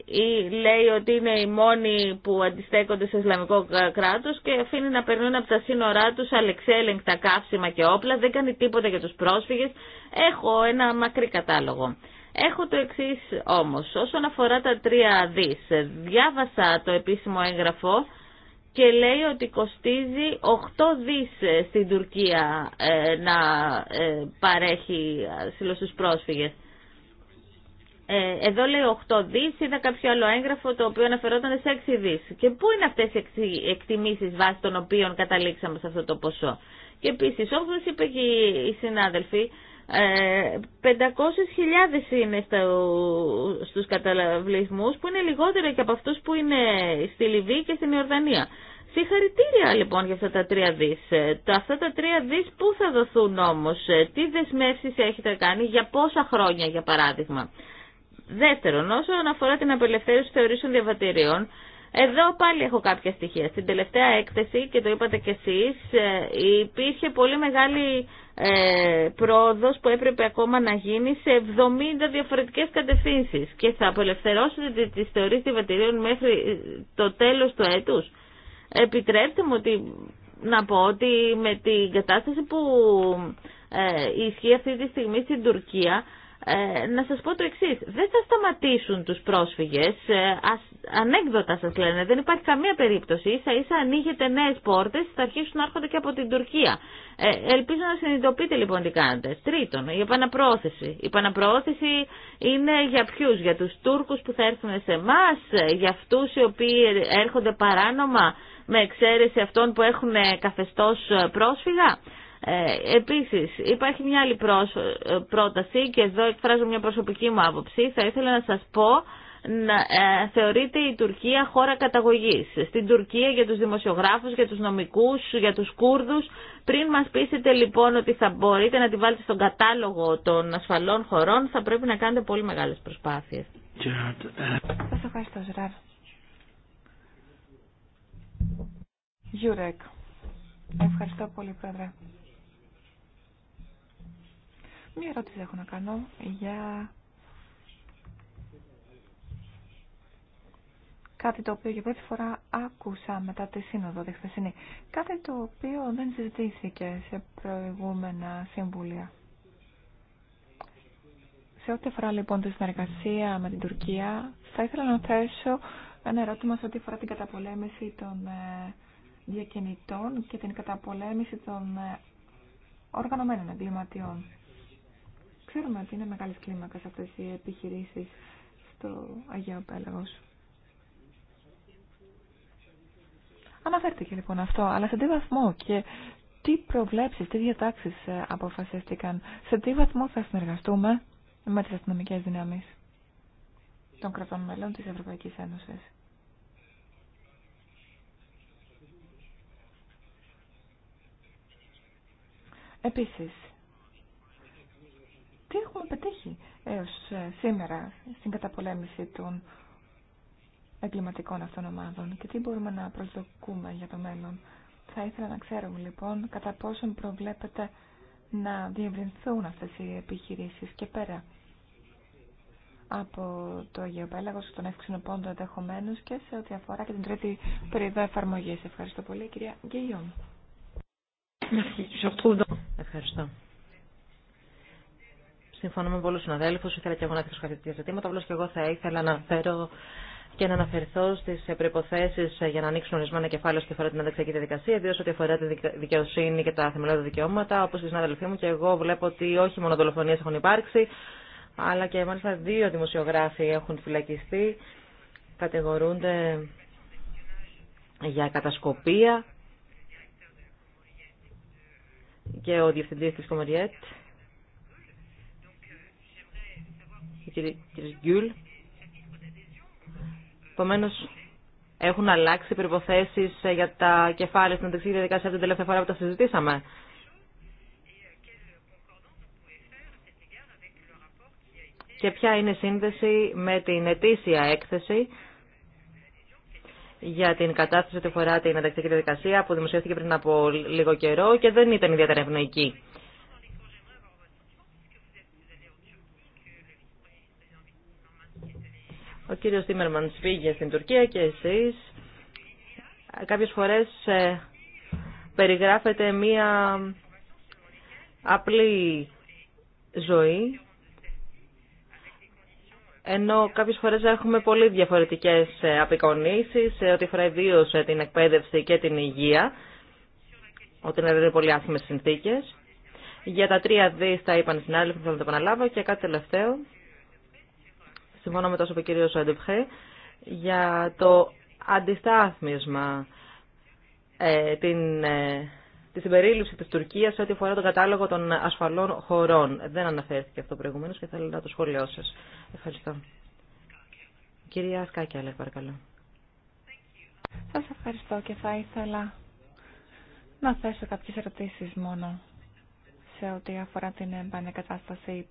ή λέει ότι είναι οι μόνοι που αντιστέκονται σε Ισλαμικό κράτος και αφήνει να περνούν από τα σύνορά τους αλεξέλεγκτα καύσιμα και όπλα, δεν κάνει τίποτα για τους πρόσφυγες. Έχω ένα μακρύ κατάλογο. Έχω το εξή όμως. Όσον αφορά τα τρία δι, διάβασα το επίσημο έγγραφο και λέει ότι κοστίζει 8 δι ε, στην Τουρκία ε, να ε, παρέχει πρόσφυγε. πρόσφυγες. Εδώ λέει 8 δις, είδα κάποιο άλλο έγγραφο το οποίο αναφερόταν σε 6 δι. Και πού είναι αυτές οι εκτιμήσεις βάσει των οποίων καταλήξαμε σε αυτό το ποσό. Και επίση, όπω είπε και οι συνάδελφοι, 500.000 ε, είναι στους καταλαβλισμούς που είναι λιγότερο και από αυτούς που είναι στη Λιβύη και στην Ιορδανία. Συγχαρητήρια λοιπόν για αυτά τα τρία δις. Ε, τα, αυτά τα τρία δις πού θα δοθούν όμως, ε, τι δεσμεύσεις έχετε κάνει, για πόσα χρόνια για παράδειγμα. Δεύτερον, όσον αφορά την απελευθέρωση θεωρήσεων διαβατηρίων, εδώ πάλι έχω κάποια στοιχεία. Στην τελευταία έκθεση, και το είπατε κι εσείς, ε, υπήρχε πολύ μεγάλη ε, πρόοδος που έπρεπε ακόμα να γίνει σε 70 διαφορετικές κατευθύνσεις και θα απελευθερώσετε τις θεωρίες διαβατηρίων μέχρι ε, το τέλος του έτους. Επιτρέψτε μου ότι, να πω ότι με την κατάσταση που ισχύει αυτή τη στιγμή στην Τουρκία ε, να σας πω το εξής. Δεν θα σταματήσουν τους πρόσφυγες, ε, ανέκδοτα σας λένε, δεν υπάρχει καμία περίπτωση. Ίσα ίσα ανοίγετε νέες πόρτες, θα αρχίσουν να έρχονται και από την Τουρκία. Ε, ελπίζω να συνειδητοποιείτε λοιπόν τι κάνετε. Τρίτον, η επαναπρόθεση. Η επαναπρόθεση είναι για ποιου, για τους Τούρκους που θα έρθουν σε εμά, για αυτούς οι οποίοι έρχονται παράνομα με εξαίρεση αυτών που έχουν καθεστώς πρόσφυγα. Ε, επίσης, υπάρχει μια άλλη πρόταση και εδώ εκφράζω μια προσωπική μου άποψη. Θα ήθελα να σας πω να ε, θεωρείται η Τουρκία χώρα καταγωγής. Στην Τουρκία για τους δημοσιογράφους, για τους νομικούς, για τους Κούρδους. Πριν μας πείσετε λοιπόν ότι θα μπορείτε να τη βάλετε στον κατάλογο των ασφαλών χωρών, θα πρέπει να κάνετε πολύ μεγάλες προσπάθειες. Ευχαριστώ πολύ, Πρόεδρε. Μία ερώτηση έχω να κάνω για κάτι το οποίο για πρώτη φορά άκουσα μετά τη σύνοδο τη Κάτι το οποίο δεν συζητήθηκε σε προηγούμενα συμβούλια. Σε ό,τι αφορά λοιπόν τη συνεργασία με την Τουρκία, θα ήθελα να θέσω ένα ερώτημα σε ό,τι αφορά την καταπολέμηση των ε, διακινητών και την καταπολέμηση των ε, οργανωμένων εγκληματιών. Ξέρουμε ότι είναι μεγάλη κλίμακα αυτέ οι επιχειρήσει στο Αγίο Πέλαγο. Αναφέρθηκε λοιπόν αυτό, αλλά σε τι βαθμό και τι προβλέψεις, τι διατάξει ε, αποφασίστηκαν, σε τι βαθμό θα συνεργαστούμε με τι αστυνομικέ δυνάμεις των κρατών μελών της Ευρωπαϊκής Ένωσης. Επίσης, τι έχουμε πετύχει έως ε, σήμερα στην καταπολέμηση των εγκληματικών αυτών ομάδων και τι μπορούμε να προσδοκούμε για το μέλλον. Θα ήθελα να ξέρουμε λοιπόν κατά πόσον προβλέπετε να διευρυνθούν αυτές οι επιχειρήσεις και πέρα από το Αγίο Πέλαγος, τον Εύξηνο Πόντο ενδεχομένω και σε ό,τι αφορά και την τρίτη περίοδο εφαρμογής. Ευχαριστώ πολύ κυρία Γκέιον. Ευχαριστώ. Συμφωνώ με πολλού συναδέλφου. Ήθελα και εγώ να θέσω κάποια ζητήματα. Απλώ και εγώ θα ήθελα να φέρω και να αναφερθώ στι προποθέσει για να ανοίξουν ορισμένα κεφάλαια ό,τι αφορά την ανταξιακή διαδικασία, ιδίω ό,τι αφορά τη δικαιοσύνη και τα θεμελιώδη δικαιώματα. Όπω και συναδελφοί μου, και εγώ βλέπω ότι όχι μόνο δολοφονίε έχουν υπάρξει, αλλά και μάλιστα δύο δημοσιογράφοι έχουν φυλακιστεί. Κατηγορούνται για κατασκοπία και ο διευθυντή τη Κομεριέτ κύριε Γκιούλ. Επομένω, έχουν αλλάξει οι προποθέσει ε, για τα κεφάλαια στην αντεξή διαδικασία την τελευταία φορά που τα συζητήσαμε. Και ποια είναι η σύνδεση με την ετήσια έκθεση για την κατάσταση ότι αφορά την ανταξιακή διαδικασία που δημοσιεύτηκε πριν από λίγο καιρό και δεν ήταν ιδιαίτερα ευνοϊκή. Ο κύριος Τίμερμαν πήγε στην Τουρκία και εσείς κάποιες φορές ε, περιγράφεται μία απλή ζωή ενώ κάποιες φορές έχουμε πολύ διαφορετικές ε, απεικονίσεις ό,τι αφορά ιδίω ε, την εκπαίδευση και την υγεία ότι είναι δηλαδή πολύ άσχημες συνθήκες. Για τα τρία δι τα είπαν οι συνάδελφοι, θα το επαναλάβω και κάτι τελευταίο συμφωνώ με τόσο κύριο ο για το αντιστάθμισμα, ε, την, ε, τη συμπερίληψη της Τουρκίας σε ό,τι αφορά τον κατάλογο των ασφαλών χωρών. Δεν αναφέρθηκε αυτό προηγουμένως και θέλω να το σχόλιο σας. Ευχαριστώ. Κυρία Σκάκιαλε, παρακαλώ. Σας ευχαριστώ και θα ήθελα να θέσω κάποιες ερωτήσεις μόνο σε ό,τι αφορά την επανεκατάσταση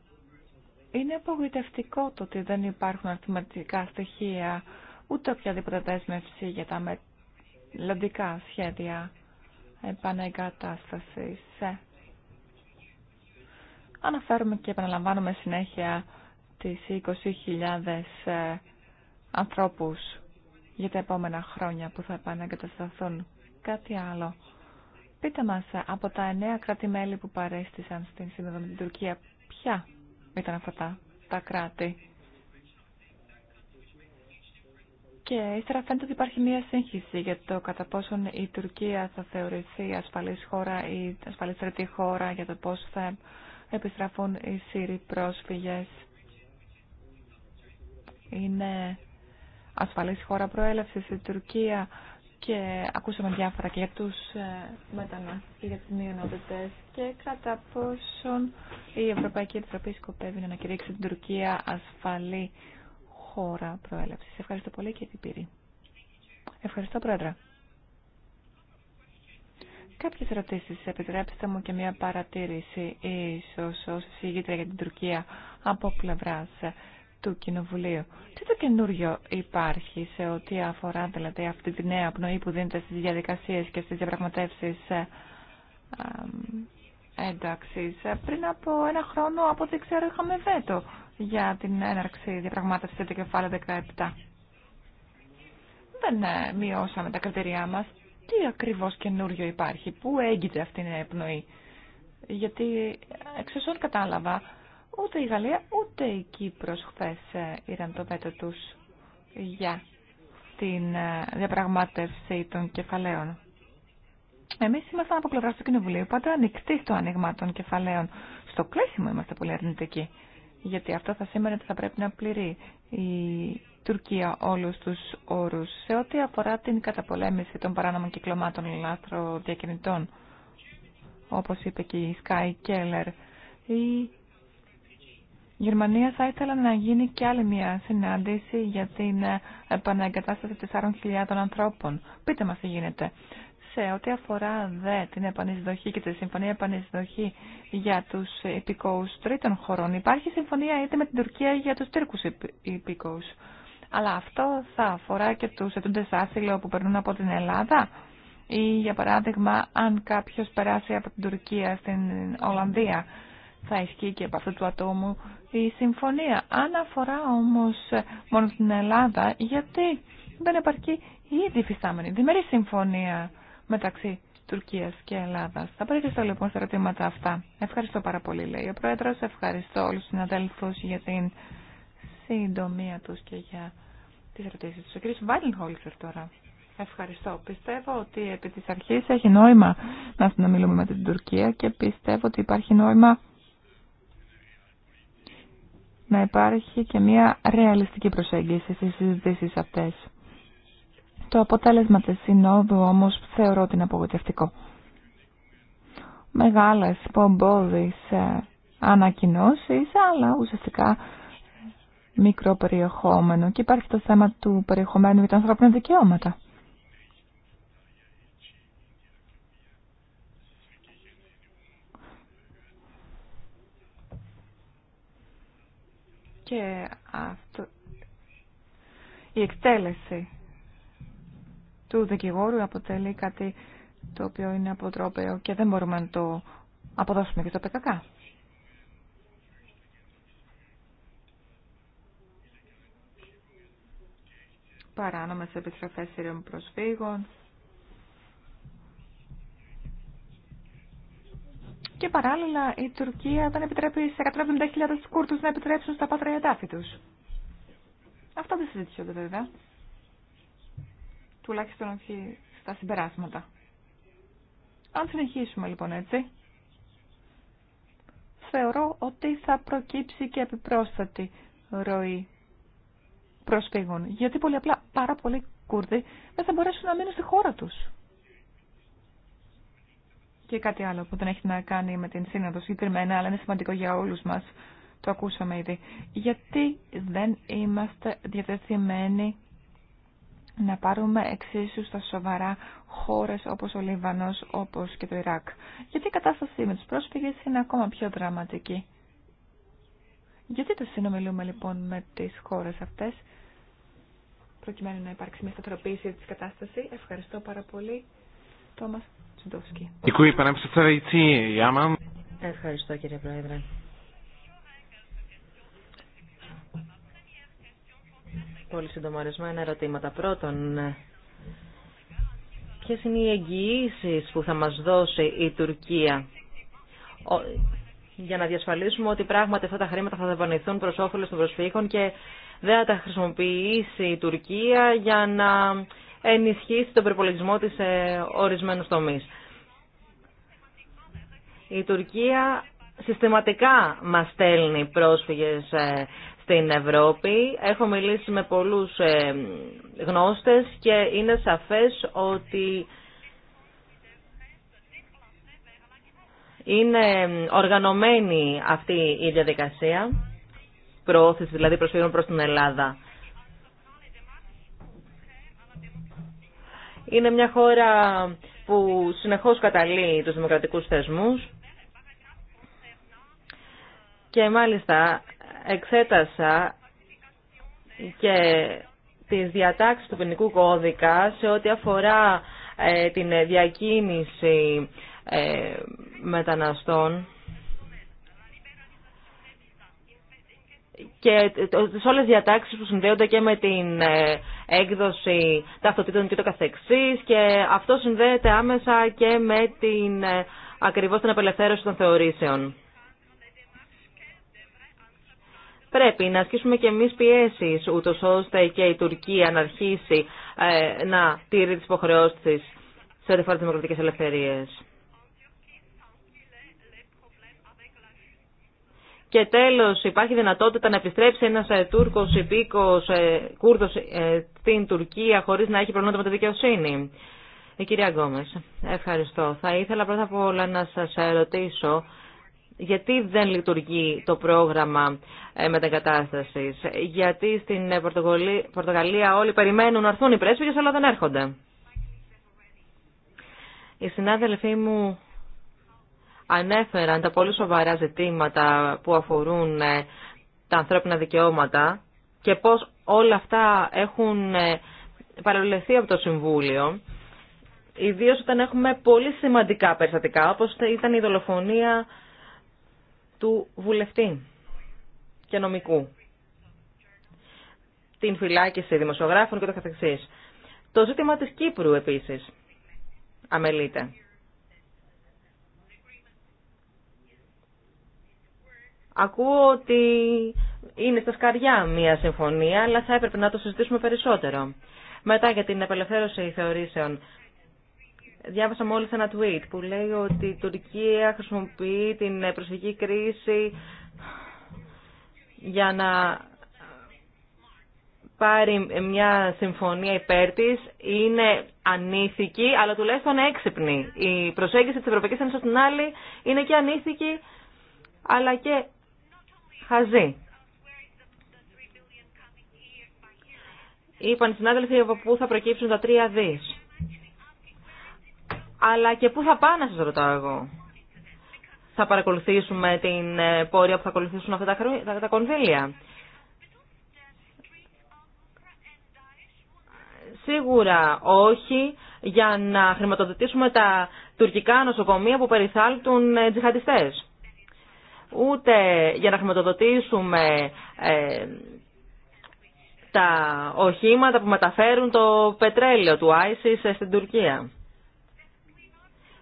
είναι απογοητευτικό το ότι δεν υπάρχουν αριθματικά στοιχεία ούτε οποιαδήποτε δέσμευση για τα μελλοντικά σχέδια επανεγκατάστασης. Ε. Αναφέρουμε και επαναλαμβάνουμε συνέχεια τις 20.000 ε, ανθρώπους για τα επόμενα χρόνια που θα επανεγκατασταθούν. Κάτι άλλο. Πείτε μας, ε, από τα εννέα κράτη-μέλη που παρέστησαν στην Σύνοδο με την Τουρκία, ποια ήταν αυτά τα, τα κράτη. Και ύστερα φαίνεται ότι υπάρχει μία σύγχυση για το κατά πόσον η Τουρκία θα θεωρηθεί ασφαλή χώρα ή ασφαλής τρίτη χώρα για το πώ θα επιστραφούν οι Σύριοι πρόσφυγες. Είναι ασφαλής χώρα προέλευσης η Τουρκία και ακούσαμε διάφορα και για τους ε, μετανάστε και για τι μειονότητες και κατά πόσον η Ευρωπαϊκή Επιτροπή σκοπεύει να ανακηρύξει την Τουρκία ασφαλή χώρα προέλευσης. Ευχαριστώ πολύ και την πύρη. Ευχαριστώ Πρόεδρε. Κάποιες ερωτήσεις. Επιτρέψτε μου και μια παρατήρηση ίσως ως εισηγήτρια για την Τουρκία από πλευράς του Κοινοβουλίου. Τι το καινούριο υπάρχει σε ό,τι αφορά δηλαδή αυτή τη νέα πνοή που δίνεται στις διαδικασίες και στις διαπραγματεύσεις ε, ένταξη, ε, Πριν από ένα χρόνο, από ό,τι ξέρω, είχαμε βέτο για την έναρξη διαπραγμάτευσης του κεφάλαιο 17. Δεν ε, μειώσαμε τα κριτηριά μας. Τι ακριβώς καινούριο υπάρχει, πού έγκυται αυτή η πνοή. Γιατί εξ κατάλαβα, Ούτε η Γαλλία ούτε η Κύπρος χθες ήταν ε, το βέτο τους για την ε, διαπραγμάτευση των κεφαλαίων. Εμεί ήμασταν από πλευρά του Κοινοβουλίου πάντα ανοιχτοί στο άνοιγμα των κεφαλαίων. Στο κλείσιμο είμαστε πολύ αρνητικοί. Γιατί αυτό θα σήμαινε ότι θα πρέπει να πληρεί η Τουρκία όλου του όρου σε ό,τι αφορά την καταπολέμηση των παράνομων κυκλωμάτων λάθροδιακινητών. Όπω είπε και η Σκάι Κέλλερ, η Γερμανία θα ήθελα να γίνει και άλλη μια συνάντηση για την επαναγκατάσταση 4.000 ανθρώπων. Πείτε μας τι γίνεται. Σε ό,τι αφορά δε την επανεισδοχή και τη συμφωνία επανεισδοχή για τους υπηκόους τρίτων χωρών, υπάρχει συμφωνία είτε με την Τουρκία για τους Τύρκους υπηκόους. Αλλά αυτό θα αφορά και τους ετούντες άσυλο που περνούν από την Ελλάδα ή για παράδειγμα αν κάποιος περάσει από την Τουρκία στην Ολλανδία θα ισχύει και από αυτού του ατόμου η συμφωνία. Αν αφορά όμως μόνο την Ελλάδα, γιατί δεν επαρκεί η ήδη φυστάμενη διμερή συμφωνία μεταξύ Τουρκίας και Ελλάδας. Θα παρέχεστε λοιπόν στα ερωτήματα αυτά. Ευχαριστώ πάρα πολύ, λέει ο Πρόεδρος. Ευχαριστώ όλους του συναδέλφους για την συντομία τους και για τις ερωτήσει του. Ο κ. Βάλινχολτσερ τώρα. Ευχαριστώ. Πιστεύω ότι επί τη αρχή έχει νόημα να συνομιλούμε με την Τουρκία και πιστεύω ότι υπάρχει νόημα να υπάρχει και μια ρεαλιστική προσέγγιση στις συζητήσεις αυτές. Το αποτέλεσμα της Συνόδου όμως θεωρώ ότι είναι απογοητευτικό. Μεγάλες πομπόδεις ε, ανακοινώσεις, αλλά ουσιαστικά μικρό περιεχόμενο. Και υπάρχει το θέμα του περιεχομένου για τα ανθρώπινα δικαιώματα. και αυτό, η εκτέλεση του δικηγόρου αποτελεί κάτι το οποίο είναι αποτρόπαιο και δεν μπορούμε να το αποδώσουμε και στο ΠΚΚ. Παράνομες επιστροφές σύρων προσφύγων, Και παράλληλα η Τουρκία δεν επιτρέπει σε 170.000 Κούρτους να επιτρέψουν στα πάτρια του. τους. Αυτά δεν συζητιούνται βέβαια. Τουλάχιστον όχι στα συμπεράσματα. Αν συνεχίσουμε λοιπόν έτσι, θεωρώ ότι θα προκύψει και επιπρόσθετη ροή προσφύγων. Γιατί πολύ απλά πάρα πολλοί Κούρδοι δεν θα μπορέσουν να μείνουν στη χώρα τους. Και κάτι άλλο που δεν έχει να κάνει με την σύνοδο συγκεκριμένα, αλλά είναι σημαντικό για όλους μας. Το ακούσαμε ήδη. Γιατί δεν είμαστε διατεθειμένοι να πάρουμε εξίσου στα σοβαρά χώρες όπως ο Λίβανος, όπως και το Ιράκ. Γιατί η κατάσταση με τους πρόσφυγες είναι ακόμα πιο δραματική. Γιατί το συνομιλούμε λοιπόν με τις χώρες αυτές, προκειμένου να υπάρξει μια σταθεροποίηση της κατάστασης. Ευχαριστώ πάρα πολύ, Τόμας Ευχαριστώ κύριε Πρόεδρε. Πολύ συντομαρισμένα ερωτήματα. Πρώτον, ποιες είναι οι εγγυήσει που θα μας δώσει η Τουρκία για να διασφαλίσουμε ότι πράγματι αυτά τα χρήματα θα δαπανηθούν προς όφελος των προσφύγων και δεν θα τα χρησιμοποιήσει η Τουρκία για να ενισχύσει τον προπολογισμό της σε ορισμένους τομείς. Η Τουρκία συστηματικά μας στέλνει πρόσφυγες ε, στην Ευρώπη. Έχω μιλήσει με πολλούς ε, γνώστες και είναι σαφές ότι είναι οργανωμένη αυτή η διαδικασία, προώθηση δηλαδή προσφύγων προς την Ελλάδα. Είναι μια χώρα που συνεχώς καταλύει τους δημοκρατικούς θεσμούς και μάλιστα εξέτασα και τις διατάξεις του ποινικού κώδικα σε ό,τι αφορά ε, την διακίνηση ε, μεταναστών και τις όλες διατάξεις που συνδέονται και με την ε, έκδοση ταυτοτήτων και το καθεξής και αυτό συνδέεται άμεσα και με την ε, ακριβώς την απελευθέρωση των θεωρήσεων. Πρέπει να ασκήσουμε και εμείς πιέσεις, ούτως ώστε και η Τουρκία να αρχίσει ε, να τηρεί τις υποχρεώσεις σε ό,τι τις δημοκρατικές ελευθερίες. Και τέλο υπάρχει δυνατότητα να επιστρέψει ένας ε, Τούρκος Κούρδο ε, Κούρδος ε, στην Τουρκία χωρί να έχει προβλήματα με τη δικαιοσύνη. Η κυρία Γκόμε, ευχαριστώ. Θα ήθελα πρώτα απ' όλα να σα ρωτήσω γιατί δεν λειτουργεί το πρόγραμμα μεταγκατάσταση. Γιατί στην Πορτογαλία όλοι περιμένουν να έρθουν οι πρέσβειε, αλλά δεν έρχονται. Οι συνάδελφοί μου ανέφεραν τα πολύ σοβαρά ζητήματα που αφορούν ε, τα ανθρώπινα δικαιώματα και πώς όλα αυτά έχουν ε, παραλληλευθεί από το Συμβούλιο, ιδίω όταν έχουμε πολύ σημαντικά περιστατικά, όπως ήταν η δολοφονία του βουλευτή και νομικού, την φυλάκιση δημοσιογράφων και το καθεξής. Το ζήτημα της Κύπρου επίσης αμελείται. Ακούω ότι είναι στα σκαριά μια συμφωνία, αλλά θα έπρεπε να το συζητήσουμε περισσότερο. Μετά για την απελευθέρωση θεωρήσεων. Διάβασα μόλις ένα tweet που λέει ότι η Τουρκία χρησιμοποιεί την προσφυγική κρίση για να πάρει μια συμφωνία υπέρ τη είναι ανήθικη, αλλά τουλάχιστον έξυπνη. Η προσέγγιση της Ευρωπαϊκής Ένωσης, στην άλλη, είναι και ανήθικη, αλλά και χαζή. Είπαν οι συνάδελφοι από πού θα προκύψουν τα τρία δις. Αλλά και πού θα πάνε, σας ρωτάω εγώ. Θα παρακολουθήσουμε την ε, πορεία που θα ακολουθήσουν ρωταω εγω θα παρακολουθησουμε την πορια που θα ακολουθησουν αυτα τα, κονδύλια. Σίγουρα όχι για να χρηματοδοτήσουμε τα τουρκικά νοσοκομεία που περιθάλπτουν ε, τζιχαντιστές ούτε για να χρηματοδοτήσουμε ε, τα οχήματα που μεταφέρουν το πετρέλαιο του ISIS ε, στην Τουρκία.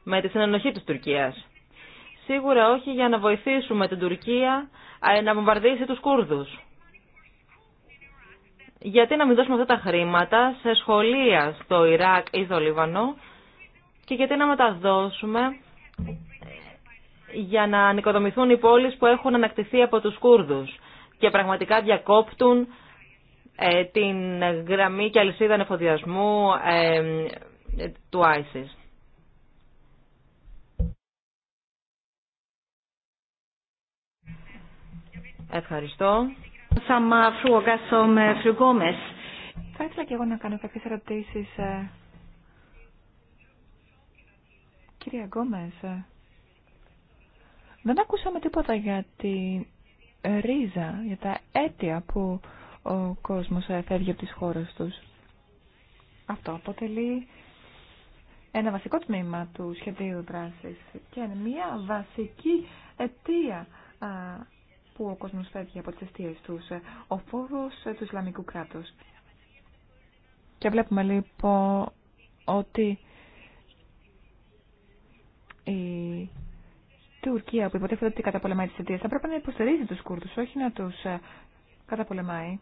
Με τη συνενοχή της Τουρκίας. Σίγουρα όχι για να βοηθήσουμε την Τουρκία ε, να βομβαρδίσει τους Κούρδους. Γιατί να μην δώσουμε αυτά τα χρήματα σε σχολεία στο Ιράκ ή στο Λίβανο και γιατί να μεταδώσουμε για να ανοικοδομηθούν οι πόλεις που έχουν ανακτηθεί από τους Κούρδους και πραγματικά διακόπτουν ε, την γραμμή και αλυσίδα ε, του ISIS. Ευχαριστώ. Ε, Θα ήθελα και εγώ να κάνω κάποιες ερωτήσεις. Ε. Κυρία Γκόμες, δεν ακούσαμε τίποτα για τη ρίζα, για τα αίτια που ο κόσμος φεύγει από τις χώρες τους. Αυτό αποτελεί ένα βασικό τμήμα του σχεδίου δράσης και μια βασική αιτία που ο κόσμος φεύγει από τις αιστείες τους, ο φόβος του Ισλαμικού κράτους. Και βλέπουμε λοιπόν ότι Τουρκία που υποτίθεται ότι καταπολεμάει τις αιτίες θα πρέπει να υποστηρίζει τους Κούρδους, όχι να τους ε, καταπολεμάει.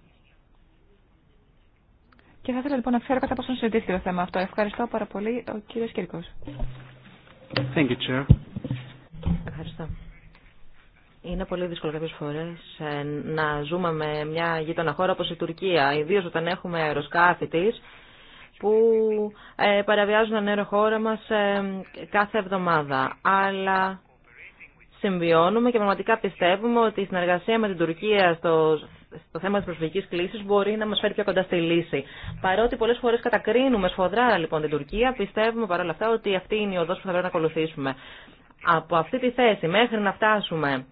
Και θα ήθελα λοιπόν να ξέρω κατά πόσο συζητήθηκε το θέμα αυτό. Ευχαριστώ πάρα πολύ, ο κύριος Κυρικός. Ευχαριστώ. Είναι πολύ δύσκολο κάποιε φορέ ε, να ζούμε με μια γείτονα χώρα όπω η Τουρκία, ιδίω όταν έχουμε αεροσκάφη τη που ε, παραβιάζουν νερό αεροχώρα μας κάθε εβδομάδα. Αλλά συμβιώνουμε και πραγματικά πιστεύουμε ότι η συνεργασία με την Τουρκία στο, στο θέμα τη προσφυγικής κλίση μπορεί να μα φέρει πιο κοντά στη λύση. Παρότι πολλέ φορέ κατακρίνουμε σφοδρά λοιπόν την Τουρκία, πιστεύουμε παρόλα αυτά ότι αυτή είναι η οδό που θα πρέπει να ακολουθήσουμε. Από αυτή τη θέση μέχρι να φτάσουμε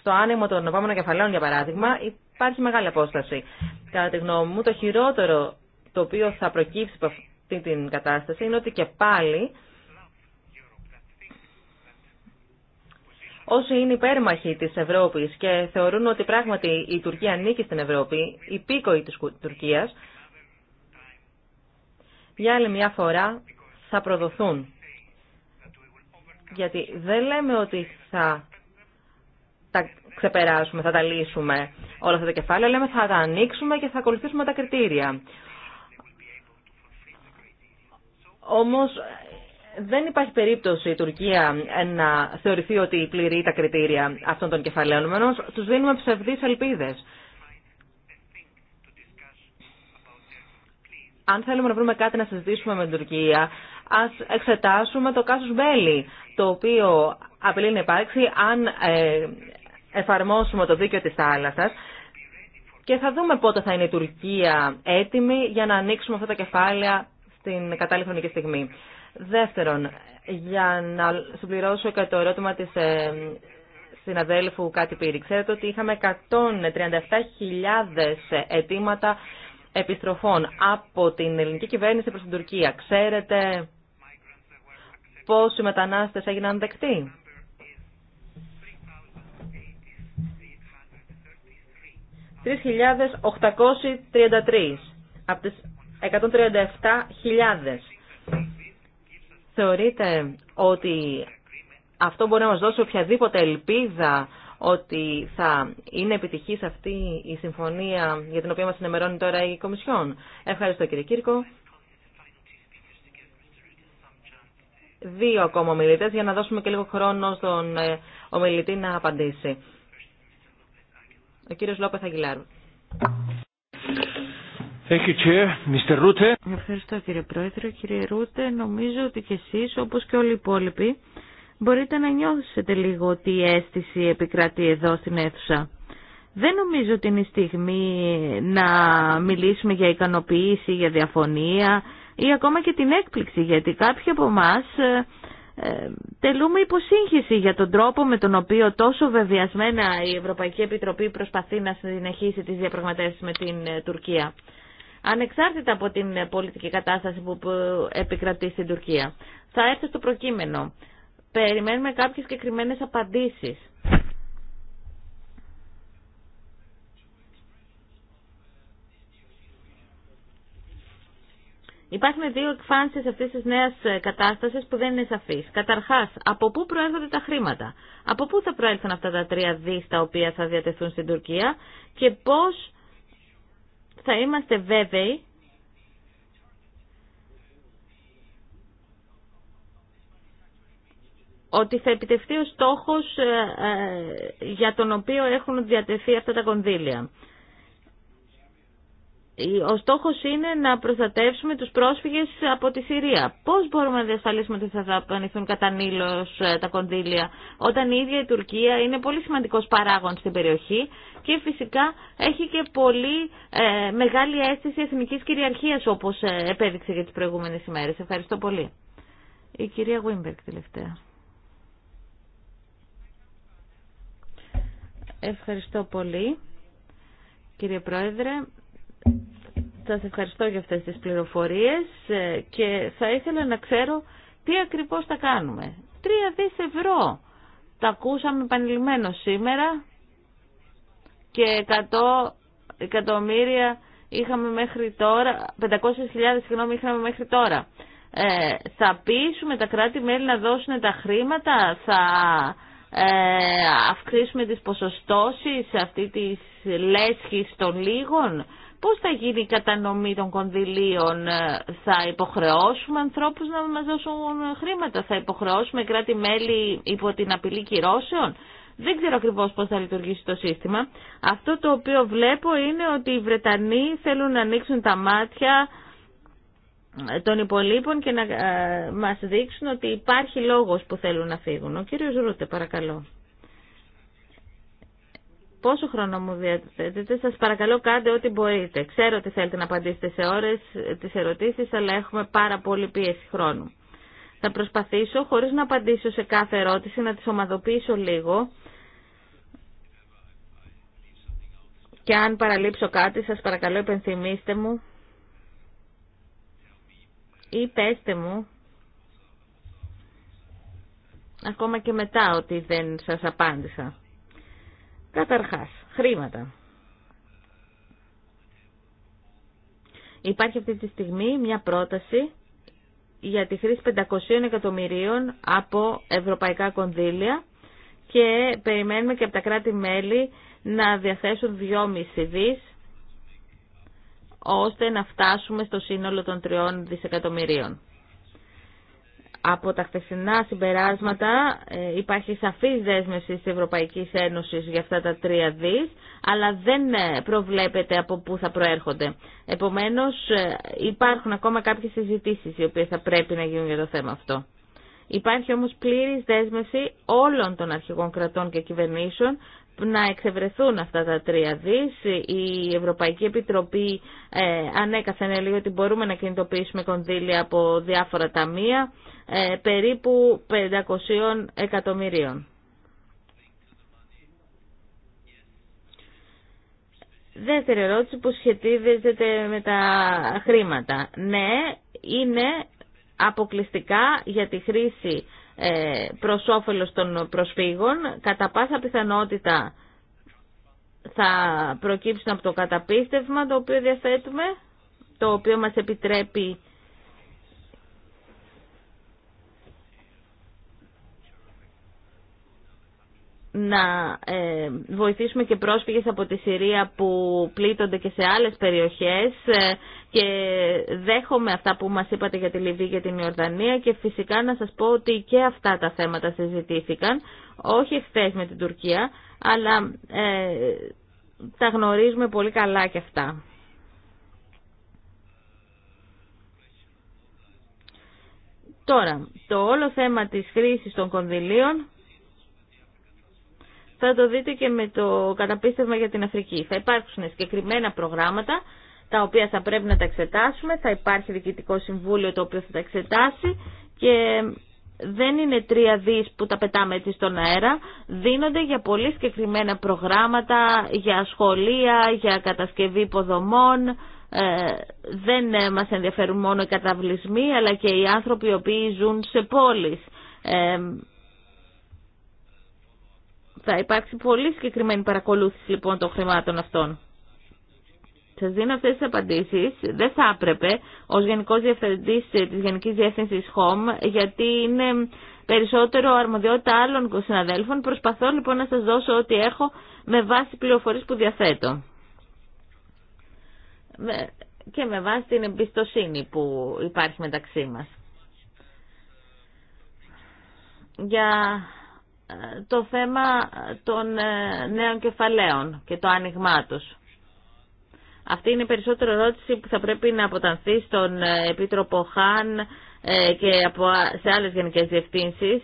στο άνοιγμα των επόμενων κεφαλαίων, για παράδειγμα, υπάρχει μεγάλη απόσταση. Κατά τη γνώμη μου, το χειρότερο το οποίο θα προκύψει από αυτή την κατάσταση είναι ότι και πάλι Όσοι είναι υπέρμαχοι της Ευρώπης και θεωρούν ότι πράγματι η Τουρκία ανήκει στην Ευρώπη, η πίκοη της Τουρκίας, για άλλη μια φορά θα προδοθούν. Γιατί δεν λέμε ότι θα τα ξεπεράσουμε, θα τα λύσουμε όλα αυτά τα κεφάλαια, λέμε θα τα ανοίξουμε και θα ακολουθήσουμε τα κριτήρια. Όμως δεν υπάρχει περίπτωση η Τουρκία να θεωρηθεί ότι πληρεί τα κριτήρια αυτών των κεφαλαίων. του δίνουμε ψευδεί ελπίδε. Αν θέλουμε να βρούμε κάτι να συζητήσουμε με την Τουρκία, ας εξετάσουμε το κάσους Μπέλη, το οποίο απειλεί να υπάρξει αν ε, εφαρμόσουμε το δίκαιο της θάλασσας και θα δούμε πότε θα είναι η Τουρκία έτοιμη για να ανοίξουμε αυτά τα κεφάλαια στην κατάλληλη χρονική στιγμή. Δεύτερον, για να συμπληρώσω και το ερώτημα της ε, συναδέλφου Κάτι Πύρη. Ξέρετε ότι είχαμε 137.000 αιτήματα επιστροφών από την ελληνική κυβέρνηση προς την Τουρκία. Ξέρετε πόσοι μετανάστες έγιναν δεκτοί. ...3.833 από τις 137.000. Θεωρείτε ότι αυτό μπορεί να μας δώσει οποιαδήποτε ελπίδα ότι θα είναι επιτυχής αυτή η συμφωνία για την οποία μας ενημερώνει τώρα η Κομισιόν. Ευχαριστώ κύριε Κύρκο. Δύο ακόμα ομιλητέ για να δώσουμε και λίγο χρόνο στον ε, ομιλητή να απαντήσει. Ο κύριος Λόπεθ Αγγιλάρου. Mr. Ευχαριστώ κύριε Πρόεδρε. Κύριε Ρούτε, νομίζω ότι και εσείς όπως και όλοι οι υπόλοιποι μπορείτε να νιώσετε λίγο τι αίσθηση επικρατεί εδώ στην αίθουσα. Δεν νομίζω ότι είναι η στιγμή να μιλήσουμε για ικανοποίηση, για διαφωνία ή ακόμα και την έκπληξη γιατί κάποιοι από εμά ε, ε, τελούμε υποσύγχυση για τον τρόπο με τον οποίο τόσο βεβαιασμένα η Ευρωπαϊκή Επιτροπή προσπαθεί να συνεχίσει τις διαπραγματεύσεις με την ε, Τουρκία ανεξάρτητα από την πολιτική κατάσταση που επικρατεί στην Τουρκία. Θα έρθω στο προκείμενο. Περιμένουμε κάποιες συγκεκριμένε απαντήσεις. Υπάρχουν δύο εκφάνσεις αυτής της νέας κατάστασης που δεν είναι σαφείς. Καταρχάς, από πού προέρχονται τα χρήματα. Από πού θα προέλθουν αυτά τα τρία δις τα οποία θα διατεθούν στην Τουρκία και πώς θα είμαστε βέβαιοι ότι θα επιτευχθεί ο στόχος ε, ε, για τον οποίο έχουν διατεθεί αυτά τα κονδύλια ο στόχος είναι να προστατεύσουμε τους πρόσφυγες από τη Συρία. Πώς μπορούμε να διασφαλίσουμε ότι θα δαπανηθούν νήλος ε, τα κονδύλια, όταν η ίδια η Τουρκία είναι πολύ σημαντικός παράγων στην περιοχή και φυσικά έχει και πολύ ε, μεγάλη αίσθηση εθνικής κυριαρχίας όπως ε, επέδειξε για τις προηγούμενες ημέρες. Ευχαριστώ πολύ. Η κυρία Γουίμπερκ τελευταία. Ευχαριστώ πολύ. Κύριε Πρόεδρε, σας ευχαριστώ για αυτές τις πληροφορίες ε, και θα ήθελα να ξέρω τι ακριβώς θα κάνουμε. Τρία δις ευρώ. Τα ακούσαμε επανειλημμένο σήμερα και 100 εκατομμύρια είχαμε μέχρι τώρα, 500.000 συγγνώμη είχαμε μέχρι τώρα. Ε, θα πείσουμε τα κράτη-μέλη να δώσουν τα χρήματα, θα ε, αυξήσουμε τις ποσοστώσεις αυτή της λέσχης των λίγων πώς θα γίνει η κατανομή των κονδυλίων, θα υποχρεώσουμε ανθρώπους να μας δώσουν χρήματα, θα υποχρεώσουμε κράτη-μέλη υπό την απειλή κυρώσεων. Δεν ξέρω ακριβώς πώς θα λειτουργήσει το σύστημα. Αυτό το οποίο βλέπω είναι ότι οι Βρετανοί θέλουν να ανοίξουν τα μάτια των υπολείπων και να ε, μας δείξουν ότι υπάρχει λόγος που θέλουν να φύγουν. Ο κύριος Ρούτε, παρακαλώ πόσο χρόνο μου διαθέτετε, σας παρακαλώ κάντε ό,τι μπορείτε. Ξέρω ότι θέλετε να απαντήσετε σε ώρες ε, τις ερωτήσεις, αλλά έχουμε πάρα πολύ πίεση χρόνου. Θα προσπαθήσω, χωρίς να απαντήσω σε κάθε ερώτηση, να τις ομαδοποιήσω λίγο. Και αν παραλείψω κάτι, σας παρακαλώ υπενθυμίστε μου ή πέστε μου ακόμα και μετά ότι δεν σας απάντησα. Καταρχάς, χρήματα. Υπάρχει αυτή τη στιγμή μια πρόταση για τη χρήση 500 εκατομμυρίων από ευρωπαϊκά κονδύλια και περιμένουμε και από τα κράτη-μέλη να διαθέσουν 2,5 δις ώστε να φτάσουμε στο σύνολο των 3 δισεκατομμυρίων. Από τα χθεσινά συμπεράσματα ε, υπάρχει σαφής δέσμευση της Ευρωπαϊκής Ένωσης για αυτά τα τρία δις, αλλά δεν ε, προβλέπεται από πού θα προέρχονται. Επομένως ε, υπάρχουν ακόμα κάποιες συζητήσεις οι οποίες θα πρέπει να γίνουν για το θέμα αυτό. Υπάρχει όμως πλήρης δέσμευση όλων των αρχηγών κρατών και κυβερνήσεων να εξευρεθούν αυτά τα τρία δις. Η Ευρωπαϊκή Επιτροπή ε, ανέκαθεν έλεγε ότι μπορούμε να κινητοποιήσουμε κονδύλια από διάφορα ταμεία ε, περίπου 500 εκατομμυρίων. Δεύτερη ερώτηση που σχετίζεται με τα χρήματα. Ναι, είναι αποκλειστικά για τη χρήση ε, προς όφελος των προσφύγων. Κατά πάσα πιθανότητα θα προκύψουν από το καταπίστευμα το οποίο διαθέτουμε, το οποίο μας επιτρέπει να ε, βοηθήσουμε και πρόσφυγες από τη Συρία που πλήττονται και σε άλλες περιοχές ε, και δέχομαι αυτά που μας είπατε για τη Λιβύη και την Ιορδανία και φυσικά να σας πω ότι και αυτά τα θέματα συζητήθηκαν, όχι χθε με την Τουρκία, αλλά ε, τα γνωρίζουμε πολύ καλά και αυτά. Τώρα, το όλο θέμα της χρήσης των κονδυλίων θα το δείτε και με το καταπίστευμα για την Αφρική. Θα υπάρξουν συγκεκριμένα προγράμματα τα οποία θα πρέπει να τα εξετάσουμε. Θα υπάρχει διοικητικό συμβούλιο το οποίο θα τα εξετάσει και δεν είναι τρία δις που τα πετάμε έτσι στον αέρα. Δίνονται για πολύ συγκεκριμένα προγράμματα, για σχολεία, για κατασκευή υποδομών. Ε, δεν ε, μας ενδιαφέρουν μόνο οι καταβλισμοί αλλά και οι άνθρωποι οι οποίοι ζουν σε πόλεις. Ε, θα υπάρξει πολύ συγκεκριμένη παρακολούθηση λοιπόν των χρημάτων αυτών. Σα δίνω αυτέ τι απαντήσει. Δεν θα έπρεπε ω Γενικό Διευθυντή τη Γενική Διεύθυνση HOME, γιατί είναι περισσότερο αρμοδιότητα άλλων συναδέλφων. Προσπαθώ λοιπόν να σα δώσω ό,τι έχω με βάση πληροφορίε που διαθέτω. Και με βάση την εμπιστοσύνη που υπάρχει μεταξύ μας. Για το θέμα των ε, νέων κεφαλαίων και το άνοιγμά τους. Αυτή είναι η περισσότερη ερώτηση που θα πρέπει να αποτανθεί στον ε, Επίτροπο Χάν ε, και σε άλλες γενικές διευθύνσεις.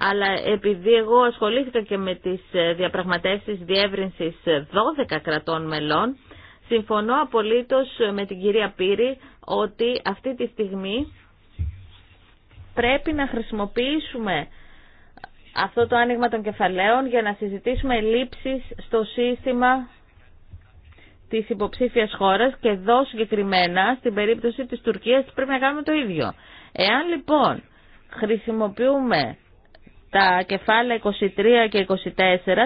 Αλλά επειδή εγώ ασχολήθηκα και με τις διαπραγματεύσεις διεύρυνσης 12 κρατών μελών, συμφωνώ απολύτως με την κυρία Πύρη ότι αυτή τη στιγμή πρέπει να χρησιμοποιήσουμε αυτό το άνοιγμα των κεφαλαίων για να συζητήσουμε λήψεις στο σύστημα της υποψήφιας χώρας και εδώ συγκεκριμένα στην περίπτωση της Τουρκίας πρέπει να κάνουμε το ίδιο. Εάν λοιπόν χρησιμοποιούμε τα κεφάλαια 23 και 24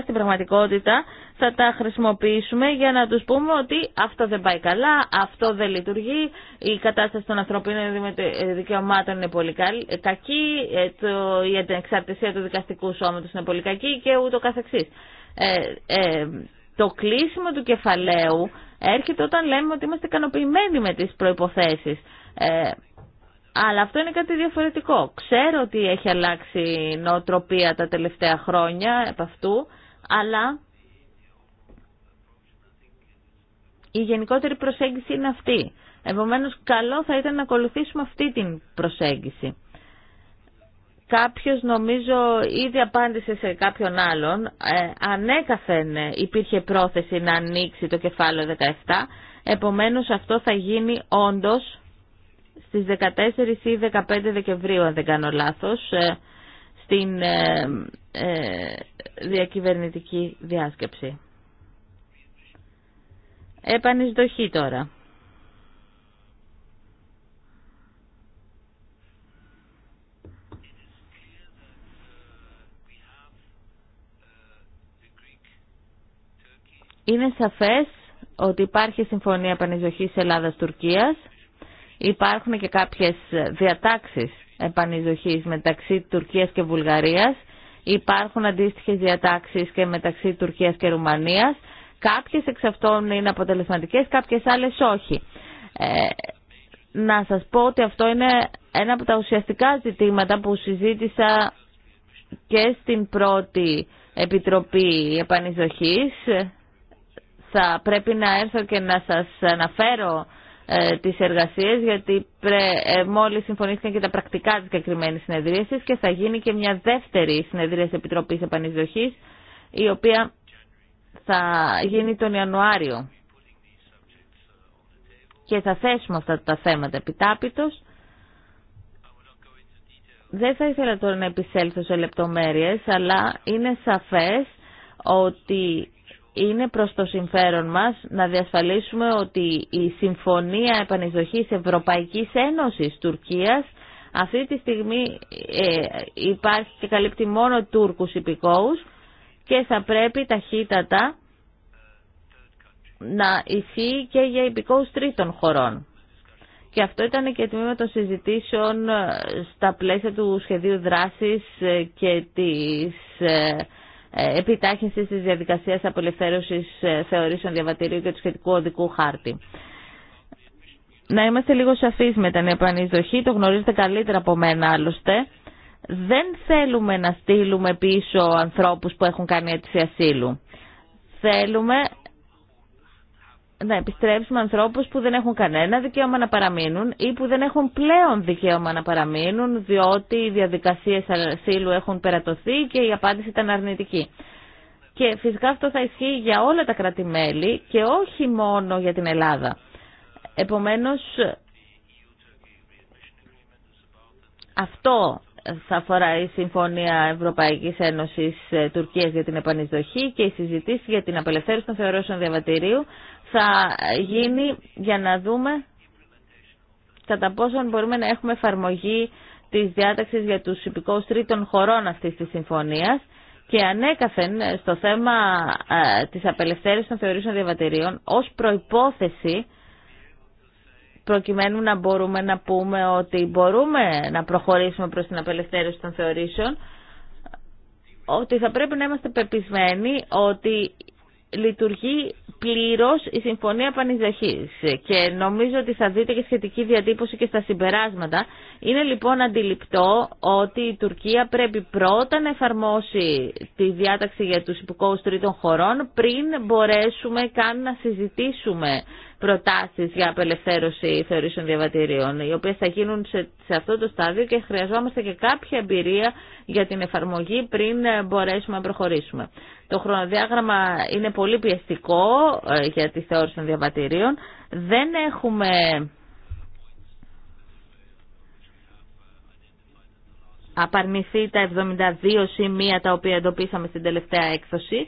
στην πραγματικότητα θα τα χρησιμοποιήσουμε για να τους πούμε ότι αυτό δεν πάει καλά, αυτό δεν λειτουργεί, η κατάσταση των ανθρωπίνων δικαιωμάτων είναι πολύ ε, κακή, ε, η εξαρτησία του δικαστικού σώματος είναι πολύ κακή και ούτω καθεξής. Ε, ε, το κλείσιμο του κεφαλαίου έρχεται όταν λέμε ότι είμαστε ικανοποιημένοι με τις προϋποθέσεις. Ε, αλλά αυτό είναι κάτι διαφορετικό. Ξέρω ότι έχει αλλάξει η νοοτροπία τα τελευταία χρόνια από αυτού, αλλά η γενικότερη προσέγγιση είναι αυτή. Επομένως, καλό θα ήταν να ακολουθήσουμε αυτή την προσέγγιση. Κάποιος, νομίζω, ήδη απάντησε σε κάποιον άλλον. Ε, ανέκαθεν υπήρχε πρόθεση να ανοίξει το κεφάλαιο 17, επομένως αυτό θα γίνει όντως στις 14 ή 15 Δεκεμβρίου, αν δεν κάνω λάθος, ε, στην ε, ε, διακυβερνητική διάσκεψη. Επανεισδοχή τώρα. Είναι σαφές ότι υπάρχει συμφωνία επανεισδοχής Ελλάδας-Τουρκίας Υπάρχουν και κάποιες διατάξεις επανειδοχής μεταξύ Τουρκίας και Βουλγαρίας. Υπάρχουν αντίστοιχες διατάξεις και μεταξύ Τουρκίας και Ρουμανίας. Κάποιες εξ αυτών είναι αποτελεσματικές, κάποιες άλλες όχι. Ε, να σας πω ότι αυτό είναι ένα από τα ουσιαστικά ζητήματα που συζήτησα και στην πρώτη Επιτροπή Επανειδοχής. Θα πρέπει να έρθω και να σας αναφέρω ε, τις εργασίες γιατί πρε, ε, μόλις συμφωνήθηκαν και τα πρακτικά της συγκεκριμένη συνεδρίασης και θα γίνει και μια δεύτερη συνεδρία της Επιτροπής Επανεισδοχής η οποία θα γίνει τον Ιανουάριο και θα θέσουμε αυτά τα θέματα επιτάπητος. Δεν θα ήθελα τώρα να επισέλθω σε λεπτομέρειες, αλλά είναι σαφές ότι είναι προς το συμφέρον μας να διασφαλίσουμε ότι η Συμφωνία Επανεισδοχής Ευρωπαϊκής Ένωσης Τουρκίας αυτή τη στιγμή ε, υπάρχει και καλύπτει μόνο Τούρκους υπηκόους και θα πρέπει ταχύτατα να ισχύει και για υπηκόους τρίτων χωρών. Και αυτό ήταν και τμήμα των συζητήσεων ε, στα πλαίσια του σχεδίου δράσης ε, και της ε, επιτάχυνση της διαδικασία απελευθέρωση ε, θεωρήσεων διαβατηρίου και του σχετικού οδικού χάρτη. Να είμαστε λίγο σαφείς με την επανεισδοχή, το γνωρίζετε καλύτερα από μένα άλλωστε. Δεν θέλουμε να στείλουμε πίσω ανθρώπους που έχουν κάνει αίτηση ασύλου. Θέλουμε να επιστρέψουμε ανθρώπους που δεν έχουν κανένα δικαίωμα να παραμείνουν ή που δεν έχουν πλέον δικαίωμα να παραμείνουν διότι οι διαδικασίες ασύλου έχουν περατωθεί και η απάντηση ήταν αρνητική. Και φυσικά αυτό θα ισχύει για όλα τα κράτη-μέλη και όχι μόνο για την Ελλάδα. Επομένως, αυτό θα αφορά η Συμφωνία Ευρωπαϊκής Ένωσης ε, Τουρκίας για την επανεισδοχή και η συζητήση για την απελευθέρωση των θεωρώσεων διαβατηρίου θα γίνει για να δούμε κατά πόσον μπορούμε να έχουμε εφαρμογή της διάταξης για τους υπηκόους τρίτων χωρών αυτής της συμφωνίας και ανέκαθεν στο θέμα ε, της απελευθέρωσης των θεωρήσεων διαβατηρίων ως προϋπόθεση προκειμένου να μπορούμε να πούμε ότι μπορούμε να προχωρήσουμε προς την απελευθέρωση των θεωρήσεων, ότι θα πρέπει να είμαστε πεπισμένοι ότι λειτουργεί πλήρως η Συμφωνία Πανιζαχής και νομίζω ότι θα δείτε και σχετική διατύπωση και στα συμπεράσματα. Είναι λοιπόν αντιληπτό ότι η Τουρκία πρέπει πρώτα να εφαρμόσει τη διάταξη για τους υπηκόους τρίτων χωρών πριν μπορέσουμε καν να συζητήσουμε Προτάσει για απελευθέρωση θεωρήσεων διαβατηρίων, οι οποίε θα γίνουν σε, αυτό το στάδιο και χρειαζόμαστε και κάποια εμπειρία για την εφαρμογή πριν ε, μπορέσουμε να προχωρήσουμε. Το χρονοδιάγραμμα είναι πολύ πιεστικό ε, για τη θεώρηση των διαβατηρίων. Δεν έχουμε απαρνηθεί τα 72 σημεία τα οποία εντοπίσαμε στην τελευταία έκθοση.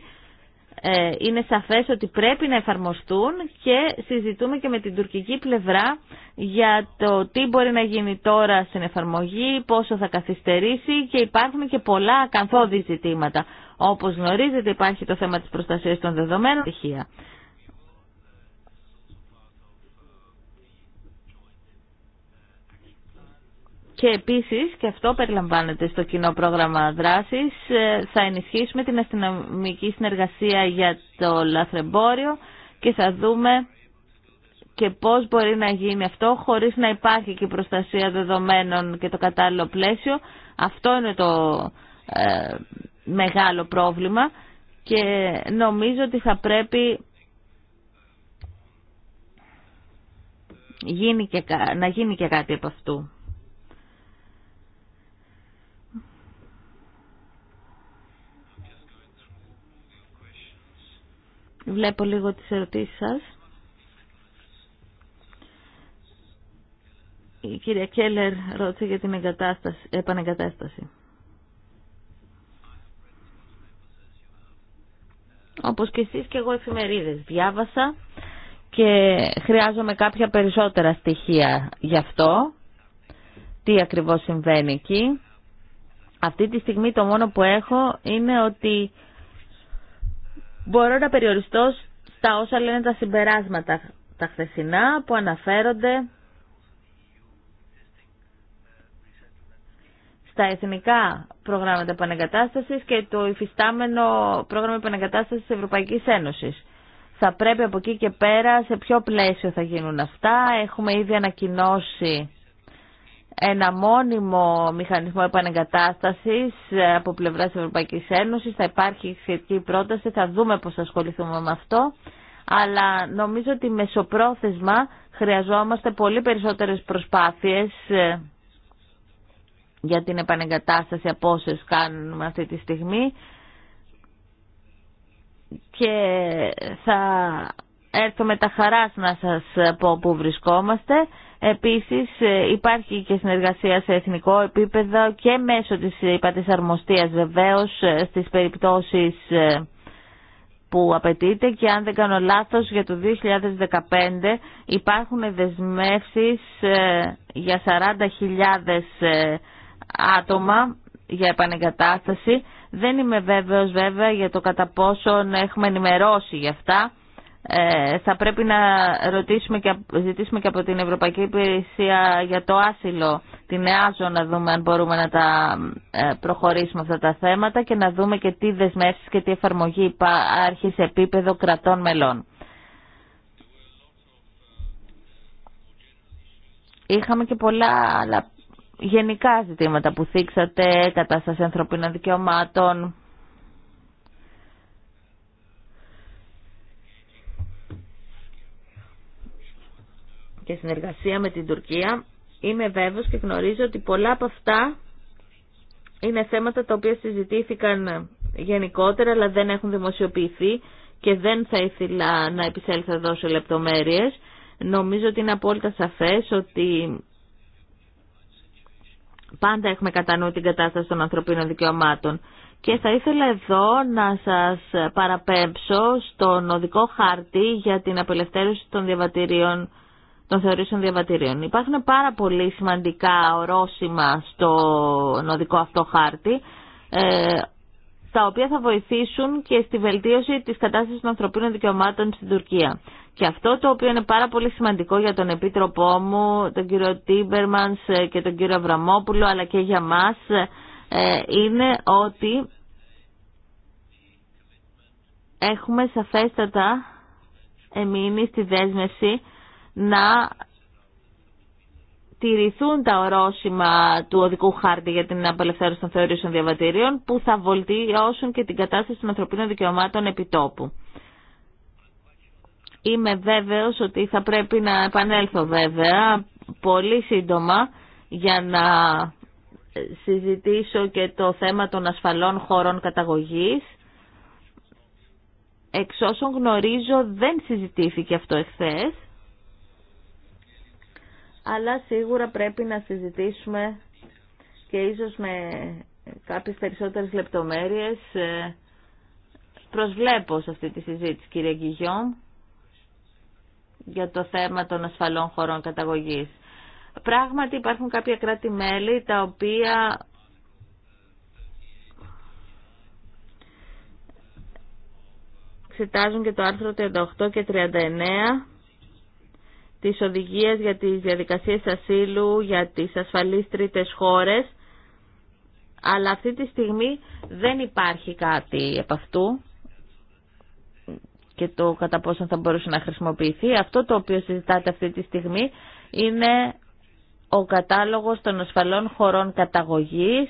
Ε, είναι σαφές ότι πρέπει να εφαρμοστούν και συζητούμε και με την τουρκική πλευρά για το τι μπορεί να γίνει τώρα στην εφαρμογή, πόσο θα καθυστερήσει και υπάρχουν και πολλά ακαθόδη ζητήματα. Όπως γνωρίζετε υπάρχει το θέμα της προστασίας των δεδομένων Και επίσης, και αυτό περιλαμβάνεται στο κοινό πρόγραμμα δράσης, ε, θα ενισχύσουμε την αστυνομική συνεργασία για το λαθρεμπόριο και θα δούμε και πώς μπορεί να γίνει αυτό χωρίς να υπάρχει και η προστασία δεδομένων και το κατάλληλο πλαίσιο. Αυτό είναι το ε, μεγάλο πρόβλημα και νομίζω ότι θα πρέπει να γίνει και κάτι από αυτού. Βλέπω λίγο τις ερωτήσεις σας. Η κυρία Κέλλερ ρώτησε για την επανεγκατάσταση. Όπως και εσείς και εγώ εφημερίδες διάβασα και χρειάζομαι κάποια περισσότερα στοιχεία γι' αυτό. Τι ακριβώς συμβαίνει εκεί. Αυτή τη στιγμή το μόνο που έχω είναι ότι μπορώ να περιοριστώ στα όσα λένε τα συμπεράσματα τα χθεσινά που αναφέρονται στα εθνικά προγράμματα επανεγκατάστασης και το υφιστάμενο πρόγραμμα επανεγκατάστασης της Ευρωπαϊκής Ένωσης. Θα πρέπει από εκεί και πέρα σε ποιο πλαίσιο θα γίνουν αυτά. Έχουμε ήδη ανακοινώσει ένα μόνιμο μηχανισμό επανεγκατάστασης ε, από πλευρά της Ευρωπαϊκής Ένωσης. Θα υπάρχει σχετική πρόταση, θα δούμε πώς θα ασχοληθούμε με αυτό. Αλλά νομίζω ότι μεσοπρόθεσμα χρειαζόμαστε πολύ περισσότερες προσπάθειες ε, για την επανεγκατάσταση από όσες κάνουμε αυτή τη στιγμή και θα έρθω με τα χαράς να σας πω που βρισκόμαστε. Επίσης ε, υπάρχει και συνεργασία σε εθνικό επίπεδο και μέσω της αρμοστίας βεβαίως ε, στις περιπτώσεις ε, που απαιτείται και αν δεν κάνω λάθος για το 2015 υπάρχουν δεσμεύσεις για 40.000 άτομα για επανεγκατάσταση. Δεν είμαι βέβαιος βέβαια για το κατά πόσον έχουμε ενημερώσει γι' αυτά. Ε, θα πρέπει να ρωτήσουμε και, ζητήσουμε και από την Ευρωπαϊκή Υπηρεσία για το άσυλο την ΕΑΖΟ να δούμε αν μπορούμε να τα ε, προχωρήσουμε αυτά τα θέματα και να δούμε και τι δεσμεύσεις και τι εφαρμογή υπάρχει σε επίπεδο κρατών μελών. Είχαμε και πολλά άλλα γενικά ζητήματα που θίξατε, κατάσταση ανθρωπίνων δικαιωμάτων, και συνεργασία με την Τουρκία, είμαι βέβαιος και γνωρίζω ότι πολλά από αυτά είναι θέματα τα οποία συζητήθηκαν γενικότερα αλλά δεν έχουν δημοσιοποιηθεί και δεν θα ήθελα να επισέλθω εδώ σε λεπτομέρειες. Νομίζω ότι είναι απόλυτα σαφές ότι πάντα έχουμε κατά νου την κατάσταση των ανθρωπίνων δικαιωμάτων. Και θα ήθελα εδώ να σας παραπέμψω στον οδικό χάρτη για την απελευθέρωση των διαβατηρίων των θεωρήσεων διαβατηρίων. Υπάρχουν πάρα πολύ σημαντικά ορόσημα στο νοδικό αυτό χάρτη, ε, τα οποία θα βοηθήσουν και στη βελτίωση της κατάστασης των ανθρωπίνων δικαιωμάτων στην Τουρκία. Και αυτό το οποίο είναι πάρα πολύ σημαντικό για τον Επίτροπό μου, τον κύριο Τίμπερμανς ε, και τον κύριο Αβραμόπουλο, αλλά και για μας, ε, είναι ότι έχουμε σαφέστατα εμείνει στη δέσμευση να τηρηθούν τα ορόσημα του οδικού χάρτη για την απελευθέρωση των θεωρήσεων διαβατηρίων που θα βολτιώσουν και την κατάσταση των ανθρωπίνων δικαιωμάτων επιτόπου. Είμαι βέβαιος ότι θα πρέπει να επανέλθω βέβαια πολύ σύντομα για να συζητήσω και το θέμα των ασφαλών χωρών καταγωγής. Εξ όσων γνωρίζω δεν συζητήθηκε αυτό εχθές αλλά σίγουρα πρέπει να συζητήσουμε και ίσως με κάποιες περισσότερες λεπτομέρειες ε, προσβλέπω σε αυτή τη συζήτηση κύριε Γκυγιόμ για το θέμα των ασφαλών χωρών καταγωγής. Πράγματι υπάρχουν κάποια κράτη-μέλη τα οποία ξετάζουν και το άρθρο 38 και 39 τις οδηγίες για τις διαδικασίες ασύλου, για τις ασφαλείς τρίτες χώρες, αλλά αυτή τη στιγμή δεν υπάρχει κάτι από αυτού και το κατά πόσο θα μπορούσε να χρησιμοποιηθεί. Αυτό το οποίο συζητάτε αυτή τη στιγμή είναι ο κατάλογος των ασφαλών χωρών καταγωγής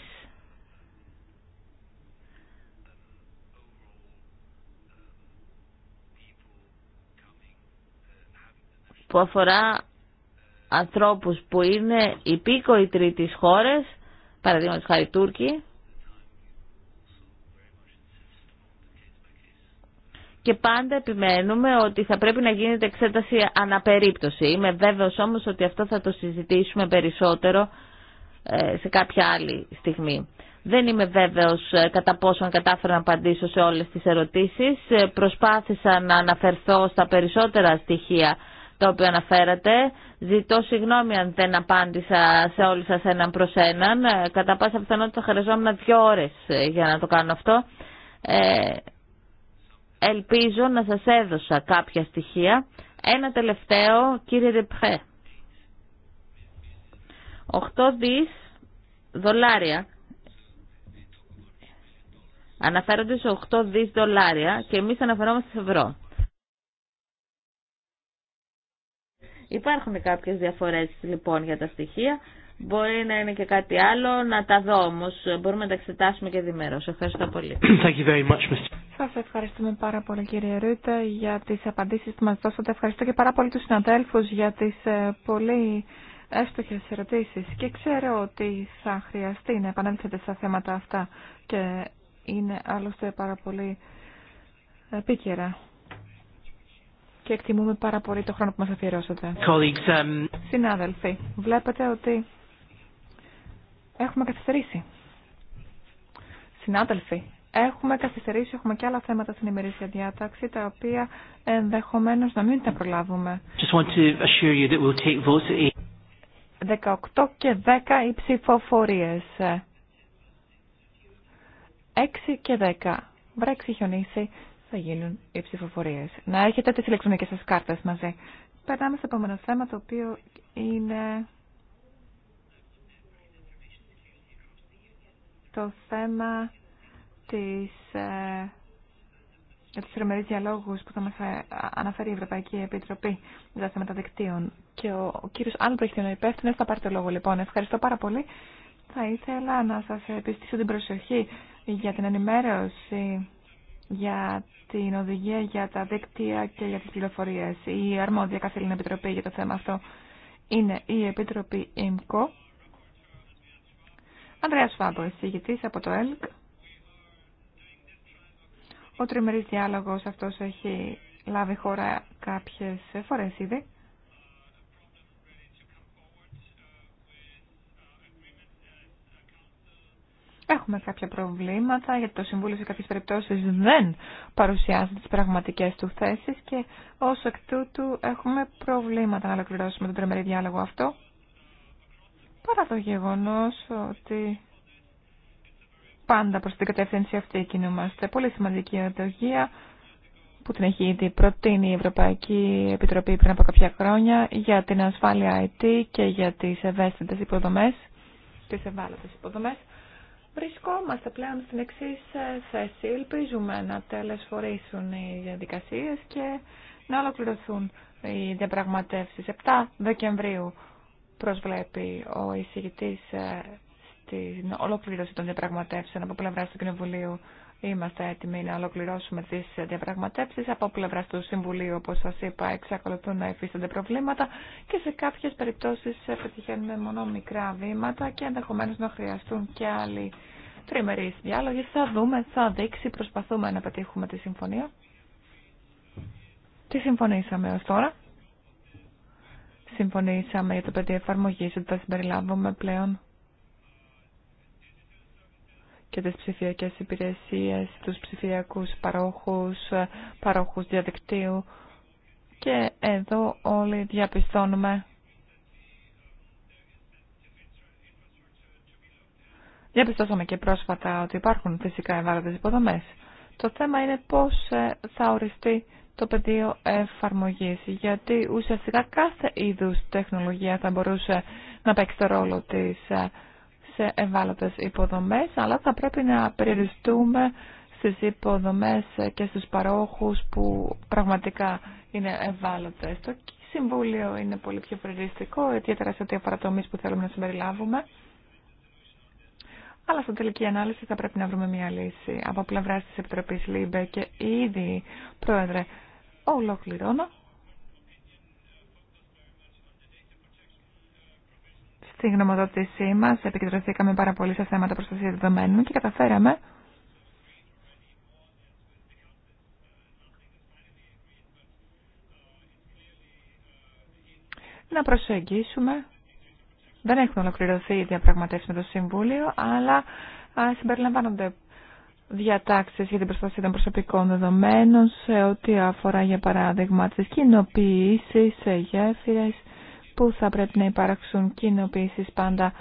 που αφορά ανθρώπους που είναι υπήκοοι τρίτης χώρες, παραδείγματος χάρη Τούρκοι, και πάντα επιμένουμε ότι θα πρέπει να γίνεται εξέταση αναπερίπτωση. Είμαι βέβαιος όμως ότι αυτό θα το συζητήσουμε περισσότερο ε, σε κάποια άλλη στιγμή. Δεν είμαι βέβαιος ε, κατά πόσον κατάφερα να απαντήσω σε όλες τις ερωτήσεις. Ε, προσπάθησα να αναφερθώ στα περισσότερα στοιχεία το οποίο αναφέρατε. Ζητώ συγγνώμη αν δεν απάντησα σε όλους σας έναν προς έναν. Ε, κατά πάσα πιθανότητα χρειαζόμουν δύο ώρες ε, για να το κάνω αυτό. Ε, ελπίζω να σας έδωσα κάποια στοιχεία. Ένα τελευταίο, κύριε Ρεπχέ. 8 δις δολάρια. Αναφέρονται σε 8 δις δολάρια και εμείς αναφερόμαστε σε ευρώ. Υπάρχουν κάποιες διαφορές λοιπόν για τα στοιχεία. Μπορεί να είναι και κάτι άλλο, να τα δω όμω. Μπορούμε να τα εξετάσουμε και διμερώς. Ευχαριστώ πολύ. Σα ευχαριστούμε πάρα πολύ κύριε Ρούτα για τι απαντήσει που μας δώσατε. Ευχαριστώ και πάρα πολύ του συναδέλφου για τι ε, πολύ έστοχες ερωτήσει. Και ξέρω ότι θα χρειαστεί να επανέλθετε στα θέματα αυτά και είναι άλλωστε πάρα πολύ επίκαιρα και εκτιμούμε πάρα πολύ το χρόνο που μας αφιερώσατε. Um, Συνάδελφοι, βλέπετε ότι έχουμε καθυστερήσει. Συνάδελφοι, έχουμε καθυστερήσει, έχουμε και άλλα θέματα στην ημερήσια διάταξη, τα οποία ενδεχομένως να μην τα προλάβουμε. 18 και 10 οι ψηφοφορίες. 6 και 10. Βρέξει χιονίσει θα γίνουν οι ψηφοφορίε. Να έχετε τι ηλεκτρονικέ σα κάρτε μαζί. Περνάμε στο επόμενο θέμα, το οποίο είναι το θέμα της, ε, για τους διαλόγους που θα μας ε, αναφέρει η Ευρωπαϊκή Επιτροπή για τα θέματα δικτύων. Και ο, ο κύριος Άλμπρεχτ είναι ο υπεύθυνο, θα πάρει το λόγο λοιπόν. Ευχαριστώ πάρα πολύ. Θα ήθελα να σας επιστήσω την προσοχή για την ενημέρωση για την οδηγία για τα δίκτυα και για τις πληροφορίες. Η αρμόδια καθήλυνα επιτροπή για το θέμα αυτό είναι η Επίτροπη ΕΜΚΟ. Ανδρέας Φάμπο, εισηγητής από το ΕΛΚ. Ο τριμερής διάλογος αυτός έχει λάβει χώρα κάποιες φορές ήδη. Έχουμε κάποια προβλήματα γιατί το Συμβούλιο σε κάποιες περιπτώσεις δεν παρουσιάζει τις πραγματικές του θέσεις και ως εκ τούτου έχουμε προβλήματα να ολοκληρώσουμε τον πρεμερή διάλογο αυτό παρά το γεγονός ότι πάντα προς την κατεύθυνση αυτή κινούμαστε. Πολύ σημαντική οδηγία που την έχει ήδη προτείνει η Ευρωπαϊκή Επιτροπή πριν από κάποια χρόνια για την ασφάλεια IT και για τις ευαίσθητες υποδομές, τις ευάλωτες υποδομές. Βρισκόμαστε πλέον στην εξή ε, θέση. Ελπίζουμε να τελεσφορήσουν οι διαδικασίε και να ολοκληρωθούν οι διαπραγματεύσει. 7 Δεκεμβρίου προσβλέπει ο εισηγητή ε, στην ολοκλήρωση των διαπραγματεύσεων από πλευρά του Κοινοβουλίου Είμαστε έτοιμοι να ολοκληρώσουμε τι διαπραγματεύσει από πλευρά του Συμβουλίου, όπω σα είπα, εξακολουθούν να υφίστανται προβλήματα και σε κάποιε περιπτώσει πετυχαίνουμε μόνο μικρά βήματα και ενδεχομένω να χρειαστούν και άλλοι τριμερεί διάλογοι. Θα δούμε, θα δείξει, προσπαθούμε να πετύχουμε τη συμφωνία. Τι συμφωνήσαμε ω τώρα. Συμφωνήσαμε για το παιδί εφαρμογή ότι θα συμπεριλάβουμε πλέον και τις ψηφιακές υπηρεσίες, τους ψηφιακούς παρόχους, παρόχους διαδικτύου. Και εδώ όλοι διαπιστώνουμε Διαπιστώσαμε και πρόσφατα ότι υπάρχουν φυσικά ευάλωτες υποδομές. Το θέμα είναι πώς ε, θα οριστεί το πεδίο εφαρμογής, γιατί ουσιαστικά κάθε είδους τεχνολογία θα μπορούσε να παίξει το ρόλο της ε, σε ευάλωτες υποδομές, αλλά θα πρέπει να περιοριστούμε στις υποδομές και στους παρόχους που πραγματικά είναι ευάλωτες. Το Συμβούλιο είναι πολύ πιο περιοριστικό, ιδιαίτερα σε ό,τι αφορά τομείς που θέλουμε να συμπεριλάβουμε. Αλλά στην τελική ανάλυση θα πρέπει να βρούμε μια λύση από πλευρά τη Επιτροπή ΛΥΜΠΕ και ήδη, Πρόεδρε, ολοκληρώνω Στη γνωμοδότησή μα επικεντρωθήκαμε πάρα πολύ σε θέματα προστασία δεδομένων και καταφέραμε να προσεγγίσουμε. Δεν έχουν ολοκληρωθεί οι διαπραγματεύσει με το Συμβούλιο, αλλά συμπεριλαμβάνονται διατάξεις για την προστασία των προσωπικών δεδομένων σε ό,τι αφορά για παράδειγμα τις κοινοποιήσεις, σε γέφυρες που θα πρέπει να υπάρξουν κοινοποιήσεις πάντα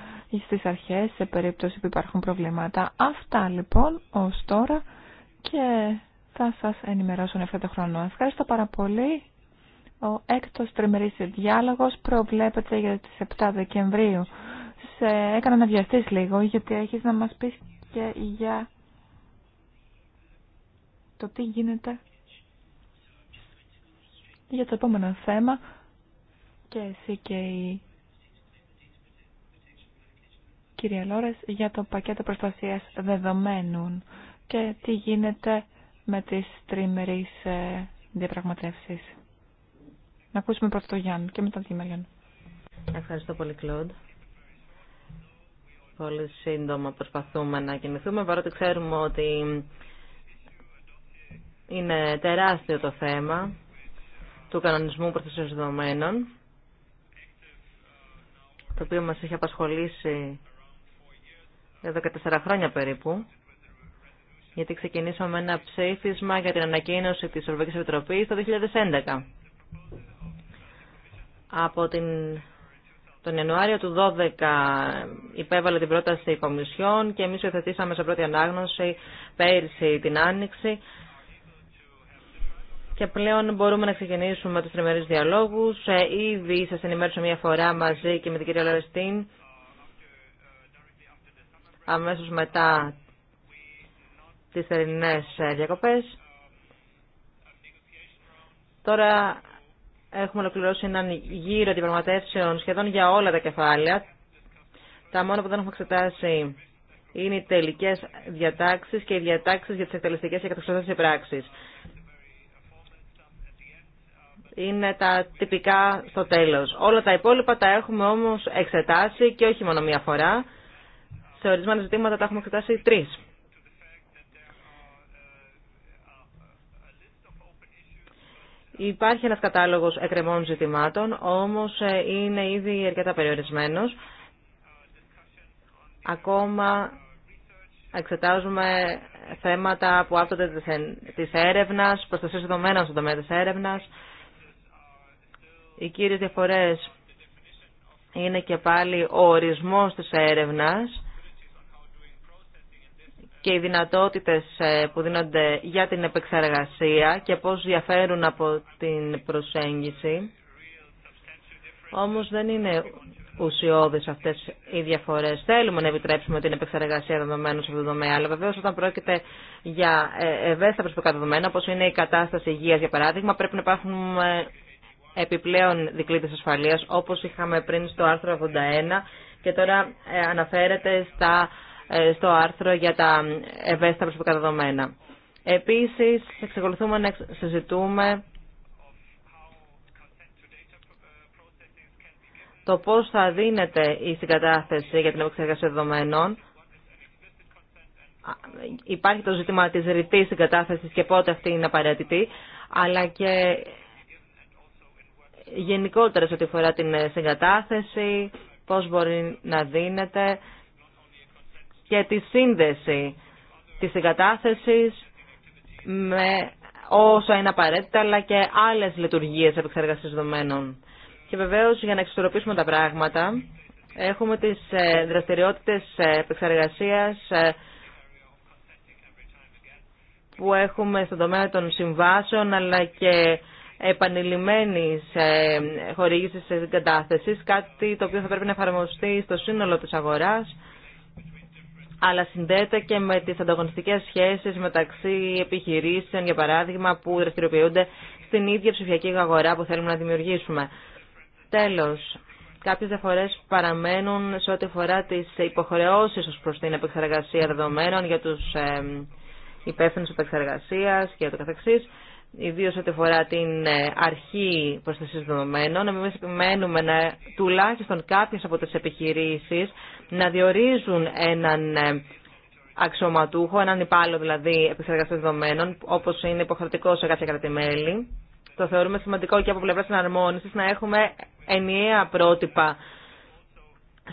στις αρχές σε περίπτωση που υπάρχουν προβλήματα. Αυτά λοιπόν ως τώρα και θα σας ενημερώσω αυτό το χρόνο. Ευχαριστώ πάρα πολύ. Ο έκτος τριμερής διάλογος προβλέπεται για τις 7 Δεκεμβρίου. Σε έκανα να βιαστείς λίγο γιατί έχεις να μας πεις και για το τι γίνεται για το επόμενο θέμα και εσύ και η κυρία Λόρες για το πακέτο προστασίας δεδομένων και τι γίνεται με τις τριμερείς ε, διαπραγματεύσεις. Να ακούσουμε πρώτα τον Γιάννη και μετά τη Μαριάννη. Ευχαριστώ πολύ Κλοντ. Πολύ σύντομα προσπαθούμε να κινηθούμε παρότι ξέρουμε ότι είναι τεράστιο το θέμα του κανονισμού προστασίας δεδομένων το οποίο μας έχει απασχολήσει εδώ και τέσσερα χρόνια περίπου, γιατί ξεκινήσαμε ένα ψήφισμα για την ανακοίνωση της Ευρωπαϊκής Επιτροπής το 2011. Από την... τον Ιανουάριο του 2012 υπέβαλε την πρόταση η Κομισιόν και εμείς υιοθετήσαμε σε πρώτη ανάγνωση πέρυσι την Άνοιξη και πλέον μπορούμε να ξεκινήσουμε τους τριμερείς διαλόγους. Ε, ήδη σας ενημέρωσα μια φορά μαζί και με την κυρία Λαρεστίν, Αμέσως μετά τις θερινές ε, διακοπές. Τώρα έχουμε ολοκληρώσει έναν γύρο διαπραγματεύσεων σχεδόν για όλα τα κεφάλαια. Τα μόνα που δεν έχουμε εξετάσει είναι οι τελικές διατάξει και οι διατάξει για τι εκτελεστικές και κατεξοδότητες πράξεις είναι τα τυπικά στο τέλος. Όλα τα υπόλοιπα τα έχουμε όμως εξετάσει και όχι μόνο μία φορά. Σε ορισμένα ζητήματα τα έχουμε εξετάσει τρεις. Υπάρχει ένας κατάλογος εκρεμών ζητημάτων, όμως ε, είναι ήδη αρκετά περιορισμένος. Ακόμα εξετάζουμε θέματα που άπτονται της έρευνας, προστασίας δεδομένων στον τομέα της έρευνας, οι κύριε διαφορές είναι και πάλι ο ορισμός της έρευνας και οι δυνατότητες ε, που δίνονται για την επεξεργασία και πώς διαφέρουν από την προσέγγιση. Όμως δεν είναι ουσιώδες αυτές οι διαφορές. Θέλουμε να επιτρέψουμε την επεξεργασία δεδομένων σε αυτό το τομέα, αλλά βεβαίως όταν πρόκειται για ε, ευαίσθητα προσωπικά δεδομένα, όπως είναι η κατάσταση υγείας για παράδειγμα, πρέπει να υπάρχουν ε, επιπλέον δικλείδες ασφαλείας όπως είχαμε πριν στο άρθρο 81 και τώρα ε, αναφέρεται στα, ε, στο άρθρο για τα ευαίσθητα προσωπικά δεδομένα. Επίσης, εξακολουθούμε να συζητούμε το πώς θα δίνεται η συγκατάθεση για την επεξεργασία δεδομένων. Υπάρχει το ζήτημα της ρητής συγκατάθεσης και πότε αυτή είναι απαραίτητη, αλλά και γενικότερα σε ό,τι αφορά την ε, συγκατάθεση, πώς μπορεί να δίνεται και τη σύνδεση της συγκατάθεσης με όσα είναι απαραίτητα, αλλά και άλλες λειτουργίες επεξεργασίας δεδομένων. Και βεβαίως για να εξισορροπήσουμε τα πράγματα, έχουμε τις ε, δραστηριότητες επεξεργασίας ε, που έχουμε στον τομέα των συμβάσεων, αλλά και επανειλημμένης ε, χορήγησης της εγκατάθεσης, κάτι το οποίο θα πρέπει να εφαρμοστεί στο σύνολο της αγοράς, αλλά συνδέεται και με τις ανταγωνιστικές σχέσεις μεταξύ επιχειρήσεων, για παράδειγμα, που δραστηριοποιούνται στην ίδια ψηφιακή αγορά που θέλουμε να δημιουργήσουμε. Τέλος, κάποιες διαφορές παραμένουν σε ό,τι αφορά τις υποχρεώσεις ως προς την επεξεργασία δεδομένων για τους ε, υπεύθυνους επεξεργασίας και το καθεξής ιδίω ό,τι αφορά την ε, αρχή προστασία δεδομένων. μην επιμένουμε να, τουλάχιστον κάποιε από τι επιχειρήσει να διορίζουν έναν ε, αξιωματούχο, έναν υπάλληλο δηλαδή επεξεργαστή δεδομένων, όπω είναι υποχρεωτικό σε κάποια κρατημέλη. Το θεωρούμε σημαντικό και από πλευρά συναρμόνιση να έχουμε ενιαία πρότυπα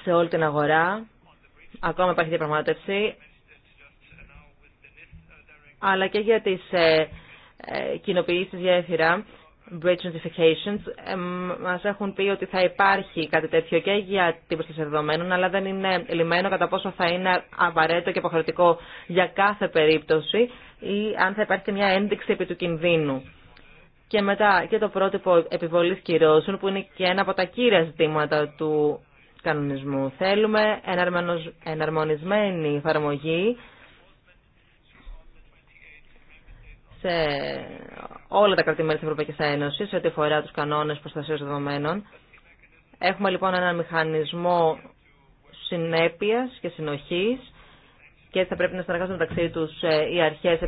σε όλη την αγορά. Ακόμα υπάρχει διαπραγμάτευση. Αλλά και για τις ε, κοινοποιήσεις γέφυρα, bridge notifications, μας έχουν πει ότι θα υπάρχει κάτι τέτοιο και για την προστασία δεδομένων, αλλά δεν είναι λυμένο κατά πόσο θα είναι απαραίτητο και αποχρεωτικό για κάθε περίπτωση ή αν θα υπάρχει μια ένδειξη επί του κινδύνου. Και μετά και το πρότυπο επιβολής κυρώσεων, που είναι και ένα από τα κύρια ζητήματα του κανονισμού. Θέλουμε εναρμονισμένη εφαρμογή σε όλα τα κρατημέρια της Ευρωπαϊκής Ένωσης σε ό,τι αφορά τους κανόνες προστασίας δεδομένων. Έχουμε λοιπόν έναν μηχανισμό συνέπειας και συνοχής και έτσι θα πρέπει να συνεργάζονται μεταξύ τους ε, οι αρχές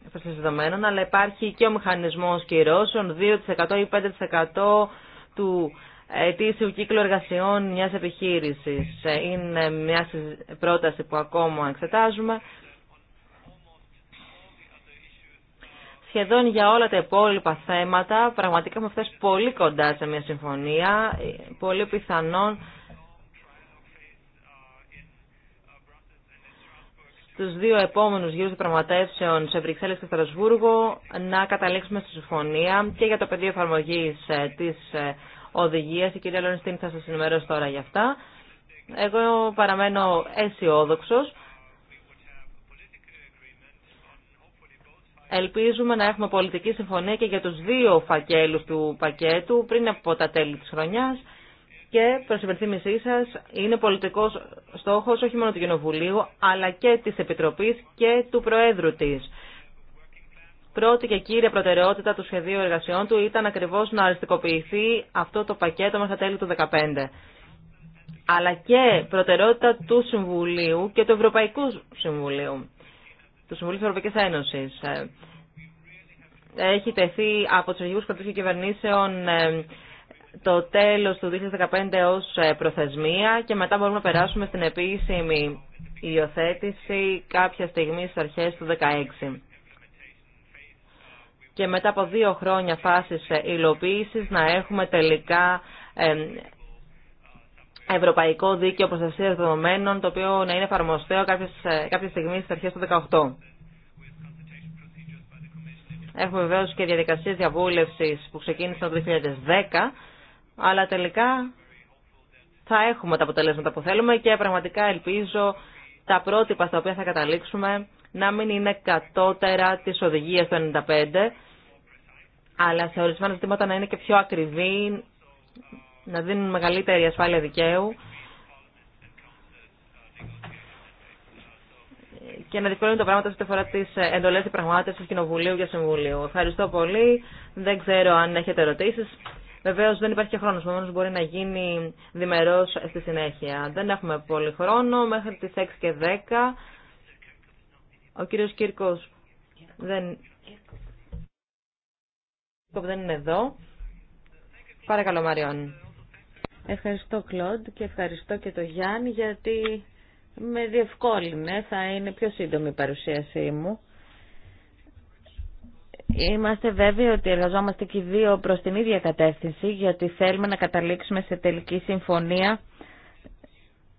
προστασίας δεδομένων, αλλά υπάρχει και ο μηχανισμός κυρώσεων 2% ή 5% του ετήσιου κύκλου εργασιών μιας επιχείρησης. Ε, είναι μια πρόταση που ακόμα εξετάζουμε σχεδόν για όλα τα υπόλοιπα θέματα πραγματικά μου φτάσει πολύ κοντά σε μια συμφωνία, πολύ πιθανόν στους δύο επόμενους γύρους πραγματεύσεων σε Βρυξέλλες και Στρασβούργο να καταλήξουμε στη συμφωνία και για το πεδίο εφαρμογή ε, της ε, οδηγίας. Η κυρία Λονιστίν θα σας ενημερώσει τώρα για αυτά. Εγώ παραμένω αισιόδοξο Ελπίζουμε να έχουμε πολιτική συμφωνία και για τους δύο φακέλους του πακέτου πριν από τα τέλη της χρονιάς και προς υπενθύμησή σας είναι πολιτικός στόχος όχι μόνο του Κοινοβουλίου αλλά και της Επιτροπής και του Προέδρου της. Πρώτη και κύρια προτεραιότητα του σχεδίου εργασιών του ήταν ακριβώς να αριστικοποιηθεί αυτό το πακέτο μέσα στα τέλη του 2015 αλλά και προτεραιότητα του Συμβουλίου και του Ευρωπαϊκού Συμβουλίου του Συμβουλίου της Ευρωπαϊκής Ένωσης. Ε, έχει τεθεί από τους αρχηγού κρατών και κυβερνήσεων ε, το τέλος του 2015 ως ε, προθεσμία και μετά μπορούμε να περάσουμε στην επίσημη υιοθέτηση κάποια στιγμή στις αρχές του 2016. Και μετά από δύο χρόνια φάσης υλοποίησης να έχουμε τελικά ευρωπαϊκό δίκαιο προστασία δεδομένων, το οποίο να είναι εφαρμοστέο κάποια ε, στιγμή στι αρχέ του 2018. Έχουμε βεβαίω και διαδικασίε διαβούλευση που ξεκίνησαν το 2010, αλλά τελικά θα έχουμε τα αποτελέσματα που θέλουμε και πραγματικά ελπίζω τα πρότυπα στα οποία θα καταλήξουμε να μην είναι κατώτερα της οδηγίας του 1995, αλλά σε ορισμένα ζητήματα να είναι και πιο ακριβή, να δίνουν μεγαλύτερη ασφάλεια δικαίου και να διευκολύνουν τα πράγματα σε ό,τι αφορά τι εντολέ του Κοινοβουλίου και Συμβουλίου. Ευχαριστώ πολύ. Δεν ξέρω αν έχετε ερωτήσει. Βεβαίω δεν υπάρχει και χρόνο, επομένω μπορεί να γίνει διμερό στη συνέχεια. Δεν έχουμε πολύ χρόνο. Μέχρι τι 6 και 10 ο κύριο Κύρκο δεν... δεν είναι εδώ. Παρακαλώ, Μαριόν. Ευχαριστώ Κλοντ και ευχαριστώ και το Γιάννη γιατί με διευκόλυνε, θα είναι πιο σύντομη η παρουσίασή μου. Είμαστε βέβαιοι ότι εργαζόμαστε και οι δύο προς την ίδια κατεύθυνση γιατί θέλουμε να καταλήξουμε σε τελική συμφωνία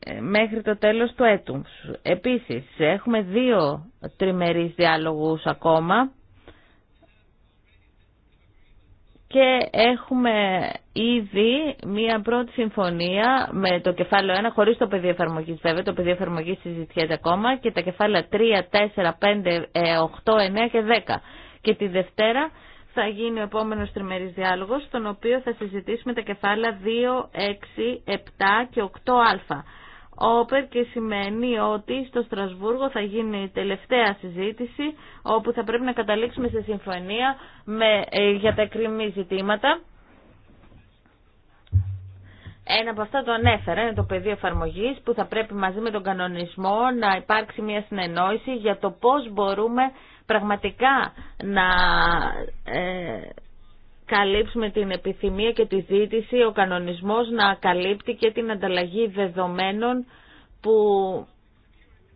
ε, μέχρι το τέλος του έτους. Επίσης, έχουμε δύο τριμερείς διάλογους ακόμα και έχουμε ήδη μία πρώτη συμφωνία με το κεφάλαιο 1, χωρίς το πεδίο εφαρμογή βέβαια, το πεδίο εφαρμογή συζητιέται ακόμα, και τα κεφάλαια 3, 4, 5, 8, 9 και 10. Και τη Δευτέρα θα γίνει ο επόμενος τριμερής διάλογος, στον οποίο θα συζητήσουμε τα κεφάλαια 2, 6, 7 και 8α όπερ και σημαίνει ότι στο Στρασβούργο θα γίνει η τελευταία συζήτηση όπου θα πρέπει να καταλήξουμε σε συμφωνία με, ε, για τα εκκρεμή ζητήματα. Ένα από αυτά το ανέφερα, είναι το πεδίο εφαρμογή που θα πρέπει μαζί με τον κανονισμό να υπάρξει μια συνεννόηση για το πώς μπορούμε πραγματικά να ε, καλύψουμε την επιθυμία και τη ζήτηση, ο κανονισμός να καλύπτει και την ανταλλαγή δεδομένων που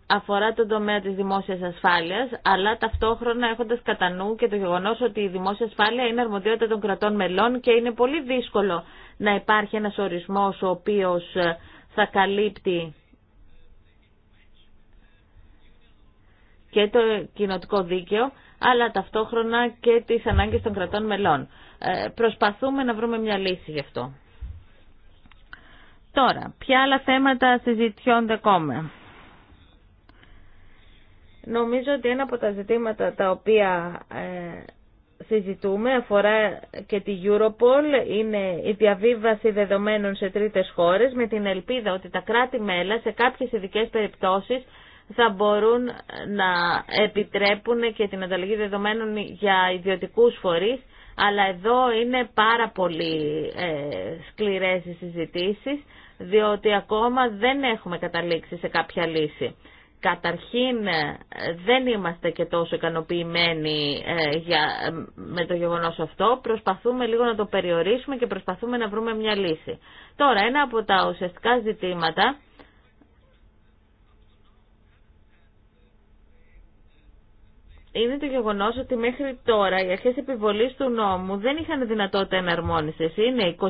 αφορά τον τομέα της δημόσιας ασφάλειας, αλλά ταυτόχρονα έχοντας κατά νου και το γεγονός ότι η δημόσια ασφάλεια είναι αρμοδιότητα των κρατών μελών και είναι πολύ δύσκολο να υπάρχει ένας ορισμός ο οποίος ε, θα καλύπτει και το κοινοτικό δίκαιο, αλλά ταυτόχρονα και τις ανάγκες των κρατών μελών. Ε, προσπαθούμε να βρούμε μια λύση γι' αυτό. Τώρα, ποια άλλα θέματα συζητιώνται ακόμα. Νομίζω ότι ένα από τα ζητήματα τα οποία ε, συζητούμε αφορά και τη Europol, είναι η διαβίβαση δεδομένων σε τρίτες χώρες με την ελπίδα ότι τα κράτη-μέλα σε κάποιες ειδικές περιπτώσεις θα μπορούν να επιτρέπουν και την ανταλλαγή δεδομένων για ιδιωτικούς φορείς, αλλά εδώ είναι πάρα πολύ ε, σκληρές οι συζητήσεις, διότι ακόμα δεν έχουμε καταλήξει σε κάποια λύση. Καταρχήν ε, δεν είμαστε και τόσο ικανοποιημένοι ε, για, με το γεγονός αυτό. Προσπαθούμε λίγο να το περιορίσουμε και προσπαθούμε να βρούμε μια λύση. Τώρα, ένα από τα ουσιαστικά ζητήματα είναι το γεγονός ότι μέχρι τώρα οι αρχέ επιβολή του νόμου δεν είχαν δυνατότητα εναρμόνιση. Είναι 28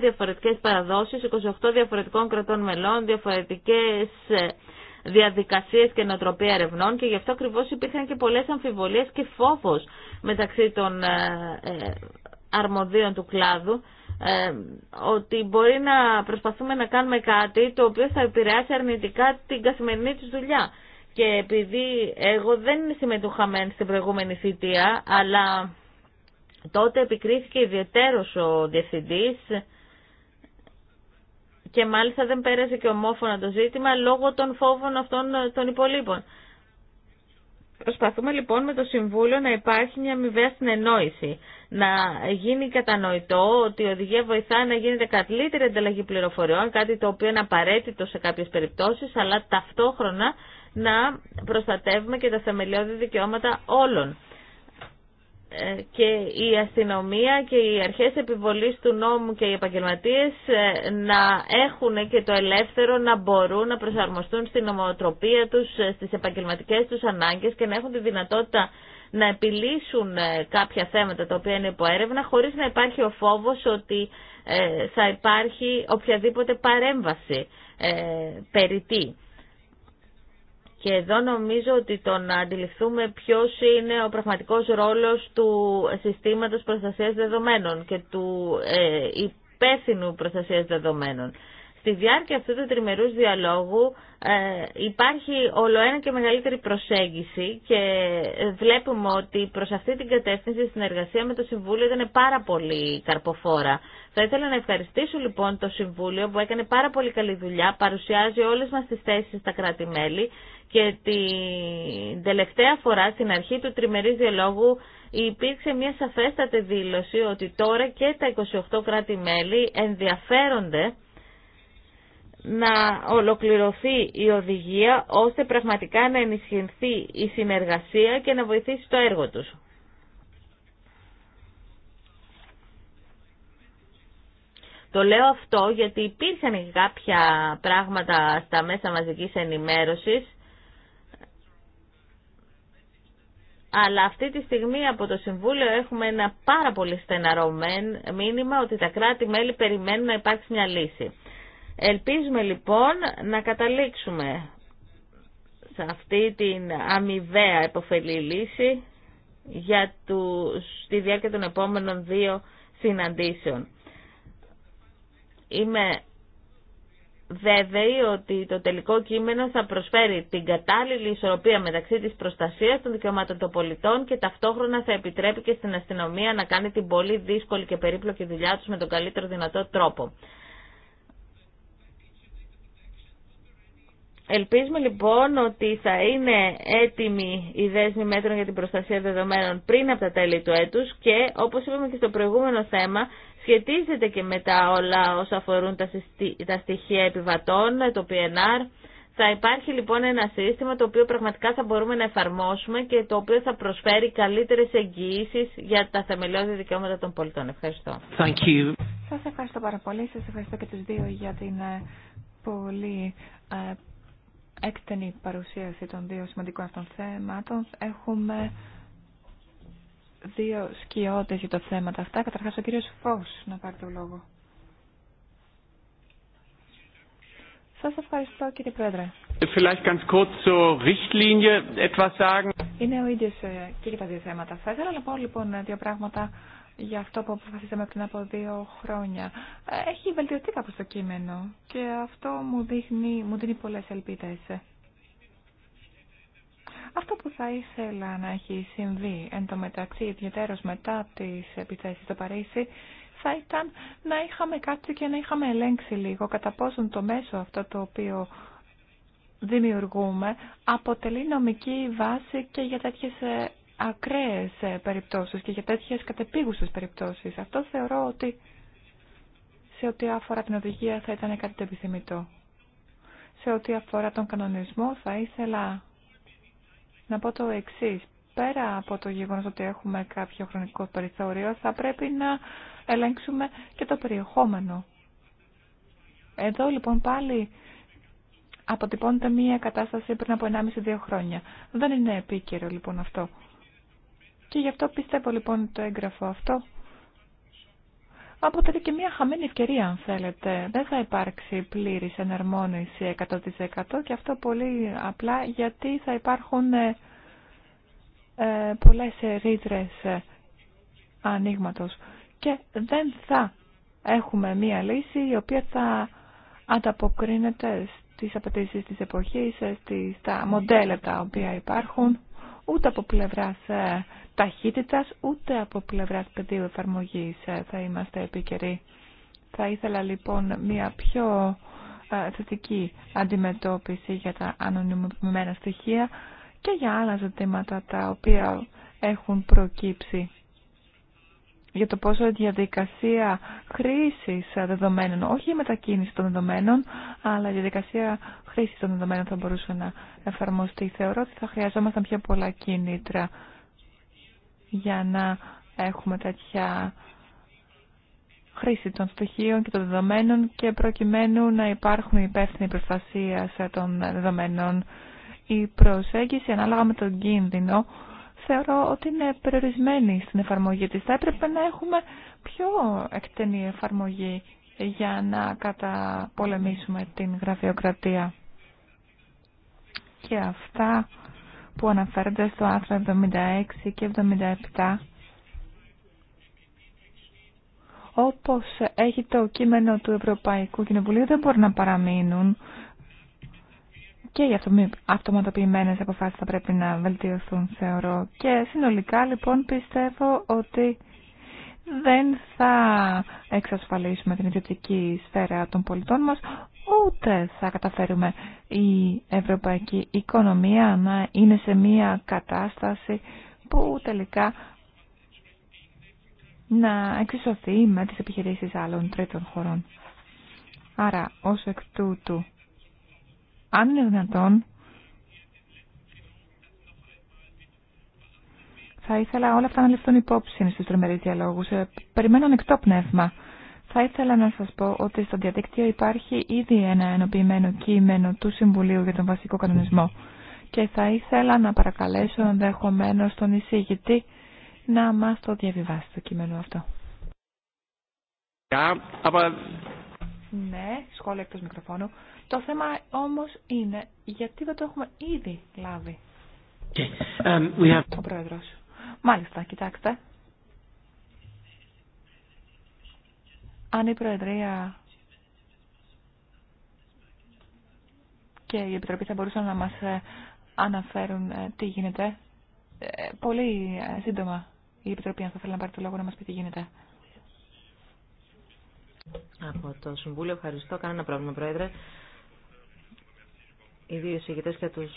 διαφορετικές παραδόσεις, 28 διαφορετικών κρατών μελών, διαφορετικές ε, διαδικασίες και νοοτροπία ερευνών και γι' αυτό ακριβώ υπήρχαν και πολλές αμφιβολίες και φόβος μεταξύ των ε, ε, αρμοδίων του κλάδου ότι μπορεί να προσπαθούμε να κάνουμε κάτι το οποίο θα επηρεάσει αρνητικά την καθημερινή τους δουλειά. Και επειδή εγώ δεν συμμετούχα μεν στην προηγούμενη θητεία, αλλά τότε επικρίθηκε ιδιαιτέρως ο διευθυντή και μάλιστα δεν πέρασε και ομόφωνα το ζήτημα λόγω των φόβων αυτών των υπολείπων. Προσπαθούμε λοιπόν με το Συμβούλιο να υπάρχει μια αμοιβαία συνεννόηση. Να γίνει κατανοητό ότι η οδηγία βοηθά να γίνεται καλύτερη ανταλλαγή πληροφοριών, κάτι το οποίο είναι απαραίτητο σε κάποιες περιπτώσεις, αλλά ταυτόχρονα να προστατεύουμε και τα θεμελιώδη δικαιώματα όλων. Ε, και η αστυνομία και οι αρχές επιβολής του νόμου και οι επαγγελματίες ε, να έχουν και το ελεύθερο να μπορούν να προσαρμοστούν στην ομοτροπία τους, ε, στις επαγγελματικές τους ανάγκες και να έχουν τη δυνατότητα να επιλύσουν κάποια θέματα τα οποία είναι υπό έρευνα χωρίς να υπάρχει ο φόβος ότι θα υπάρχει οποιαδήποτε παρέμβαση περιττή. Και εδώ νομίζω ότι το να αντιληφθούμε ποιος είναι ο πραγματικός ρόλος του συστήματος προστασίας δεδομένων και του ε, υπεύθυνου προστασίας δεδομένων. Στη διάρκεια αυτού του τριμερούς διαλόγου ε, υπάρχει ένα και μεγαλύτερη προσέγγιση και βλέπουμε ότι προς αυτή την κατεύθυνση η συνεργασία με το Συμβούλιο ήταν πάρα πολύ καρποφόρα. Θα ήθελα να ευχαριστήσω λοιπόν το Συμβούλιο που έκανε πάρα πολύ καλή δουλειά, παρουσιάζει όλες μας τις θέσεις στα κράτη-μέλη και την τελευταία φορά, στην αρχή του τριμερής διαλόγου, υπήρξε μια σαφέστατη δήλωση ότι τώρα και τα 28 κράτη-μέλη ενδιαφέρονται να ολοκληρωθεί η οδηγία ώστε πραγματικά να ενισχυνθεί η συνεργασία και να βοηθήσει το έργο τους. Το λέω αυτό γιατί υπήρχαν κάποια πράγματα στα μέσα μαζικής ενημέρωσης αλλά αυτή τη στιγμή από το Συμβούλιο έχουμε ένα πάρα πολύ στεναρωμένο μήνυμα ότι τα κράτη-μέλη περιμένουν να υπάρξει μια λύση. Ελπίζουμε λοιπόν να καταλήξουμε σε αυτή την αμοιβαία επωφελή λύση για του, στη διάρκεια των επόμενων δύο συναντήσεων. Είμαι βέβαιοι ότι το τελικό κείμενο θα προσφέρει την κατάλληλη ισορροπία μεταξύ της προστασίας των δικαιωμάτων των πολιτών και ταυτόχρονα θα επιτρέπει και στην αστυνομία να κάνει την πολύ δύσκολη και περίπλοκη δουλειά τους με τον καλύτερο δυνατό τρόπο. Ελπίζουμε λοιπόν ότι θα είναι έτοιμη η δέσμη μέτρων για την προστασία δεδομένων πριν από τα τέλη του έτους και όπως είπαμε και στο προηγούμενο θέμα σχετίζεται και με τα όλα όσα αφορούν τα στοιχεία επιβατών, το PNR. Θα υπάρχει λοιπόν ένα σύστημα το οποίο πραγματικά θα μπορούμε να εφαρμόσουμε και το οποίο θα προσφέρει καλύτερες εγγυήσεις για τα θεμελιώδη δικαιώματα των πολιτών. Ευχαριστώ. Thank Σας ευχαριστώ πάρα πολύ. Σας ευχαριστώ και τους δύο για την ε, πολύ ε, έκτενη παρουσίαση των δύο σημαντικών αυτών θέματων. Έχουμε δύο σκιώτες για τα θέματα αυτά. Καταρχάς ο κύριος Φως να πάρει το λόγο. Σας ευχαριστώ κύριε Πρόεδρε. Είναι ο ίδιος και τα δύο θέματα. Θα ήθελα να πω λοιπόν ε, δύο πράγματα για αυτό που αποφασίσαμε πριν από δύο χρόνια. Ε, έχει βελτιωθεί κάπως το κείμενο και αυτό μου δείχνει, μου δίνει πολλές ελπίδες. Αυτό που θα ήθελα να έχει συμβεί εν τω μεταξύ, ιδιαίτερως μετά τις επιθέσεις στο Παρίσι, θα ήταν να είχαμε κάτι και να είχαμε ελέγξει λίγο κατά πόσον το μέσο αυτό το οποίο δημιουργούμε αποτελεί νομική βάση και για τέτοιες ε, ακραίες ε, περιπτώσεις και για τέτοιες κατεπίγουσες περιπτώσεις. Αυτό θεωρώ ότι σε ό,τι αφορά την οδηγία θα ήταν κάτι επιθυμητό. Σε ό,τι αφορά τον κανονισμό θα ήθελα να πω το εξή. Πέρα από το γεγονός ότι έχουμε κάποιο χρονικό περιθώριο, θα πρέπει να ελέγξουμε και το περιεχόμενο. Εδώ λοιπόν πάλι αποτυπώνεται μία κατάσταση πριν από 1,5-2 χρόνια. Δεν είναι επίκαιρο λοιπόν αυτό. Και γι' αυτό πιστεύω λοιπόν το έγγραφο αυτό αποτελεί και μια χαμένη ευκαιρία αν θέλετε. Δεν θα υπάρξει πλήρης εναρμόνιση 100% και αυτό πολύ απλά γιατί θα υπάρχουν ε, ε, πολλές ε, ανοίγματο. και δεν θα έχουμε μια λύση η οποία θα ανταποκρίνεται στις απαιτήσει της εποχής, ε, στα μοντέλα τα οποία υπάρχουν ούτε από πλευράς ταχύτητας ούτε από πλευράς πεδίου εφαρμογής ε, θα είμαστε επίκαιροι. Θα ήθελα λοιπόν μια πιο ε, θετική αντιμετώπιση για τα ανωνυμημένα στοιχεία και για άλλα ζητήματα τα οποία έχουν προκύψει για το πόσο η διαδικασία χρήσης δεδομένων, όχι η μετακίνηση των δεδομένων, αλλά η διαδικασία χρήσης των δεδομένων θα μπορούσε να εφαρμοστεί. Θεωρώ ότι θα χρειαζόμασταν πιο πολλά κίνητρα για να έχουμε τέτοια χρήση των στοιχείων και των δεδομένων και προκειμένου να υπάρχουν υπεύθυνοι προστασία των δεδομένων. Η προσέγγιση ανάλογα με τον κίνδυνο θεωρώ ότι είναι περιορισμένη στην εφαρμογή της. Θα έπρεπε να έχουμε πιο εκτενή εφαρμογή για να καταπολεμήσουμε την γραφειοκρατία. Και αυτά που αναφέρονται στο άρθρο 76 και 77 όπως έχει το κείμενο του Ευρωπαϊκού Κοινοβουλίου δεν μπορούν να παραμείνουν και οι αυτοματοποιημένες αποφάσεις θα πρέπει να βελτιωθούν θεωρώ και συνολικά λοιπόν πιστεύω ότι δεν θα εξασφαλίσουμε την ιδιωτική σφαίρα των πολιτών μας, ούτε θα καταφέρουμε η ευρωπαϊκή οικονομία να είναι σε μια κατάσταση που τελικά να εξισωθεί με τις επιχειρήσεις άλλων τρίτων χωρών. Άρα, ως εκ τούτου, αν είναι δυνατόν, Θα ήθελα όλα αυτά να ληφθούν υπόψη στους τρομερείς διαλόγους. Ε, περιμένω ανοιχτό πνεύμα. Θα ήθελα να σας πω ότι στο διαδίκτυο υπάρχει ήδη ένα ενοποιημένο κείμενο του Συμβουλίου για τον Βασικό Κανονισμό και θα ήθελα να παρακαλέσω ενδεχομένω τον εισηγητή να μας το διαβιβάσει το κείμενο αυτό. Ναι, σχόλιο εκτός μικροφώνου. Το θέμα όμως είναι γιατί δεν το έχουμε ήδη λάβει. Okay. Um, have... Ο Πρόεδρος. Μάλιστα, κοιτάξτε. Αν η Προεδρία και η Επιτροπή θα μπορούσαν να μας ε, αναφέρουν ε, τι γίνεται, ε, πολύ σύντομα η Επιτροπή αν θα θέλει να πάρει το λόγο να μας πει τι γίνεται. Από το Συμβούλιο ευχαριστώ. Κανένα πρόβλημα, Πρόεδρε. Οι δύο εισηγητέ και τους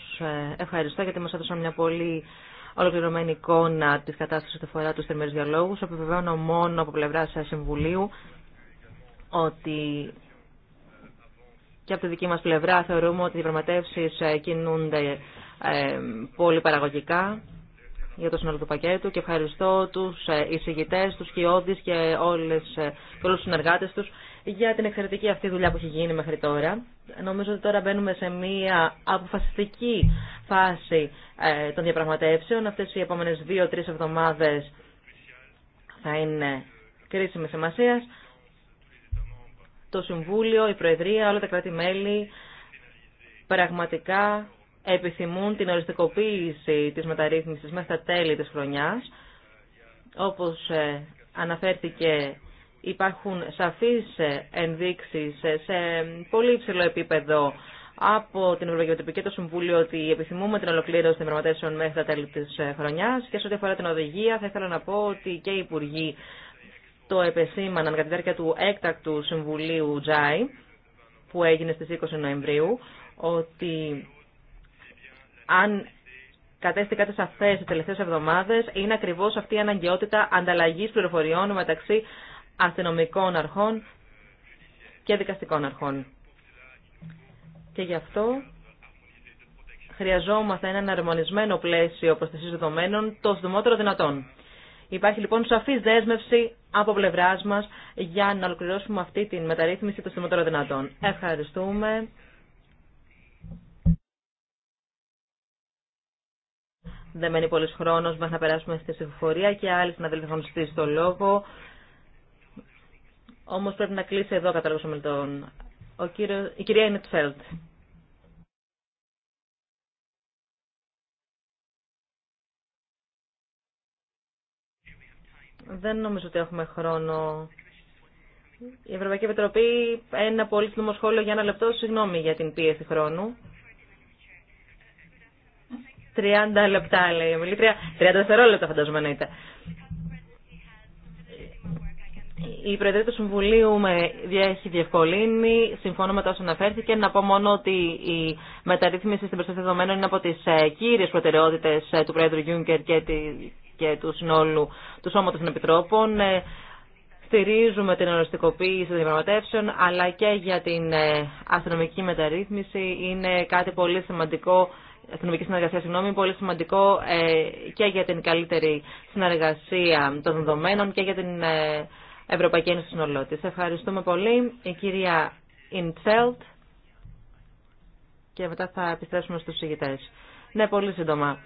ευχαριστώ γιατί μας έδωσαν μια πολύ ολοκληρωμένη εικόνα τη κατάσταση του φορά του θερμερού διαλόγου. Επιβεβαιώνω μόνο από πλευρά Συμβουλίου ότι και από τη δική μας πλευρά θεωρούμε ότι οι διαπραγματεύσει ε, κινούνται ε, πολύ παραγωγικά για το σύνολο του πακέτου και ευχαριστώ τους ε, εισηγητέ, τους κοιόδης και όλες, και όλους τους συνεργάτες τους για την εξαιρετική αυτή δουλειά που έχει γίνει μέχρι τώρα. Νομίζω ότι τώρα μπαίνουμε σε μία αποφασιστική φάση ε, των διαπραγματεύσεων. Αυτές οι επόμενες δύο-τρεις εβδομάδες θα είναι κρίσιμες σημασία. Το Συμβούλιο, η Προεδρία, όλα τα κράτη-μέλη πραγματικά επιθυμούν την οριστικοποίηση της μεταρρύθμισης μέχρι τα τέλη της χρονιάς. Όπως ε, αναφέρθηκε Υπάρχουν σαφείς ενδείξεις σε πολύ υψηλό επίπεδο από την Ευρωπαϊκή Επιτροπή και το Συμβούλιο ότι επιθυμούμε την ολοκλήρωση των πραγματεύσεων μέχρι τα τέλη τη χρονιά. Και σε ό,τι αφορά την οδηγία, θα ήθελα να πω ότι και οι υπουργοί το επεσήμαναν κατά τη διάρκεια του έκτακτου Συμβουλίου Τζάι, που έγινε στις 20 Νοεμβρίου, ότι αν κατέστη κάτι σαφέ τι τελευταίε εβδομάδε, είναι ακριβώ αυτή η αναγκαιότητα ανταλλαγή πληροφοριών μεταξύ αστυνομικών αρχών και δικαστικών αρχών. Και γι' αυτό χρειαζόμαστε έναν αρμονισμένο πλαίσιο προστασίας δεδομένων το συντομότερο δυνατόν. Υπάρχει λοιπόν σαφή δέσμευση από πλευρά μα για να ολοκληρώσουμε αυτή τη μεταρρύθμιση το συντομότερο δυνατόν. Ευχαριστούμε. Δεν μένει πολλή χρόνο μέχρι να περάσουμε στη ψηφοφορία και άλλοι συναδέλφοι έχουν στο λόγο. Όμω πρέπει να κλείσει εδώ με τον. Ο κύριο, η κυρία Φελτ. Δεν νομίζω ότι έχουμε χρόνο. Η Ευρωπαϊκή Επιτροπή, ένα πολύ σύντομο σχόλιο για ένα λεπτό. Συγγνώμη για την πίεση χρόνου. 30 λεπτά λέει η ομιλήτρια. 30 δευτερόλεπτα φαντάζομαι να είτε. Η Προεδρία του Συμβουλίου με έχει διευκολύνει. Συμφωνώ με το όσο αναφέρθηκε. Να πω μόνο ότι η μεταρρύθμιση στην προστασία δεδομένων είναι από τι ε, κύριε προτεραιότητε ε, του Πρόεδρου Γιούγκερ και του συνόλου του Σώματο των Επιτρόπων. Ε, στηρίζουμε την οριστικοποίηση των διαπραγματεύσεων, αλλά και για την αστυνομική μεταρρύθμιση είναι κάτι πολύ σημαντικό αστυνομική συνεργασία, συγγνώμη, πολύ σημαντικό και για την καλύτερη συνεργασία των δεδομένων και για την Ευρωπαϊκή Ένωση Σε Ευχαριστούμε πολύ. Η κυρία Ιντσέλτ και μετά θα επιστρέψουμε στους συγγητές. Ναι, πολύ σύντομα.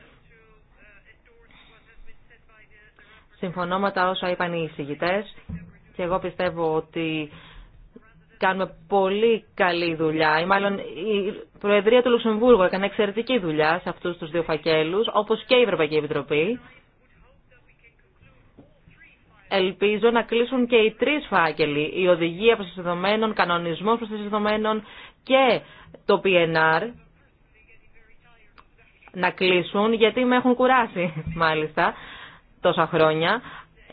Συμφωνώ με τα όσα είπαν οι συγγητές και εγώ πιστεύω ότι κάνουμε πολύ καλή δουλειά ή μάλλον η Προεδρία του Λουξεμβούργου έκανε εξαιρετική δουλειά σε αυτούς τους δύο φακέλους όπως και η Ευρωπαϊκή Επιτροπή ελπίζω να κλείσουν και οι τρεις φάκελοι, η οδηγία προς δεδομένων, κανονισμός προς δεδομένων και το PNR να κλείσουν γιατί με έχουν κουράσει μάλιστα τόσα χρόνια.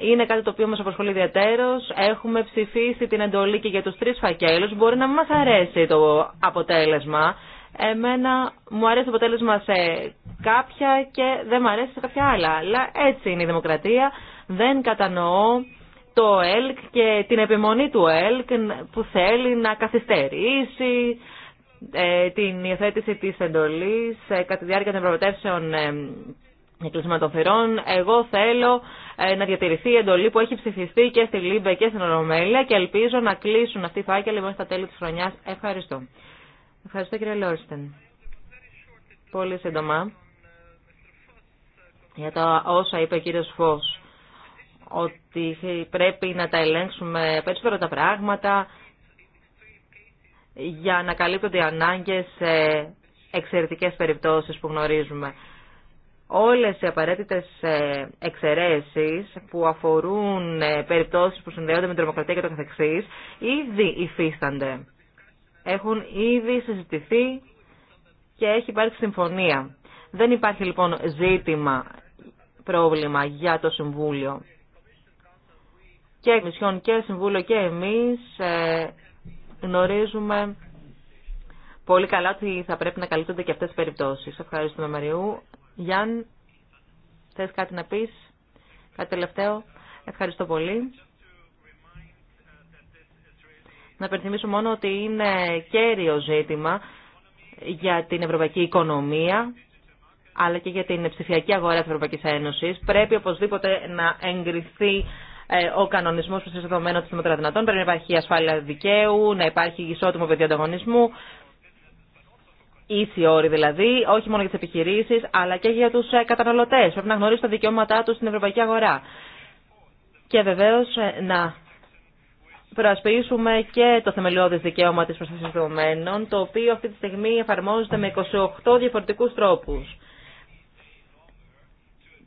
Είναι κάτι το οποίο μας απασχολεί ιδιαίτερως. Έχουμε ψηφίσει την εντολή και για τους τρεις φακέλους. Μπορεί να μην μας αρέσει το αποτέλεσμα. Εμένα μου αρέσει το αποτέλεσμα σε κάποια και δεν μου αρέσει σε κάποια άλλα. Αλλά έτσι είναι η δημοκρατία. Δεν κατανοώ το ΕΛΚ και την επιμονή του ΕΛΚ που θέλει να καθυστερήσει ε, την υιοθέτηση της εντολής ε, κατά τη διάρκεια των προβετεύσεων ε, ε Εγώ θέλω να διατηρηθεί η εντολή που έχει ψηφιστεί και στη Λίμπε και στην Ορομέλεια και ελπίζω να κλείσουν αυτή η φάκελοι μέχρι λοιπόν στα τέλη της χρονιάς. Ευχαριστώ. Ευχαριστώ κύριε Λόριστεν. Πολύ σύντομα για τα όσα είπε ο κύριος Φως ότι πρέπει να τα ελέγξουμε περισσότερο τα πράγματα για να καλύπτονται οι ανάγκες σε εξαιρετικές περιπτώσεις που γνωρίζουμε. Όλες οι απαραίτητες ε, εξαιρέσεις που αφορούν ε, περιπτώσεις που συνδέονται με την τρομοκρατία και το καθεξής ήδη υφίστανται. Έχουν ήδη συζητηθεί και έχει υπάρξει συμφωνία. Δεν υπάρχει λοιπόν ζήτημα, πρόβλημα για το Συμβούλιο και Εκκλησιών και Συμβούλιο και εμείς ε, γνωρίζουμε πολύ καλά ότι θα πρέπει να καλύπτονται και αυτές τις περιπτώσεις. Ευχαριστούμε Μαριού. Γιάνν, θες κάτι να πεις, κάτι τελευταίο. Ευχαριστώ πολύ. Να υπενθυμίσω μόνο ότι είναι κέριο ζήτημα για την ευρωπαϊκή οικονομία αλλά και για την ψηφιακή αγορά της Ευρωπαϊκής Ένωσης. Πρέπει οπωσδήποτε να εγκριθεί ε, ο κανονισμό που είναι δεδομένο των μέτρα δυνατών. Πρέπει να υπάρχει ασφάλεια δικαίου, να υπάρχει ισότιμο πεδίο ανταγωνισμού. Ίση όρη δηλαδή, όχι μόνο για τι επιχειρήσει, αλλά και για του ε, καταναλωτέ. Πρέπει να γνωρίσουν τα δικαιώματά του στην ευρωπαϊκή αγορά. Και βεβαίω ε, να προασπίσουμε και το θεμελιώδε δικαίωμα τη προστασία δεδομένων, το οποίο αυτή τη στιγμή εφαρμόζεται με 28 διαφορετικού τρόπου.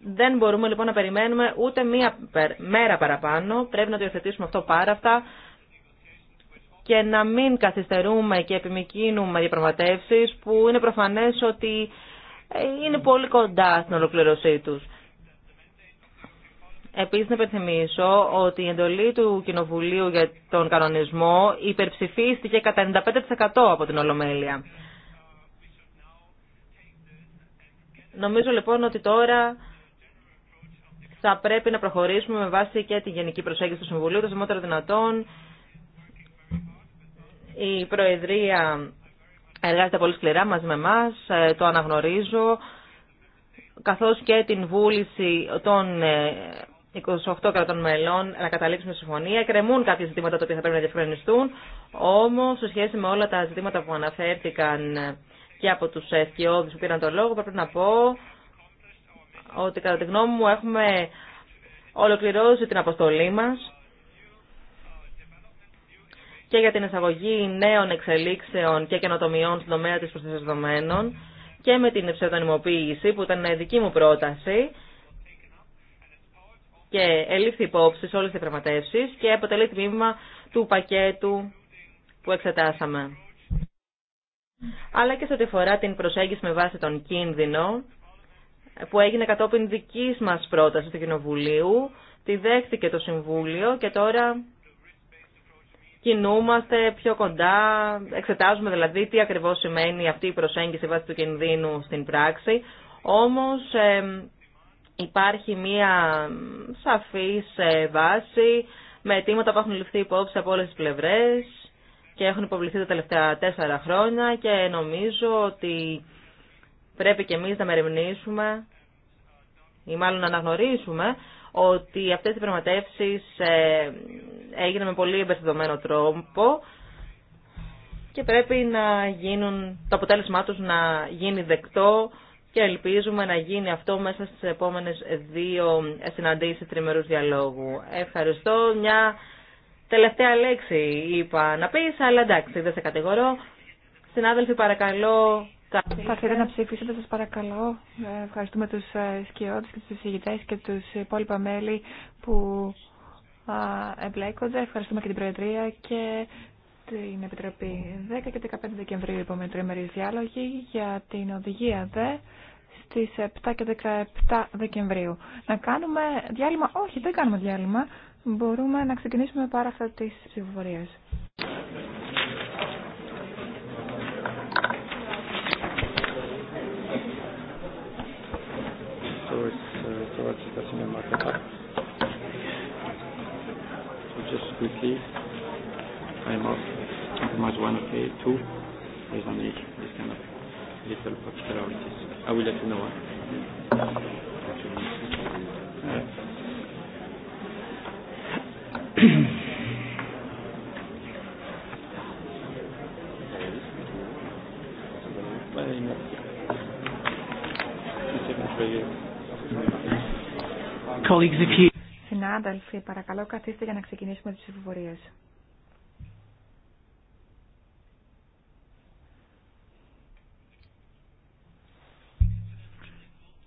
Δεν μπορούμε λοιπόν να περιμένουμε ούτε μία μέρα παραπάνω. Πρέπει να το υιοθετήσουμε αυτό πάρα αυτά και να μην καθυστερούμε και επιμηκύνουμε διαπραγματεύσει που είναι προφανές ότι ε, είναι πολύ κοντά στην ολοκληρωσή τους. Επίσης να υπενθυμίσω ότι η εντολή του Κοινοβουλίου για τον κανονισμό υπερψηφίστηκε κατά 95% από την Ολομέλεια. Νομίζω λοιπόν ότι τώρα θα πρέπει να προχωρήσουμε με βάση και τη γενική προσέγγιση του Συμβουλίου, το σημότερο δυνατόν. Η Προεδρία εργάζεται πολύ σκληρά μαζί με εμά, ε, το αναγνωρίζω, καθώς και την βούληση των 28 ε, κρατών μελών να καταλήξουμε συμφωνία. Κρεμούν κάποια ζητήματα τα οποία θα πρέπει να διευκρινιστούν, όμως σε σχέση με όλα τα ζητήματα που αναφέρθηκαν και από τους ευκαιώδεις που πήραν το λόγο, πρέπει να πω ότι κατά τη γνώμη μου έχουμε ολοκληρώσει την αποστολή μας και για την εισαγωγή νέων εξελίξεων και καινοτομιών στον τομέα της προσθέσεως και με την ψευδονιμοποίηση που ήταν δική μου πρόταση και ελήφθη υπόψη σε όλες τις πραγματεύσεις και αποτελεί τμήμα του πακέτου που εξετάσαμε. Αλλά και σε ό,τι αφορά την προσέγγιση με βάση τον κίνδυνο που έγινε κατόπιν δικής μας πρότασης του Κοινοβουλίου, τη δέχτηκε το Συμβούλιο και τώρα κινούμαστε πιο κοντά, εξετάζουμε δηλαδή τι ακριβώς σημαίνει αυτή η προσέγγιση βάσει του κινδύνου στην πράξη, όμως υπάρχει μία σαφής ε, βάση με αιτήματα που έχουν ληφθεί υπόψη από όλες τις πλευρές και έχουν υποβληθεί τα τελευταία τέσσερα χρόνια και νομίζω ότι πρέπει και εμείς να μεριμνήσουμε ή μάλλον να αναγνωρίσουμε ότι αυτές οι πραγματεύσεις ε, έγιναν με πολύ εμπεριστατωμένο τρόπο και πρέπει να γίνουν, το αποτέλεσμά τους να γίνει δεκτό και ελπίζουμε να γίνει αυτό μέσα στις επόμενες δύο συναντήσεις τριμερούς διαλόγου. Ευχαριστώ. Μια τελευταία λέξη είπα να πεις, αλλά εντάξει, δεν σε κατηγορώ. Συνάδελφοι, παρακαλώ, θα θέλετε να ψηφίσετε, σας παρακαλώ. Ε, ευχαριστούμε τους ε, σκιώτες και τους εισηγητές και τους υπόλοιπα μέλη που εμπλέκονται. Ευχαριστούμε και την Προεδρία και την Επιτροπή 10 και 15 Δεκεμβρίου επόμενη λοιπόν, τρίμερη διάλογη για την οδηγία ΔΕ στις 7 και 17 Δεκεμβρίου. Να κάνουμε διάλειμμα. Όχι, δεν κάνουμε διάλειμμα. Μπορούμε να ξεκινήσουμε πάρα αυτά τις ψηφοφορίες. quickly. I lost compromise one, okay, two. There's only this kind of little particularities. I will let you know. Colleagues, if you Συνάδελφοι, παρακαλώ καθίστε για να ξεκινήσουμε τις ψηφοφορίες.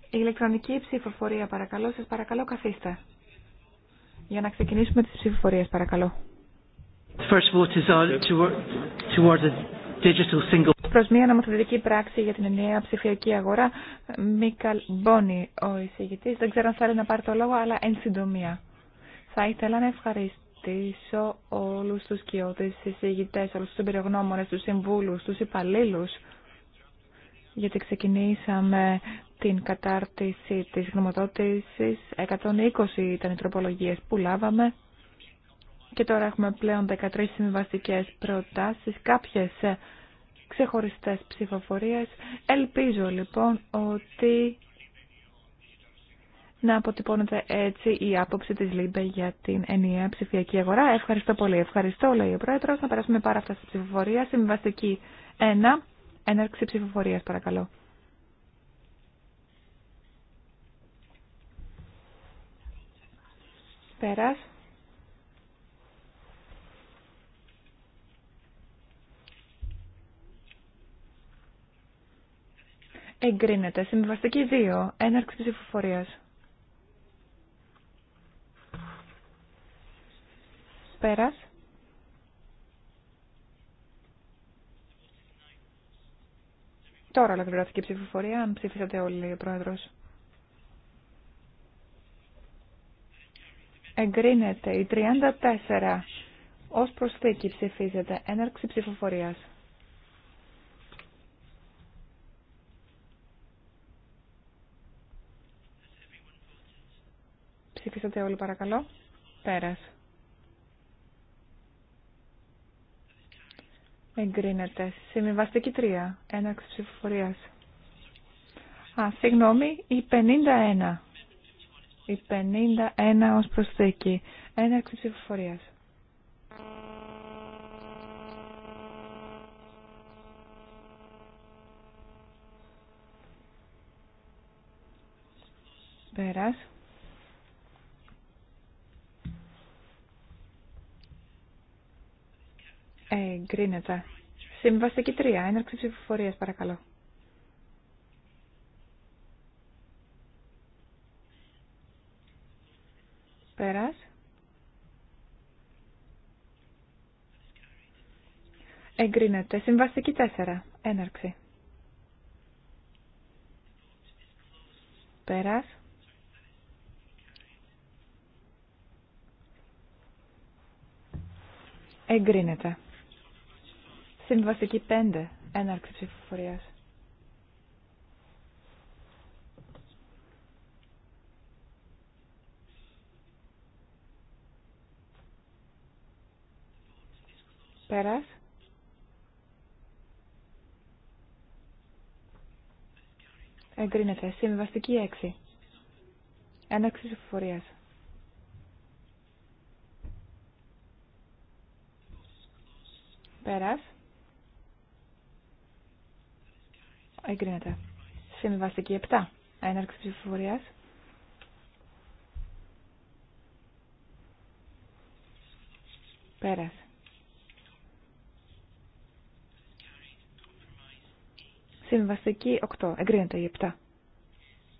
Η ηλεκτρονική ψηφοφορία, παρακαλώ, σας παρακαλώ καθίστε. Για να ξεκινήσουμε τις ψηφοφορίες, παρακαλώ. First Προς μία νομοθετική πράξη για την ενιαία ψηφιακή αγορά, Μίκαλ Μπόνι, ο εισηγητής, δεν ξέρω αν θέλει να πάρει το λόγο, αλλά εν συντομία. Θα ήθελα να ευχαριστήσω όλους τους κοιότες, συζητητές, όλους τους εμπειρογνώμονες, τους συμβούλους, τους υπαλλήλους, γιατί ξεκινήσαμε την κατάρτιση της γνωματότησης. 120 ήταν οι τροπολογίες που λάβαμε και τώρα έχουμε πλέον 13 συμβαστικέ προτάσεις, κάποιες ξεχωριστές ψηφοφορίες. Ελπίζω λοιπόν ότι να αποτυπώνεται έτσι η άποψη της ΛΥΜΠΕ για την ενιαία ψηφιακή αγορά. Ευχαριστώ πολύ. Ευχαριστώ, λέει ο Πρόεδρος. Να περάσουμε πάρα αυτά στη ψηφοφορία. Συμβαστική 1. Έναρξη ψηφοφορίας, παρακαλώ. Πέρας. Εγκρίνεται. Συμβαστική 2. Έναρξη ψηφοφορίας. Πέρας. Τώρα ολοκληρώθηκε η ψηφοφορία, αν ψήφισατε όλοι, ο Πρόεδρος. Εγκρίνεται η 34 ως προσθήκη ψηφίζεται έναρξη ψηφοφορίας. Ψηφίσατε όλοι παρακαλώ. Πέρας. Εγκρίνεται. Συμβιβαστική 3. Έναξη ψηφοφορία. Α, συγγνώμη, η 51. Η 51 ως προσθήκη. Έναξη ψηφοφορία. Πέρας. εγκρίνεται. Συμβαστική 3. Έναρξη ψηφοφορία, παρακαλώ. Πέρας. Εγκρίνεται. Συμβαστική 4. Έναρξη. Πέρας. Εγκρίνεται. Συμβαστική 5. Έναρξη ψηφοφορίας. Πέρας. Εγκρίνεται. Συμβαστική 6. Έναρξη ψηφοφορίας. Πέρας. Εγκρίνεται. Συμβαστική 7. Έναρξη ψηφοφορία. Πέρασε. Συμβαστική 8. Εγκρίνεται η 7.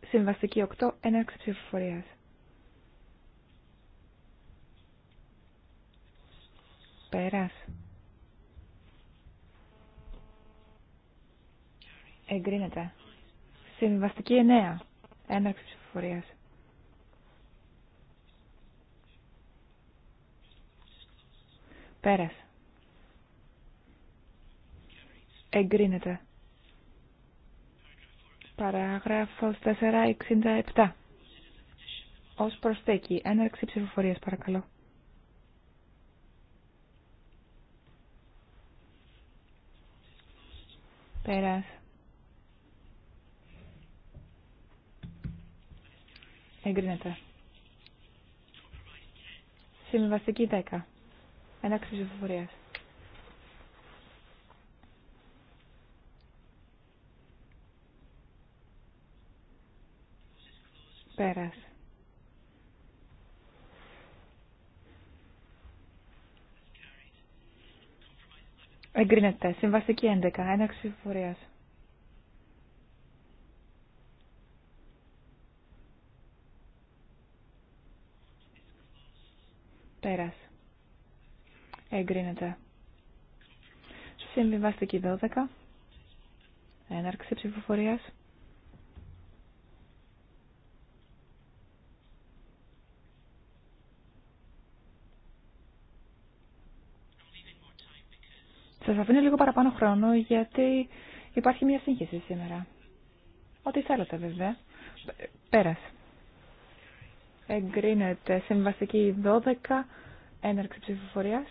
Συμβαστική 8. Έναρξη ψηφοφορία. Πέρασε. Εγκρίνεται. Συμβαστική 9. Έναρξη ψηφοφορία. Πέρας. Εγκρίνεται. Παράγραφος 467. Ως προσθέκη. Έναρξη ψηφοφορίας παρακαλώ. Πέρας. Εγκρίνεται. Συμβαστική 10. Ένα ψηφοφορία. Πέρας. Εγκρίνεται. Συμβαστική 11. Ένα ψηφοφορία. Πέρας. Εγκρίνεται. Συμβιβαστική 12. Έναρξη ψηφοφορίας. Σας αφήνω λίγο παραπάνω χρόνο γιατί υπάρχει μια σύγχυση σήμερα. Ό,τι θέλετε βέβαια. Πέρασε εγκρίνεται. Συμβαστική 12, έναρξη ψηφοφορίας.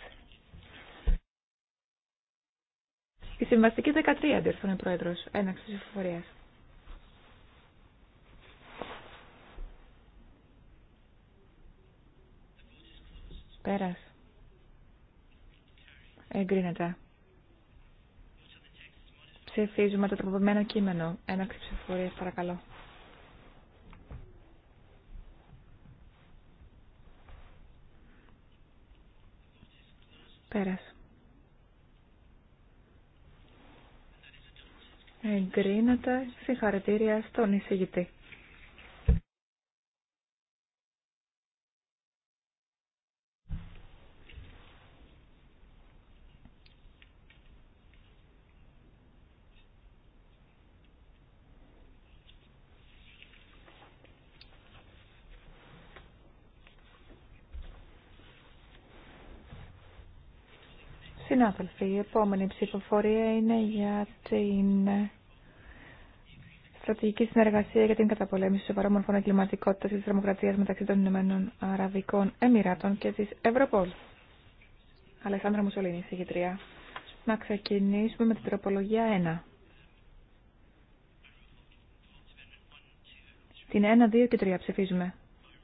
Η συμβαστική 13, Αντιρθώνει ο Πρόεδρος, έναρξη ψηφοφορίας. Πέρας. Εγκρίνεται. Ψηφίζουμε το τροποποιημένο κείμενο. Έναρξη ψηφοφορίας, παρακαλώ. Πέρας. Εγκρίνεται συγχαρητήρια στον εισηγητή. Συνάδελφοι, η επόμενη ψηφοφορία είναι για την στρατηγική συνεργασία για την καταπολέμηση σοβαρών μορφών εγκληματικότητα και τη τρομοκρατία μεταξύ των Ηνωμένων Αραβικών Εμμυράτων και τη Ευρωπόλ. Αλεξάνδρα Μουσολίνη, συγγετρία. Να ξεκινήσουμε με την τροπολογία 1. Την 1, 2 και 3 ψηφίζουμε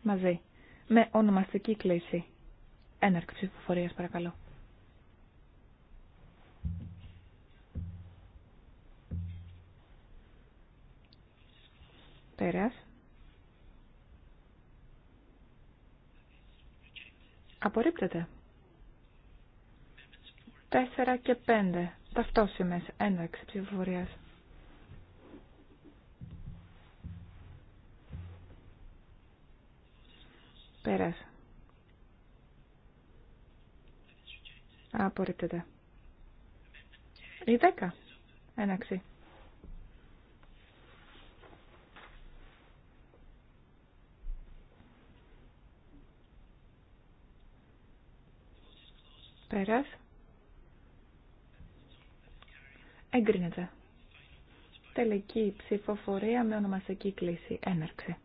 μαζί. Με ονομαστική κλίση. Έναρξη ψηφοφορία, παρακαλώ. Πέρας. Απορρίπτεται. Τέσσερα και 5. Ταυτόσημες. Έναρξη ψηφοφορίας. Πέρας. Απορρίπτεται. Η 10. Έναρξη. Πέρας. Εγκρίνεται. Τελική ψηφοφορία με ονομαστική κλίση. Έναρξε.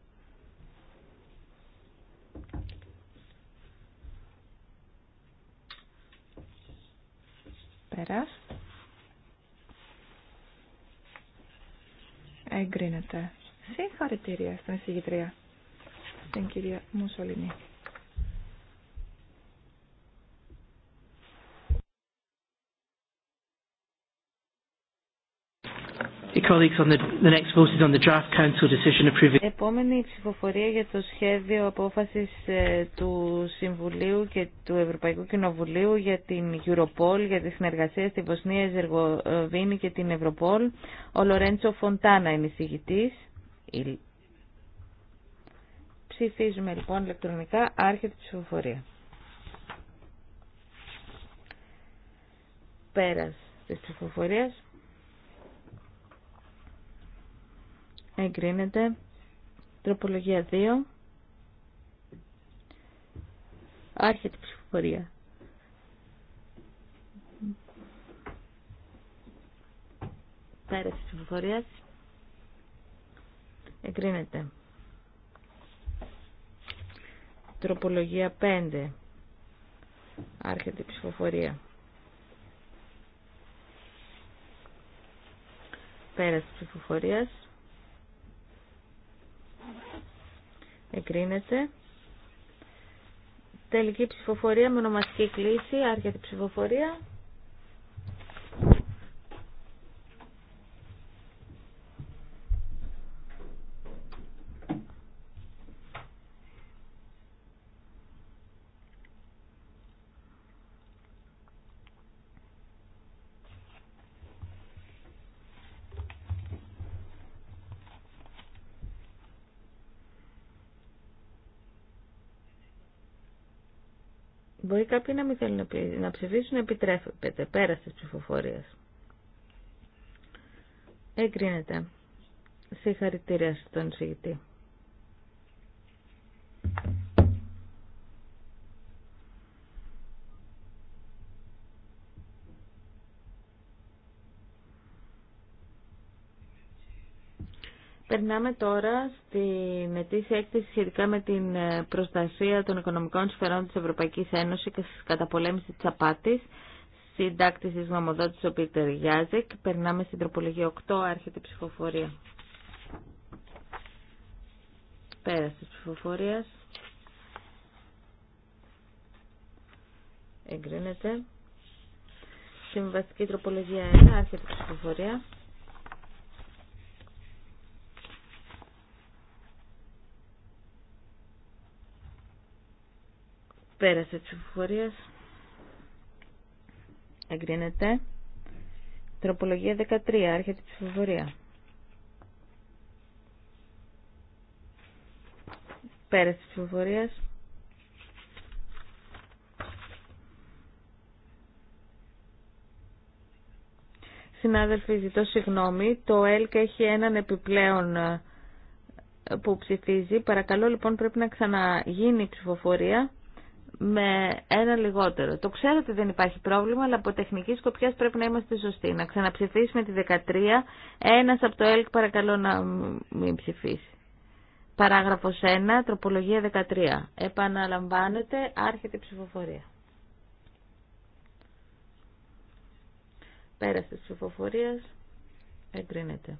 Πέρας. Εγκρίνεται. Συγχαρητήρια στην εισηγητρία, την κυρία Μουσολινή. Επόμενη ψηφοφορία για το σχέδιο απόφασης ε, του Συμβουλίου και του Ευρωπαϊκού Κοινοβουλίου για την Europol, για τη συνεργασία στη Βοσνία, Ζεργοβίνη και την Ευρωπόλ. Ο Λορέντσο Φοντάνα είναι εισηγητής. Ψηφίζουμε λοιπόν ηλεκτρονικά άρχεται η ψηφοφορία. Πέρας της ψηφοφορίας. εγκρίνεται. Τροπολογία 2. Άρχεται η ψηφοφορία. Πέραση ψηφοφορία. Εγκρίνεται. Τροπολογία 5. Άρχεται η ψηφοφορία. Πέραση ψηφοφορία. Εγκρίνεται. Τελική ψηφοφορία με ονομαστική κλίση. Άρχεται ψηφοφορία. Μπορεί κάποιοι να μην θέλουν να ψηφίσουν, επιτρέπεται πέρα τη ψηφοφορία. Εγκρίνεται. Συγχαρητήρια στον εισηγητή. Περνάμε τώρα στην ετήσια έκθεση σχετικά με την ε, προστασία των οικονομικών σφαιρών της Ευρωπαϊκής Ένωσης και της καταπολέμησης της απάτης. Συντάκτης της γνωμοδότησης ο Πίτερ Γιάζεκ. Περνάμε στην τροπολογία 8, άρχεται η ψηφοφορία. Πέραση της ψηφοφορίας. Εγκρίνεται. Συμβαστική τροπολογία 1, άρχεται η ψηφοφορία. Πέρασε τη ψηφοφορία. Εγκρίνεται. Τροπολογία 13. Άρχεται η ψηφοφορία. Πέρασε τη ψηφοφορία. Συνάδελφοι, ζητώ συγγνώμη. Το ΕΛΚ έχει έναν επιπλέον ε, που ψηφίζει. Παρακαλώ λοιπόν πρέπει να ξαναγίνει η ψηφοφορία με ένα λιγότερο. Το ξέρω ότι δεν υπάρχει πρόβλημα, αλλά από τεχνική σκοπιά πρέπει να είμαστε σωστοί. Να ξαναψηφίσουμε τη 13. Ένα από το ΕΛΚ παρακαλώ να μην ψηφίσει. Παράγραφο 1, τροπολογία 13. Επαναλαμβάνεται, άρχεται η ψηφοφορία. Πέρασε τη ψηφοφορία. εγκρίνεται.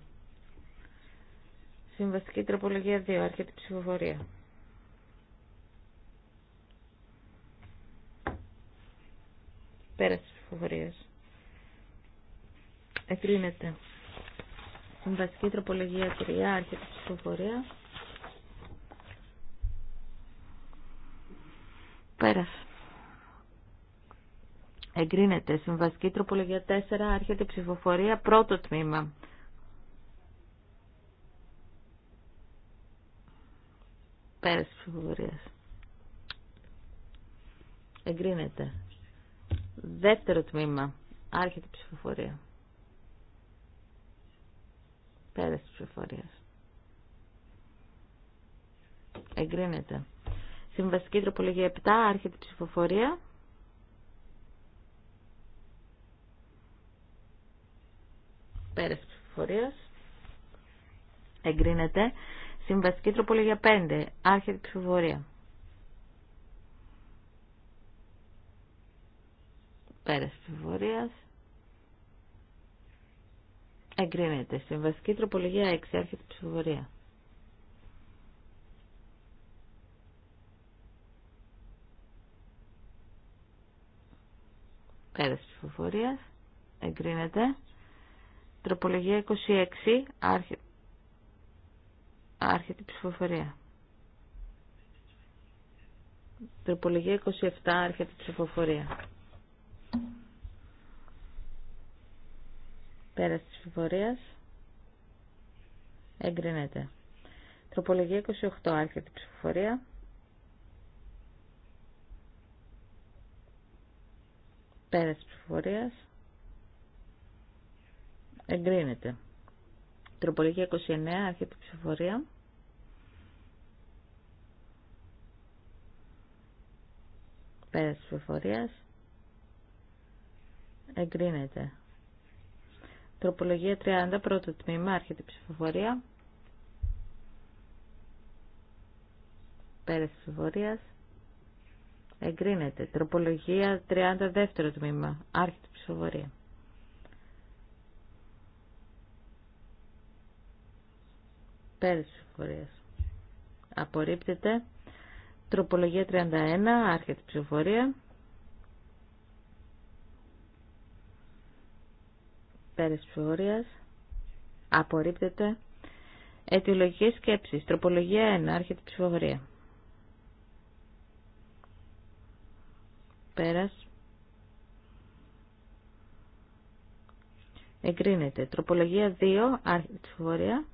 Συμβαστική τροπολογία 2, άρχεται η ψηφοφορία. Πέρας της ψηφοφορίας. Εκρίνεται. Συμβαστική τροπολογία 3, άρχεται η ψηφοφορία. Πέρας. Εγκρίνεται. Συμβασική τροπολογία 4, άρχεται ψηφοφορία, πρώτο τμήμα. Πέρας τη ψηφοφορία. Εγκρίνεται. Δεύτερο τμήμα. Άρχεται η ψηφοφορία. Πέραση ψηφοφορία. ψηφοφορία. Εγκρίνεται. Συμβαστική τροπολογία 7. Άρχεται η ψηφοφορία. Πέρας τη ψηφοφορία. Εγκρίνεται. Συμβαστική τροπολογία 5. Άρχεται η ψηφοφορία. Πέρας ψηφοφορία. Εγκρίνεται. βασικη τροπολογία 6. Άρχεται ψηφοφορία. Πέρας ψηφοφορίας. Εγκρίνεται. Τροπολογία 26. Άρχεται. Άρχεται η ψηφοφορία. Τροπολογία 27. Άρχεται η ψηφοφορία. Πέρας της ψηφοφορίας. Εγκρίνεται. Τροπολογία 28. Άρχεται η ψηφοφορία. Πέρας της ψηφοφορίας. Εγκρίνεται. Τροπολογία 29. Άρχεται η ψηφοφορία. Πέρας της ψηφοφορίας. Εγκρίνεται. Τροπολογία 30, πρώτο τμήμα, άρχεται η ψηφοφορία. τη ψηφοφορια Εγκρίνεται. Τροπολογία 30, δεύτερο τμήμα, άρχεται η ψηφοφορία. τη ψηφοφορία. Απορρίπτεται. Τροπολογία 31, άρχεται η ψηφοφορία. Πέρας ψηφοφορίας. Απορρίπτεται. Αιτιολογικές σκέψεις. Τροπολογία 1. Άρχεται η ψηφοφορία. Πέρας. Εγκρίνεται. Τροπολογία 2. Άρχεται η ψηφοφορία.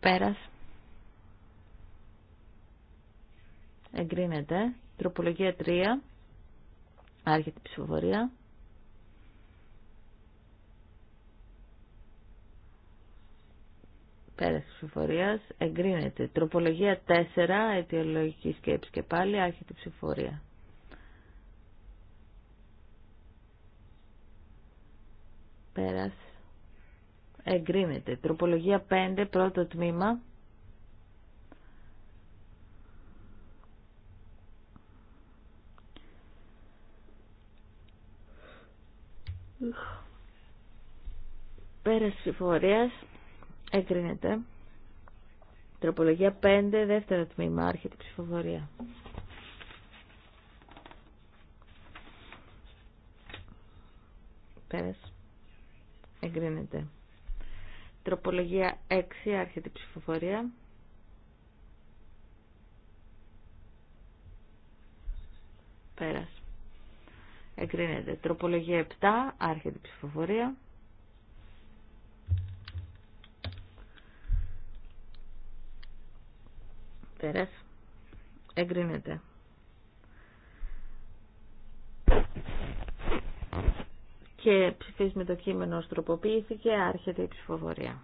Πέρας. Εγκρίνεται. Τροπολογία 3. Άρχεται η ψηφοφορία. Πέραση ψηφοφορία. Εγκρίνεται. Τροπολογία 4. Αιτιολογική σκέψη και πάλι. Άρχεται η ψηφοφορία. Πέρας. Εγκρίνεται. Τροπολογία 5. Πρώτο τμήμα. Πέρας ψηφορίας εγκρίνεται. Τροπολογία 5, δεύτερο τμήμα, άρχεται ψηφοφορία. Πέρας. Εγκρίνεται. Τροπολογία 6, άρχεται ψηφοφορία. Πέρας. Εγκρίνεται. Τροπολογία 7. Άρχεται η ψηφοφορία. Πέρας. Εγκρίνεται. Και με το κείμενο ως τροποποιήθηκε. Άρχεται η ψηφοφορία.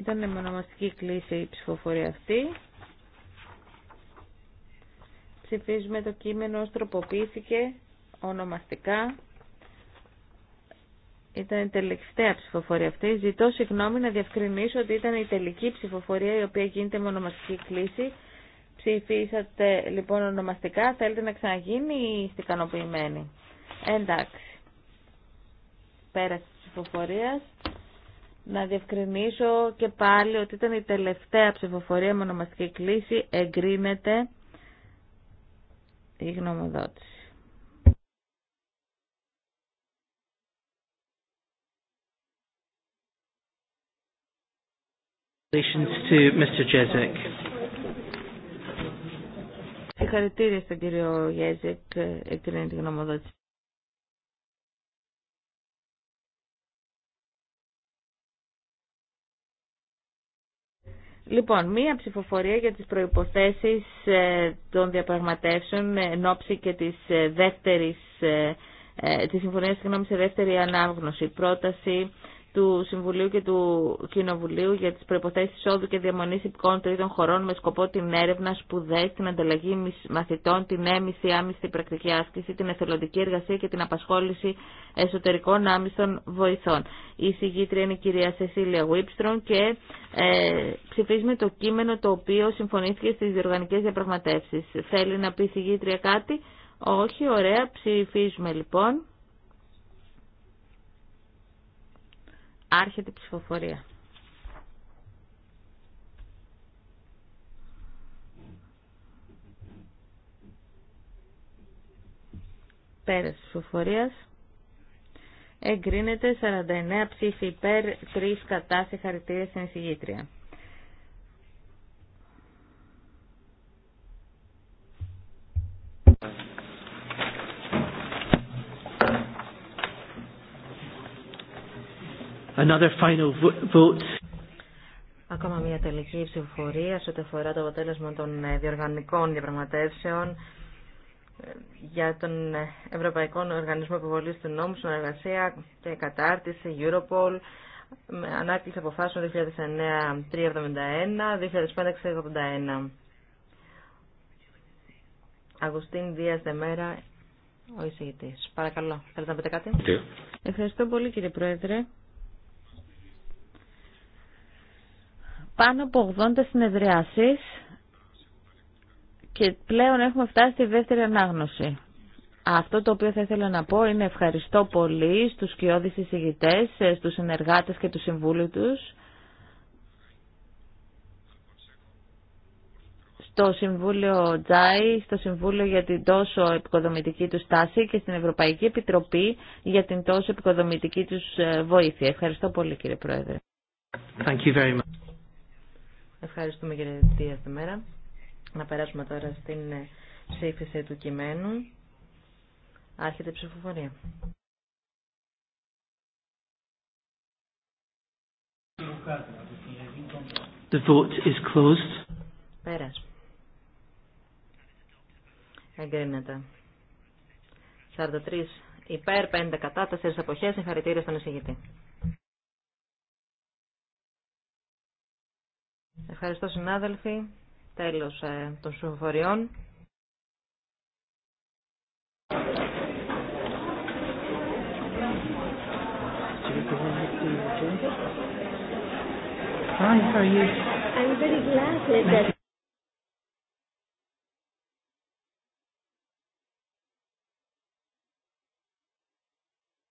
Ήταν μονομαστική κλίση η ψηφοφορία αυτή. Ψηφίζουμε το κείμενο ως τροποποιήθηκε ονομαστικά. Ήταν η τελευταία ψηφοφορία αυτή. Ζητώ συγγνώμη να διευκρινίσω ότι ήταν η τελική ψηφοφορία η οποία γίνεται με ονομαστική κλίση. Ψηφίσατε λοιπόν ονομαστικά. Θέλετε να ξαναγίνει ή είστε ικανοποιημένοι. Εντάξει. Πέρασε τη ψηφοφορία. Να διευκρινίσω και πάλι ότι ήταν η τελευταία ψηφοφορία με ονομαστική κλίση. Εγκρίνεται η γνωμοδότηση. Συγχαρητήρια στον κύριο Γέζικ. εκτείνει τη γνωμοδότηση. Λοιπόν, μία ψηφοφορία για τις προϋποθέσεις ε, των διαπραγματεύσεων εν ώψη και της ε, δεύτερης, ε, της συμφωνίας συγγνώμη, σε δεύτερη ανάγνωση. Πρόταση του Συμβουλίου και του Κοινοβουλίου για τι προποθέσει εισόδου και διαμονή υπηκών τρίτων χωρών με σκοπό την έρευνα, σπουδέ την ανταλλαγή μαθητών, την έμιση, άμυστη πρακτική άσκηση, την εθελοντική εργασία και την απασχόληση εσωτερικών άμυστων βοηθών. Η συγγήτρια είναι η κυρία Σεσίλια Βίπστρον και ε, ψηφίζουμε το κείμενο το οποίο συμφωνήθηκε στι διοργανικέ διαπραγματεύσει. Θέλει να πει η συγγήτρια κάτι? Όχι, ωραία, ψηφίζουμε λοιπόν. Άρχεται η ψηφοφορία. Πέρας της ψηφοφορίας. Εγκρίνεται 49 ψήφοι υπέρ, 3 κατά συγχαρητήρια στην εισηγήτρια. Another final vote. Ακόμα μια τελική ψηφοφορία σε ό,τι αφορά το αποτέλεσμα των ε, διοργανικών διαπραγματεύσεων ε, για τον ε, Ευρωπαϊκό Οργανισμό Επιβολής του Νόμου, συνεργασία και κατάρτιση Europol, με ανάκληση αποφάσεων 2009-371, 2005-681. Αγουστίν Δίας Δεμέρα, ο εισηγητής. Παρακαλώ, θέλετε να πείτε κάτι. Ευχαριστώ πολύ κύριε Πρόεδρε. πάνω από 80 συνεδριάσεις και πλέον έχουμε φτάσει στη δεύτερη ανάγνωση. Αυτό το οποίο θα ήθελα να πω είναι ευχαριστώ πολύ στους κοιόδης εισηγητές, ε, στους συνεργάτες και τους συμβούλου τους. στο Συμβούλιο Τζάι, στο Συμβούλιο για την τόσο επικοδομητική του στάση και στην Ευρωπαϊκή Επιτροπή για την τόσο επικοδομητική τους ε, βοήθεια. Ευχαριστώ πολύ κύριε Πρόεδρε. Ευχαριστούμε κύριε Δία μέρα. Να περάσουμε τώρα στην ε, ψήφιση του κειμένου. Άρχεται η ψηφοφορία. The vote is closed. Πέρας. Εγκρίνεται. 43 υπέρ, 5 κατά, 4 αποχές. Συγχαρητήρια στον εισηγητή. Ευχαριστώ συνάδελφοι. Τέλος ε, των συμφοριών.